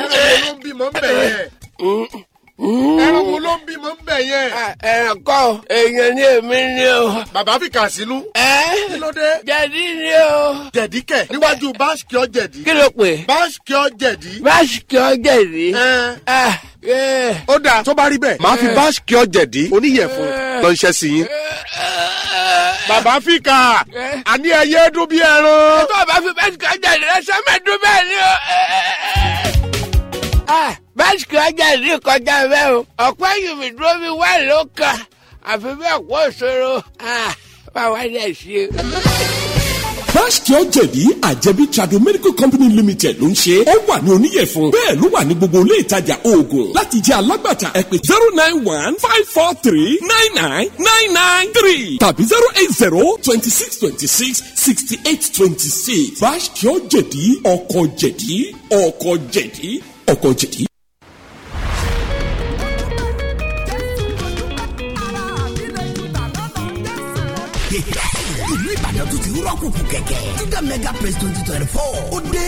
ẹran ló ń bímọ ń bẹ̀ yẹn ẹran wo ló ń bímọ ń bẹ̀ yẹn. Ah, ẹran kọ èèyàn ni èmi ni o. bàbá fi kà sínú. ẹ kí ló dé. jẹ̀dí ni o. jẹ̀dí kẹ̀ níwájú báṣkìọ́ jẹ̀dí. kí ló pè. báṣkìọ́ jẹ̀dí. báṣkìọ́ jẹ̀dí. ó dáa tó bá rí bẹ́ẹ̀. màá fi báṣkìọ́ jẹ̀dí oníyẹ̀fun lọ iṣẹ́ sí yín. Bàbá Fika, àní ẹyẹ dún bí ẹran. Ẹ tó bá fi bẹ́ẹ̀ kọjá ìrẹsẹ̀ mẹ́ẹ̀ẹ́dún bẹ́ẹ̀ ni o. Ah báṣìkì ọjà ní kọjá bẹ́ẹ̀ o ọ̀pẹ́ yìí dúró mi wá ló kan àfi bẹ́ẹ̀ kó ṣòro báwa dẹ̀ ṣe. Báṣkì ọ̀jẹ̀bí àjẹbí Trado Medical Company Limited ló ń ṣe. Ó wà ní oníyẹ̀fún. Bẹ́ẹ̀ ló wà ní gbogbo ilé ìtajà oògùn. Láti jẹ́ alágbàtà ẹ pè zero nine one five four three nine nine nine nine three tàbí zero eight zero twenty six twenty six sixty eight twenty six. Báṣkì ọ̀jẹ̀bí ọkọ̀ jẹ̀dí ọkọ̀ jẹ̀dí ọkọ̀ jẹ̀dí. òwúrọ̀ kùkù kẹ̀kẹ́ juda mega praise twenty twenty four ó dé.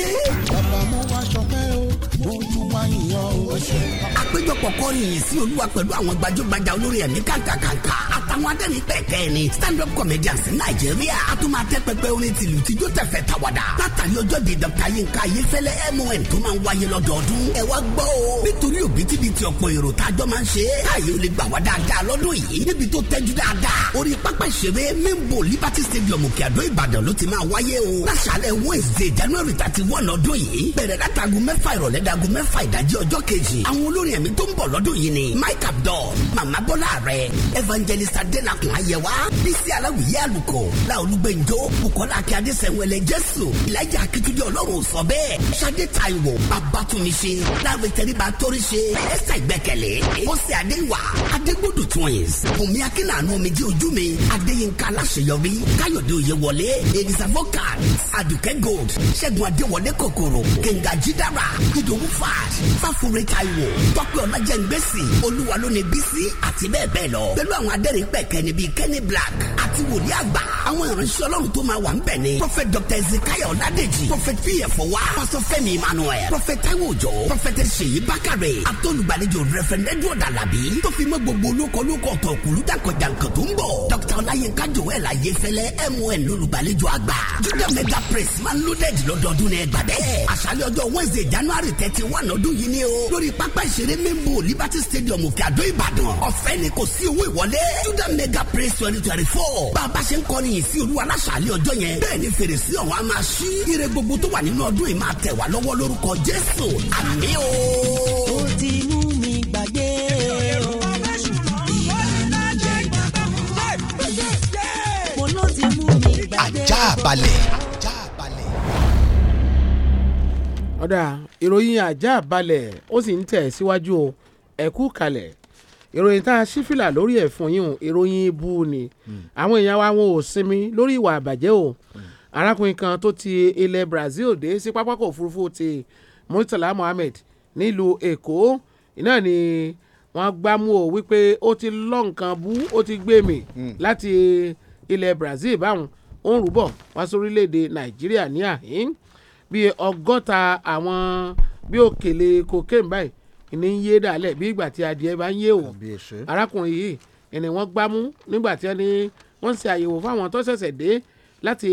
bàbá mo wá ṣọpẹ́ o mo tún wá yìnyín o àpéjọpọ̀ kọrin yìí sí olúwa pẹ̀lú àwọn gbajúgbajà olórí ẹ̀mí kàǹkàǹkà àtàwọn adẹ́rìn pẹ̀kẹ́ ni stand up comedians nàìjíríà a tún máa tẹ́ pẹpẹ orin tìlù tíjó tẹ̀fẹ̀ tàwàdà látàrí ọjọ́ di dr yinka ayéfẹ́lẹ́ mon tó máa ń wáyé lọ́dọọdún ẹ wá gbọ́ o nítorí òbítíbitì ọ̀pọ̀ èrò tájọ́ máa ń ṣe káyé olè gbà wá dáadáa lọ́dún yìí níbi tó tẹ́jú dáadáa orí pápá ìṣeré mímbo liberty stadium òkè àdó ìbàdàn ló ti máa wáyé o láṣálẹ̀ wednesday january thirty one ọdún yìí bẹ̀rẹ̀ látago mẹ́fà ìrọ̀lẹ́ dago mẹ́fà ìdájí ọjọ́ kejì àwọn olórin ẹ̀mí tó ń bọ̀ lọ́dún yìí ni mike abdul mama bọ́lá rẹ̀ evangelist adenakun ayẹwa bísí aláwìyé àlùkò làolúgbẹ̀njọ bukola akíade sẹ̀wẹ̀lẹ̀ jésù ìlàjà akitunde ọlọ́run sọ bẹ́ẹ̀ sade taiwo babatunmise láwe tẹríba torise ẹsẹ̀ ìgbẹ́kẹ̀lé mọ́sẹ̀ adéwà adégbòdù twins bùnmi akínàánú omijì ojú mi adéyínká aláṣeyọrí káyọ̀dé oyèwọlé elisa vocal adùkẹ́ gold ṣẹ́gun adéwọlé kòkòrò kẹ̀ǹgà jídára ìdòwú fad fáfúre taiwo tọ́k tọ́pẹ́ ọlájẹ́ngbèsì olúwa ló ní bísí àti bẹ́ẹ̀ bẹ́ẹ̀ lọ pẹ̀lú àwọn adẹ́rìn pẹ̀kẹ́ níbi Kenny Black àti wòlíì àgbà àwọn ìránṣẹ́ ọlọ́run tó máa wà ń bẹ̀ ni prophet dr ezekiel ọ̀làdèjì prophet pf wa pastor fẹ́mi emmanuel prophet taiwo òjò prophet ṣèyí bákàrè àtọ́lùgbàlejò reverend edward alabi tó fi mọ́ gbogbo olóko olóko ọ̀tọ̀ òkùlù jàǹkànjàǹkàn tó ń bọ̀ dr ọláyínká joel ayéfẹ́lẹ́ mon lọ́lùgbàlejò àgbà judah mega press máa ń loaded lọ́dọọdún ní ẹgbàdẹ́ àṣálẹ́ ọjọ́ wednesday january thirty one ọdún yìí ni o lórí pápá ìṣeré mimbo liberty stadium òkè ìbàdàn ọ̀fẹ́ ni kò sí owó ìwọlé judah mega praise twenty twenty four bá a bá ṣe ń kọrin yìí sí olúwa láṣàlẹ̀ ọjọ́ yẹn bẹ́ẹ̀ ni fèrèsé ọ̀hún á máa ṣí ire gbogbo tó wà nínú ọdún yìí máa tẹ̀ wá lọ́wọ́ lórúkọ jésù àmín o. ó ti mú mi gbàgbé o. ìyá ajá balẹ̀. ọ̀dà ìròyìn ajá balẹ̀ ó sì ń tẹ̀ síwájú o ẹ̀kú kalẹ̀ ìròyìn tá a ṣí fìlà lórí ẹ̀ fún yín o ìròyìn ibu ni hmm. àwọn èèyàn wa wọn ò sinmi lórí ìwà àbàjẹ́ o hmm. arákùnrin kan tó ti ilẹ̀ Brazil dé sí pápákọ̀ òfurufú ti Murtala Mohammed nílùú Èkó iná ni wọ́n gbámú o wípé ó ti lọ́ nǹkan bú ó ti gbé mì hmm. láti ilẹ̀ Brazil báwọn ó ń rúbọ̀ wá sórílẹ̀‐èdè Nàìjíríà ní àhín. Mm bíi ọgọ́ta àwọn bí òkèlè cocaine báyìí ìní ń yé dàlẹ̀ bí ìgbà tí adìẹ bá ń yé o arákùnrin yìí ìní wọ́n gbámú nígbà tí wọ́n ṣe àyẹ̀wò fáwọn tó ṣẹ̀ṣẹ̀ dé láti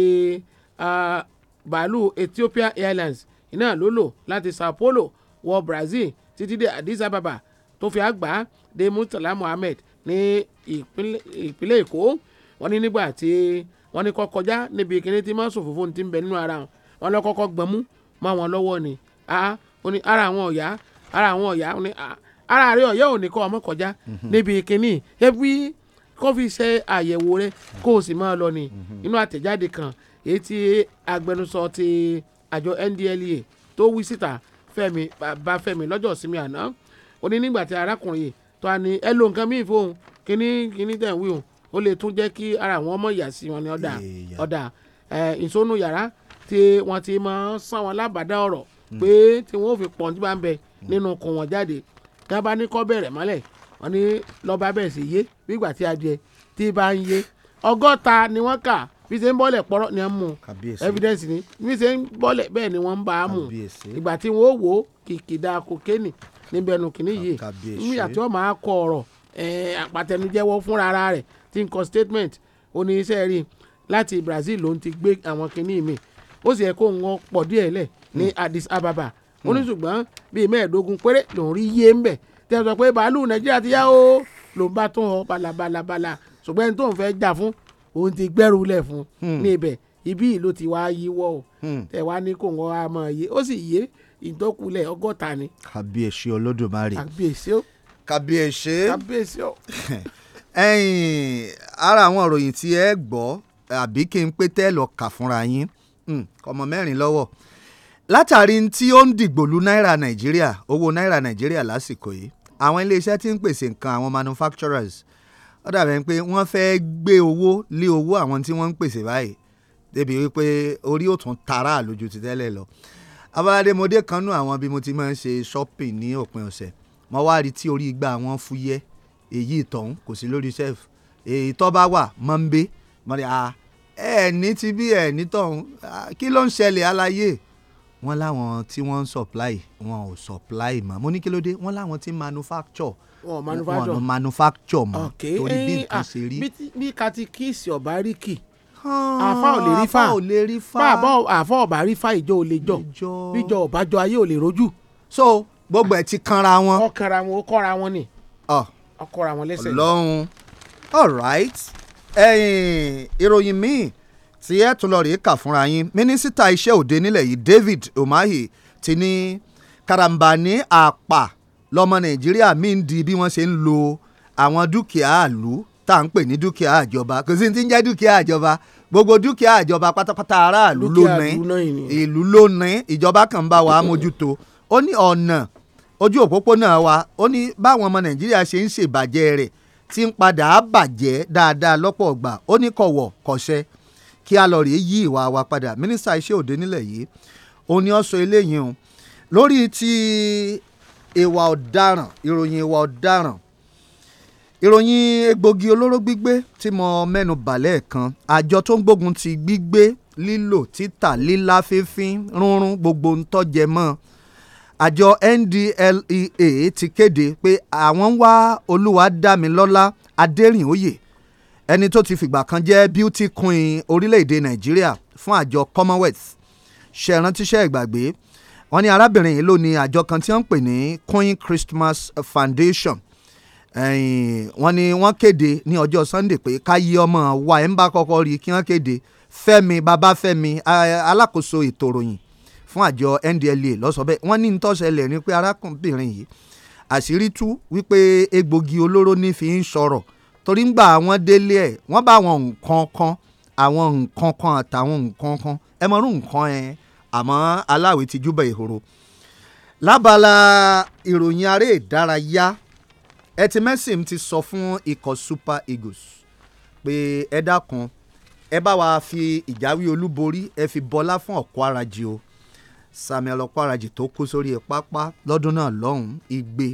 bàálù Ethiopia Airlines iná ló lò láti Sao Paulo wọ Brazil títí dé Addis Ababa tó fi àgbà dé Murtala Mohammed ní ìpínlẹ̀ Èkó wọ́n ní nígbà tí wọ́n ní kọ́ kọjá níbi kíní tí mọ́sùn funfun ti ń bẹ nínú ara wọn wọn lọ kọ́kọ́ gbọ́n mú mọ́ wọn lọ́wọ́ ni ó ní ara àwọn ọ̀yá ara àwọn ọ̀yá ó ní ara rẹ ọ̀yá ò ní kọ́ ọmọ kọjá mhm. níbi kínní ẹbí kó fi ṣe àyẹ̀wò rẹ kó o sì máa lọ ni mhm. inú àtẹ̀jáde kan èyí tí agbẹnusọ ti àjọ NDLEA tó wí síta Fẹ́mi Babafẹ́mi lọ́jọ́ ìsinmi àná ó ní nígbà tí arákùnrin yìí tó a ní ẹ lo nǹkan míì fóun kíní kíní tẹ̀ wí o ó lè tún jẹ́ kí ara àwọn ọmọ ìyá sí wọn ni ọ̀dà ọ̀dà ìsónú yàrá tí wọ́n ti máa ń sàn wọn lábàdá ọ̀rọ̀ hmm. pé tí wọ́n ò fi pọ̀ nígbà ń bẹ hmm. nínú kùn wọn jáde gábá ní kọ́ bẹ̀rẹ̀ mọ́lẹ̀ wọ́n ní lọ́ba bẹ̀rẹ̀ sí yé bígbà tí adìẹ tí bá ń yé ọgọ́ta ni wọ́n kà bí ṣe ń bọ́lẹ̀ pọ́rọ́ ni wọ́n mú evidence ni bí ṣe ń bọ́lẹ̀ bẹ́ẹ̀ ni wọ́n ń bá a mú ìgbà tí wọ́n wò ó kìkìdá kokéènì níbẹ̀ nù kìíní yìí nígbà tí wọ́n máa kọ ọ̀rọ̀ àpàtẹnujẹ́wọ́ fúnra ara rẹ̀ tí ń kọ statement oníṣẹ́ rí láti Brazil ló ń ti gbé àwọn kìíní mi ó sì yẹ kó wọn pọ̀ díẹ̀ lẹ̀ ní hmm. Addis Ababa hmm. ó ní ṣùgbọ́n bíi mẹ́ẹ̀ẹ́dógún péré lòún rí yé ń bẹ̀ tí a sọ pé bàálù Nàìjíríà ti yá o lòún bá tún ọ balabalabala ṣùgbọ́n ẹni fẹ́ jà fún òun ti gbẹ́rù lẹ̀ fún hmm. ní ibẹ̀ ibi ìlú ti wá yíwọ́ o ẹ̀ wá ní kò wọ́n á mọ̀ yé ó sì yé ìdókulẹ̀ ọgọ́ta ni. kàbíyèsí olódùmarè kàbíyèsí kàbíyèsí o. ẹ̀yin ara àwọn ìròyìn tí ẹ gbọ́ àbí kí n pété lọ kà fúnra yín Hmm, ọmọ mẹ́rin lọ́wọ́ látàrí tí ó ń dìgbòlu náírà nàìjíríà owó náírà nàìjíríà lásìkò yìí àwọn iléeṣẹ́ tí ń pèsè nǹkan àwọn manufacturers ó dàbẹ̀ pé wọ́n fẹ́ẹ́ gbé owó lé owó àwọn tí wọ́n ń pèsè báyìí débi wípé orí ò tún tara àlójú ti tẹ́lẹ̀ lọ abọ́ládé mo kan nú àwọn bí mo ti máa ń ṣe shopping ní òpin ọ̀sẹ̀ mo wá rí tí orí igbá wọn fúyẹ́ èyí ìtọ̀hún kò sí lórí shelf èyí tó bá wà mọ́ ń bẹ́ mọ́ ni a. Ah, ẹ ní ti bí ẹ ní tọ̀hún kí ló ń ṣẹlẹ̀ aláyé wọ́n láwọn tí wọ́n ń supply wọn ò supply mọ́ mo ní kí ló dé wọ́n láwọn tí manufacture wọn ò manufacture mọ́ torí bí eh, nǹkan ah, ṣe rí. bí katikíìsì ọ̀bá rí kì àfa ò lè rí fa bàbá àfa ọ̀bá rí fa ìjọ ò lè jọ bíjọ ọ̀bájọ ayé ò lè rojú. so gbogbo ẹ ti kanra wọn. ọkànra wọn ó kọ́ra wọn ni ọkọ̀ra ah. wọn lẹ́sẹ̀. ọlọ́run all right ìròyìn míì tí ẹ tún lọ rèé kà fúnra yín mínísítà iṣẹ́ òde nílẹ̀ yìí David Umahi ti ní karambani àpà lọ́mọ Nàìjíríà míì ń di bí wọ́n ṣe ń lo àwọn dúkìá àlú tá à ń pè ní dúkìá àjọba kò sí ti ń jẹ́ dúkìá àjọba gbogbo dúkìá àjọba pátápátá aráàlú ló ní ìlú ló ìjọba kan bá wa mójútó ó ní ọ̀nà ojú òpópónà wa ó ní báwọn ọmọ Nàìjíríà ṣe ń ṣèbàjẹ́ rẹ̀ ti ń padà bàjẹ́ dáadáa lọ́pọ̀ ọgbà ó ní kọ̀wọ̀ kọ̀ṣẹ́ kí a lọ rèé yí ìwà wa padà mínísítà iṣẹ́ òde nílẹ̀ yìí òun ni ó sọ eléyìí o lórí ti ìwà ọ̀daràn ìròyìn ìwà ọ̀daràn ìròyìn egbògi olóró gbígbé tí mo mẹ́nu bàlẹ́ kan àjọ tó ń gbógun ti gbígbé lílò títà lílá fífín rúnrún gbogbo ń tọ́jẹ mọ́ ọ àjọ NDLEA ti kéde pé àwọn ń wá Olúwadámilọ́lá Adérìnóyè ẹni tó ti fìgbà kan jẹ́ beauty queen orílẹ̀-èdè Nàìjíríà fún àjọ Commonwealth ṣèrántíṣẹ́ ìgbàgbé wọ́n ní arábìnrin yìí ló ní àjọ kan tí wọ́n ń pè ní Queen Christmas Foundation wọ́n ní wọ́n kéde ní ọjọ́ Sunday pé ká ọmọ wa ẹ̀ ń bá kọ́kọ́ rí kí wọ́n kéde Fẹ́mi Babáfẹ́mi alákòóso ètò ìròyìn fún àjọ NDLEA lọ́sọ bẹ́ẹ̀ wọ́n ní ntọ́sẹ̀lẹ̀ ni pé arákùnrin yìí àṣírí tú wípé egbògi olóró ní fi ń sọ̀rọ̀ torí ń gbà àwọn délé ẹ̀ wọ́n bá àwọn nǹkan kan àwọn nǹkan kan àtàwọn nǹkan kan ẹ mọ̀rún nǹkan ẹ̀ àmọ́ aláwẹ̀ ti júbà ìhòòrò lábala ìròyìn aré ìdárayá ẹtì mẹ́sìn ti sọ fún ikọ̀ Super Eagles pé ẹ dákun ẹ bá wa fi ìjáwé olúborí ẹ fi bọlá fún ọ̀kọ́ ara o Samuel Okparaji tó kú sórí pápá lọ́dún náà lọ́hùn-ún igbe